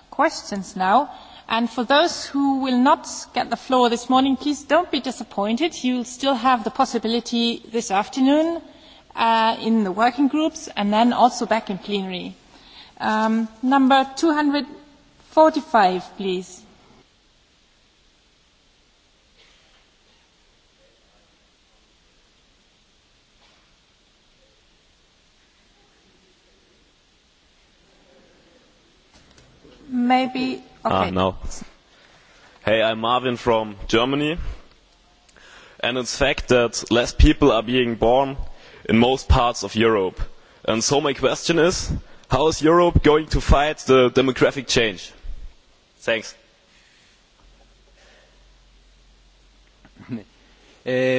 questions now. And for those who will not get the floor this morning, please don't be disappointed. You will still have the possibility this afternoon in the working groups and then also back in plenary. Number 245, please. Maybe. Okay. Hey, I'm Marvin from Germany, and it's fact that less people are being born in most parts of Europe. And so my question is, how is Europe going to fight the demographic change? Thanks.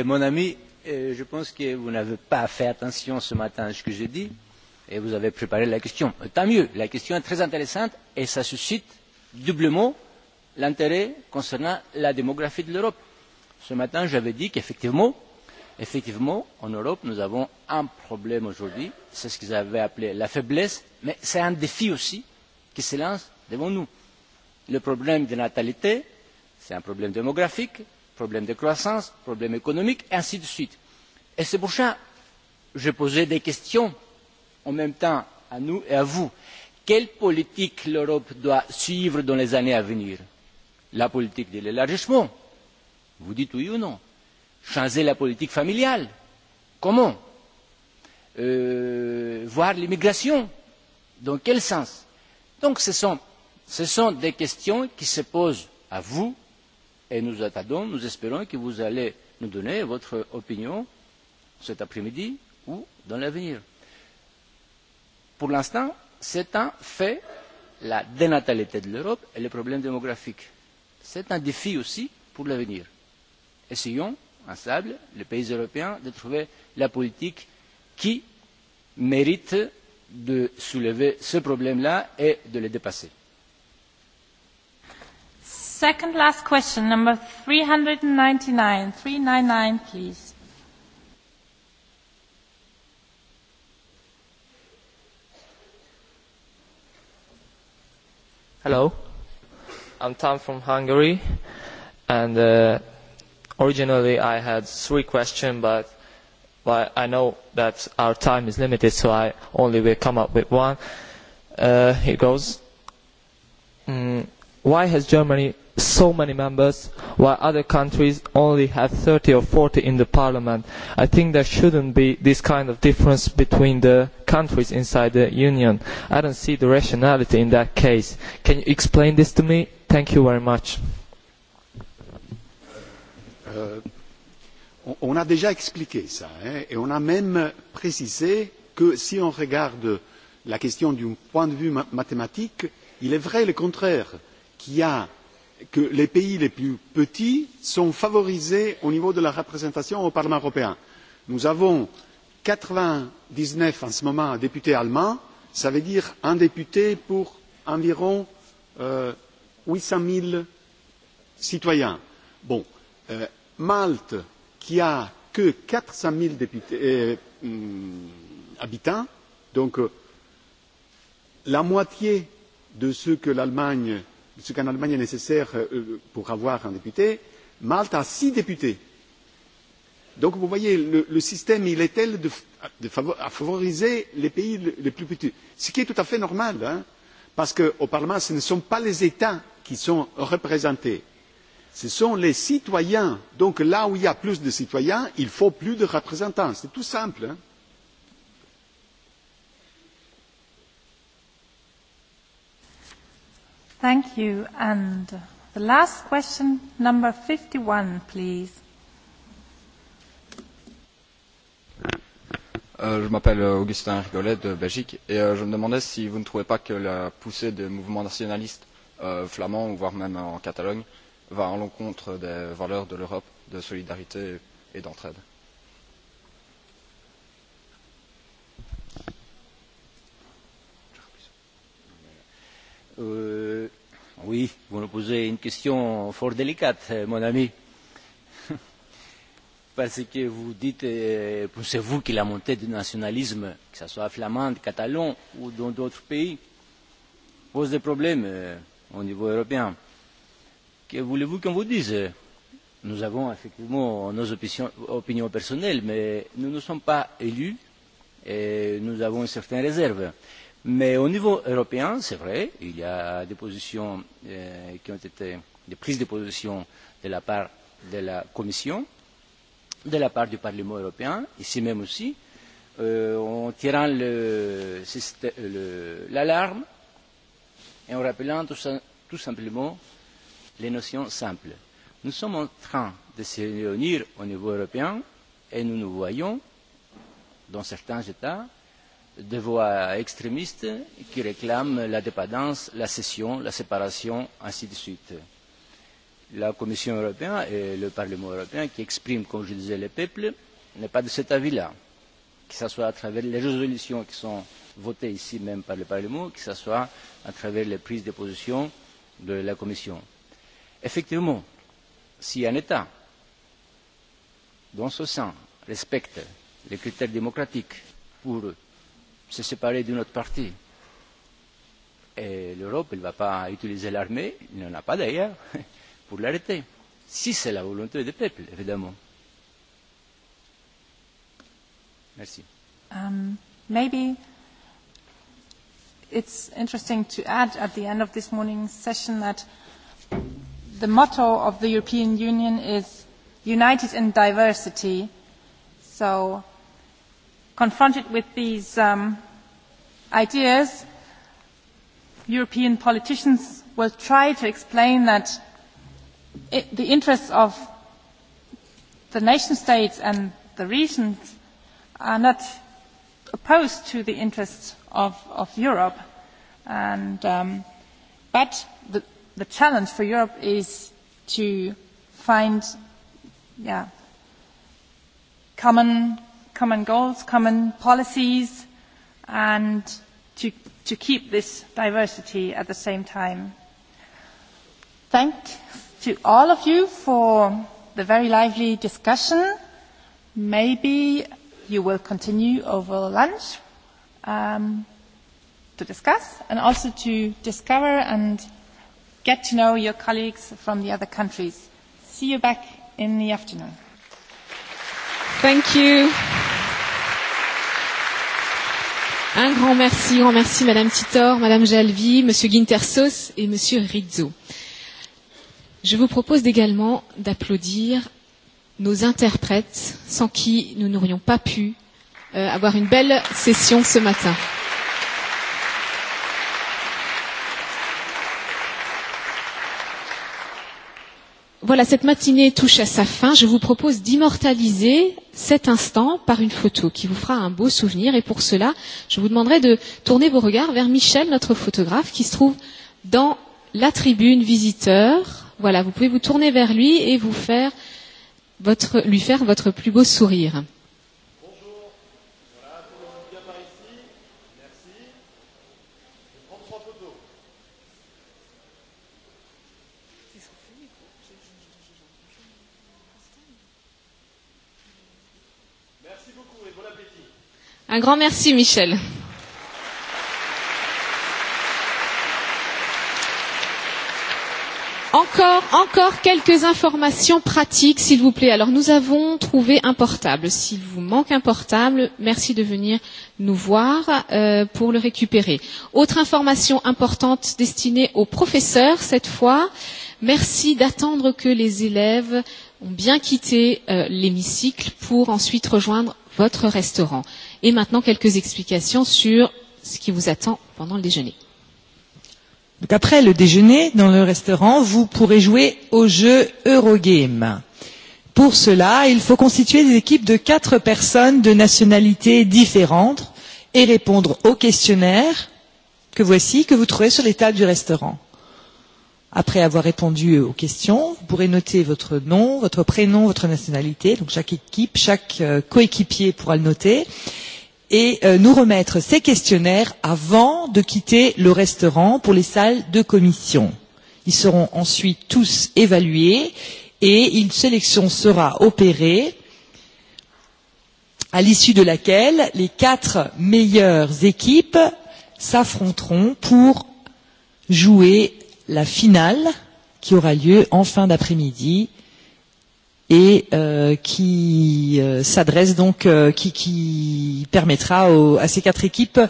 Mon ami, je pense que vous n'avez pas fait attention ce matin à ce que j'ai dit et vous avez préparé la question. Tant mieux, la question est très intéressante et ça suscite doublement l'intérêt concernant la démographie de l'Europe. Ce matin, j'avais dit qu'effectivement, effectivement, en Europe, nous avons un problème aujourd'hui, c'est ce qu'ils avaient appelé la faiblesse, mais c'est un défi aussi qui se lance devant nous. Le problème de natalité, c'est un problème démographique, problème de croissance, problème économique, et ainsi de suite. Et c'est pour ça que j'ai posé des questions en même temps à nous et à vous quelle politique l'Europe doit suivre dans les années à venir La politique de l'élargissement Vous dites oui ou non Changer la politique familiale Comment Voir l'immigration Dans quel sens Donc ce sont des questions qui se posent à vous et nous attendons, nous espérons que vous allez nous donner votre opinion cet après-midi ou dans l'avenir. Pour l'instant, c'est un fait, la dénatalité de l'Europe et les problèmes démographiques. C'est un défi aussi pour l'avenir. Essayons, ensemble, les pays européens, de trouver la politique qui mérite de soulever ce problème-là et de le dépasser. Second last question, number 399. 399, please. Hello, I'm Tom from Hungary, and originally I had three questions, but I know that our time is limited, so I only will come up with one. Here goes. Why has Germany so many members while other countries only have 30 or 40 in the parliament i think there shouldn't be this kind of difference between the countries inside the union i don't see the rationality in that case can you explain this to me thank you very much on a déjà expliqué ça et on a même précisé que si on regarde la question d'un point de vue mathématique il est vrai le contraire qu'il y a que les pays les plus petits sont favorisés au niveau de la représentation au Parlement européen. Nous avons quatre vingt dix neuf en ce moment députés allemands, cela veut dire un député pour environ huit cents zéro citoyens. Malte, qui n'a que quatre cents zéro habitants, donc la moitié de ce que l'Allemagne ce qu'en Allemagne est nécessaire pour avoir un député, Malte a six députés. Donc vous voyez, le système il est tel à favoriser les pays les plus petits, ce qui est tout à fait normal, parce qu'au Parlement, ce ne sont pas les États qui sont représentés, ce sont les citoyens. Donc là où il y a plus de citoyens, il faut plus de représentants, c'est tout simple. Thank you. And the last question, number 51, please. Je m'appelle Augustin Rigolet de Belgique et je me demandais si vous ne trouvez pas que la poussée des mouvements nationalistes flamands, voire même en Catalogne, va à l'encontre des valeurs de l'Europe de solidarité et d'entraide. Oui, vous nous posez une question fort délicate, mon ami. Parce que vous dites, pensez-vous que la montée du nationalisme, que ce soit flamand, catalan ou dans d'autres pays, pose des problèmes au niveau européen Que voulez-vous qu'on vous dise Nous avons effectivement nos opinions personnelles, mais nous ne sommes pas élus et nous avons une certaine réserve. Mais au niveau européen, c'est vrai, il y a des positions qui ont été, des prises de position de la part de la Commission, de la part du Parlement européen, ici même aussi, en tirant l'alarme et en rappelant tout simplement les notions simples. Nous sommes en train de se réunir au niveau européen et nous nous voyons, dans certains États, de voix extrémistes qui réclament la dépendance, la cession, la séparation, ainsi de suite. La Commission européenne et le Parlement européen, qui expriment, comme je disais, les peuples, n'est pas de cet avis-là. Que ce soit à travers les résolutions qui sont votées ici même par le Parlement, que ce soit à travers les prises de position de la Commission. Effectivement, si un État, dans ce sens, respecte les critères démocratiques pour se séparer d'une autre partie. Et l'Europe, elle ne va pas utiliser l'armée, il n'y en a pas d'ailleurs, pour l'arrêter. Si c'est la volonté des peuples, évidemment. Merci. Um, maybe it's interesting to add at the end of this morning's session that the motto of the European Union is united in diversity. So confronted with these ideas european politicians will try to explain that the interests of the nation states and the regions are not opposed to the interests of europe but the challenge for europe is to find common common goals, common policies, and to keep this diversity at the same time. Thanks to all of you for the very lively discussion. Maybe you will continue over lunch to discuss and also to discover and get to know your colleagues from the other countries. See you back in the afternoon. Thank you. Un grand merci, on merci Madame Titor, Madame Jalvi, Monsieur Guintersos et Monsieur Rizzo. Je vous propose également d'applaudir nos interprètes, sans qui nous n'aurions pas pu avoir une belle session ce matin. Voilà, cette matinée touche à sa fin. Je vous propose d'immortaliser cet instant par une photo qui vous fera un beau souvenir. Et pour cela, je vous demanderai de tourner vos regards vers Michel, notre photographe, qui se trouve dans la tribune visiteur. Voilà, vous pouvez vous tourner vers lui et vous faire votre, lui faire votre plus beau sourire. Un grand merci, Michel. Encore, encore quelques informations pratiques, s'il vous plaît. Alors, nous avons trouvé un portable. S'il vous manque un portable, merci de venir nous voir pour le récupérer. Autre information importante destinée aux professeurs, cette fois. Merci d'attendre que les élèves ont bien quitté l'hémicycle pour ensuite rejoindre votre restaurant. Et maintenant, quelques explications sur ce qui vous attend pendant le déjeuner. Donc après le déjeuner, dans le restaurant, vous pourrez jouer au jeu Eurogame. Pour cela, il faut constituer des équipes de quatre personnes de nationalités différentes et répondre aux questionnaires que voici, que vous trouvez sur les tables du restaurant. Après avoir répondu aux questions, vous pourrez noter votre nom, votre prénom, votre nationalité. Donc chaque équipe, chaque coéquipier pourra le noter et nous remettre ces questionnaires avant de quitter le restaurant pour les salles de commission. Ils seront ensuite tous évalués et une sélection sera opérée à l'issue de laquelle les quatre meilleures équipes s'affronteront pour jouer la finale qui aura lieu en fin d'après-midi et qui s'adresse donc qui qui permettra à ces quatre équipes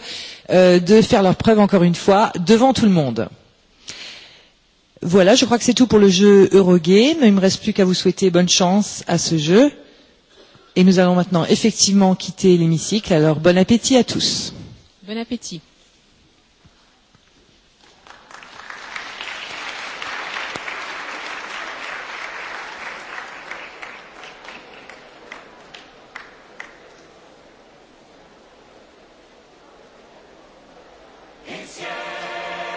de faire leur preuve encore une fois devant tout le monde. Voilà, je crois que c'est tout pour le jeu Eurogame, il ne me reste plus qu'à vous souhaiter bonne chance à ce jeu et nous allons maintenant effectivement quitter l'hémicycle. Alors bon appétit à tous. Bon appétit.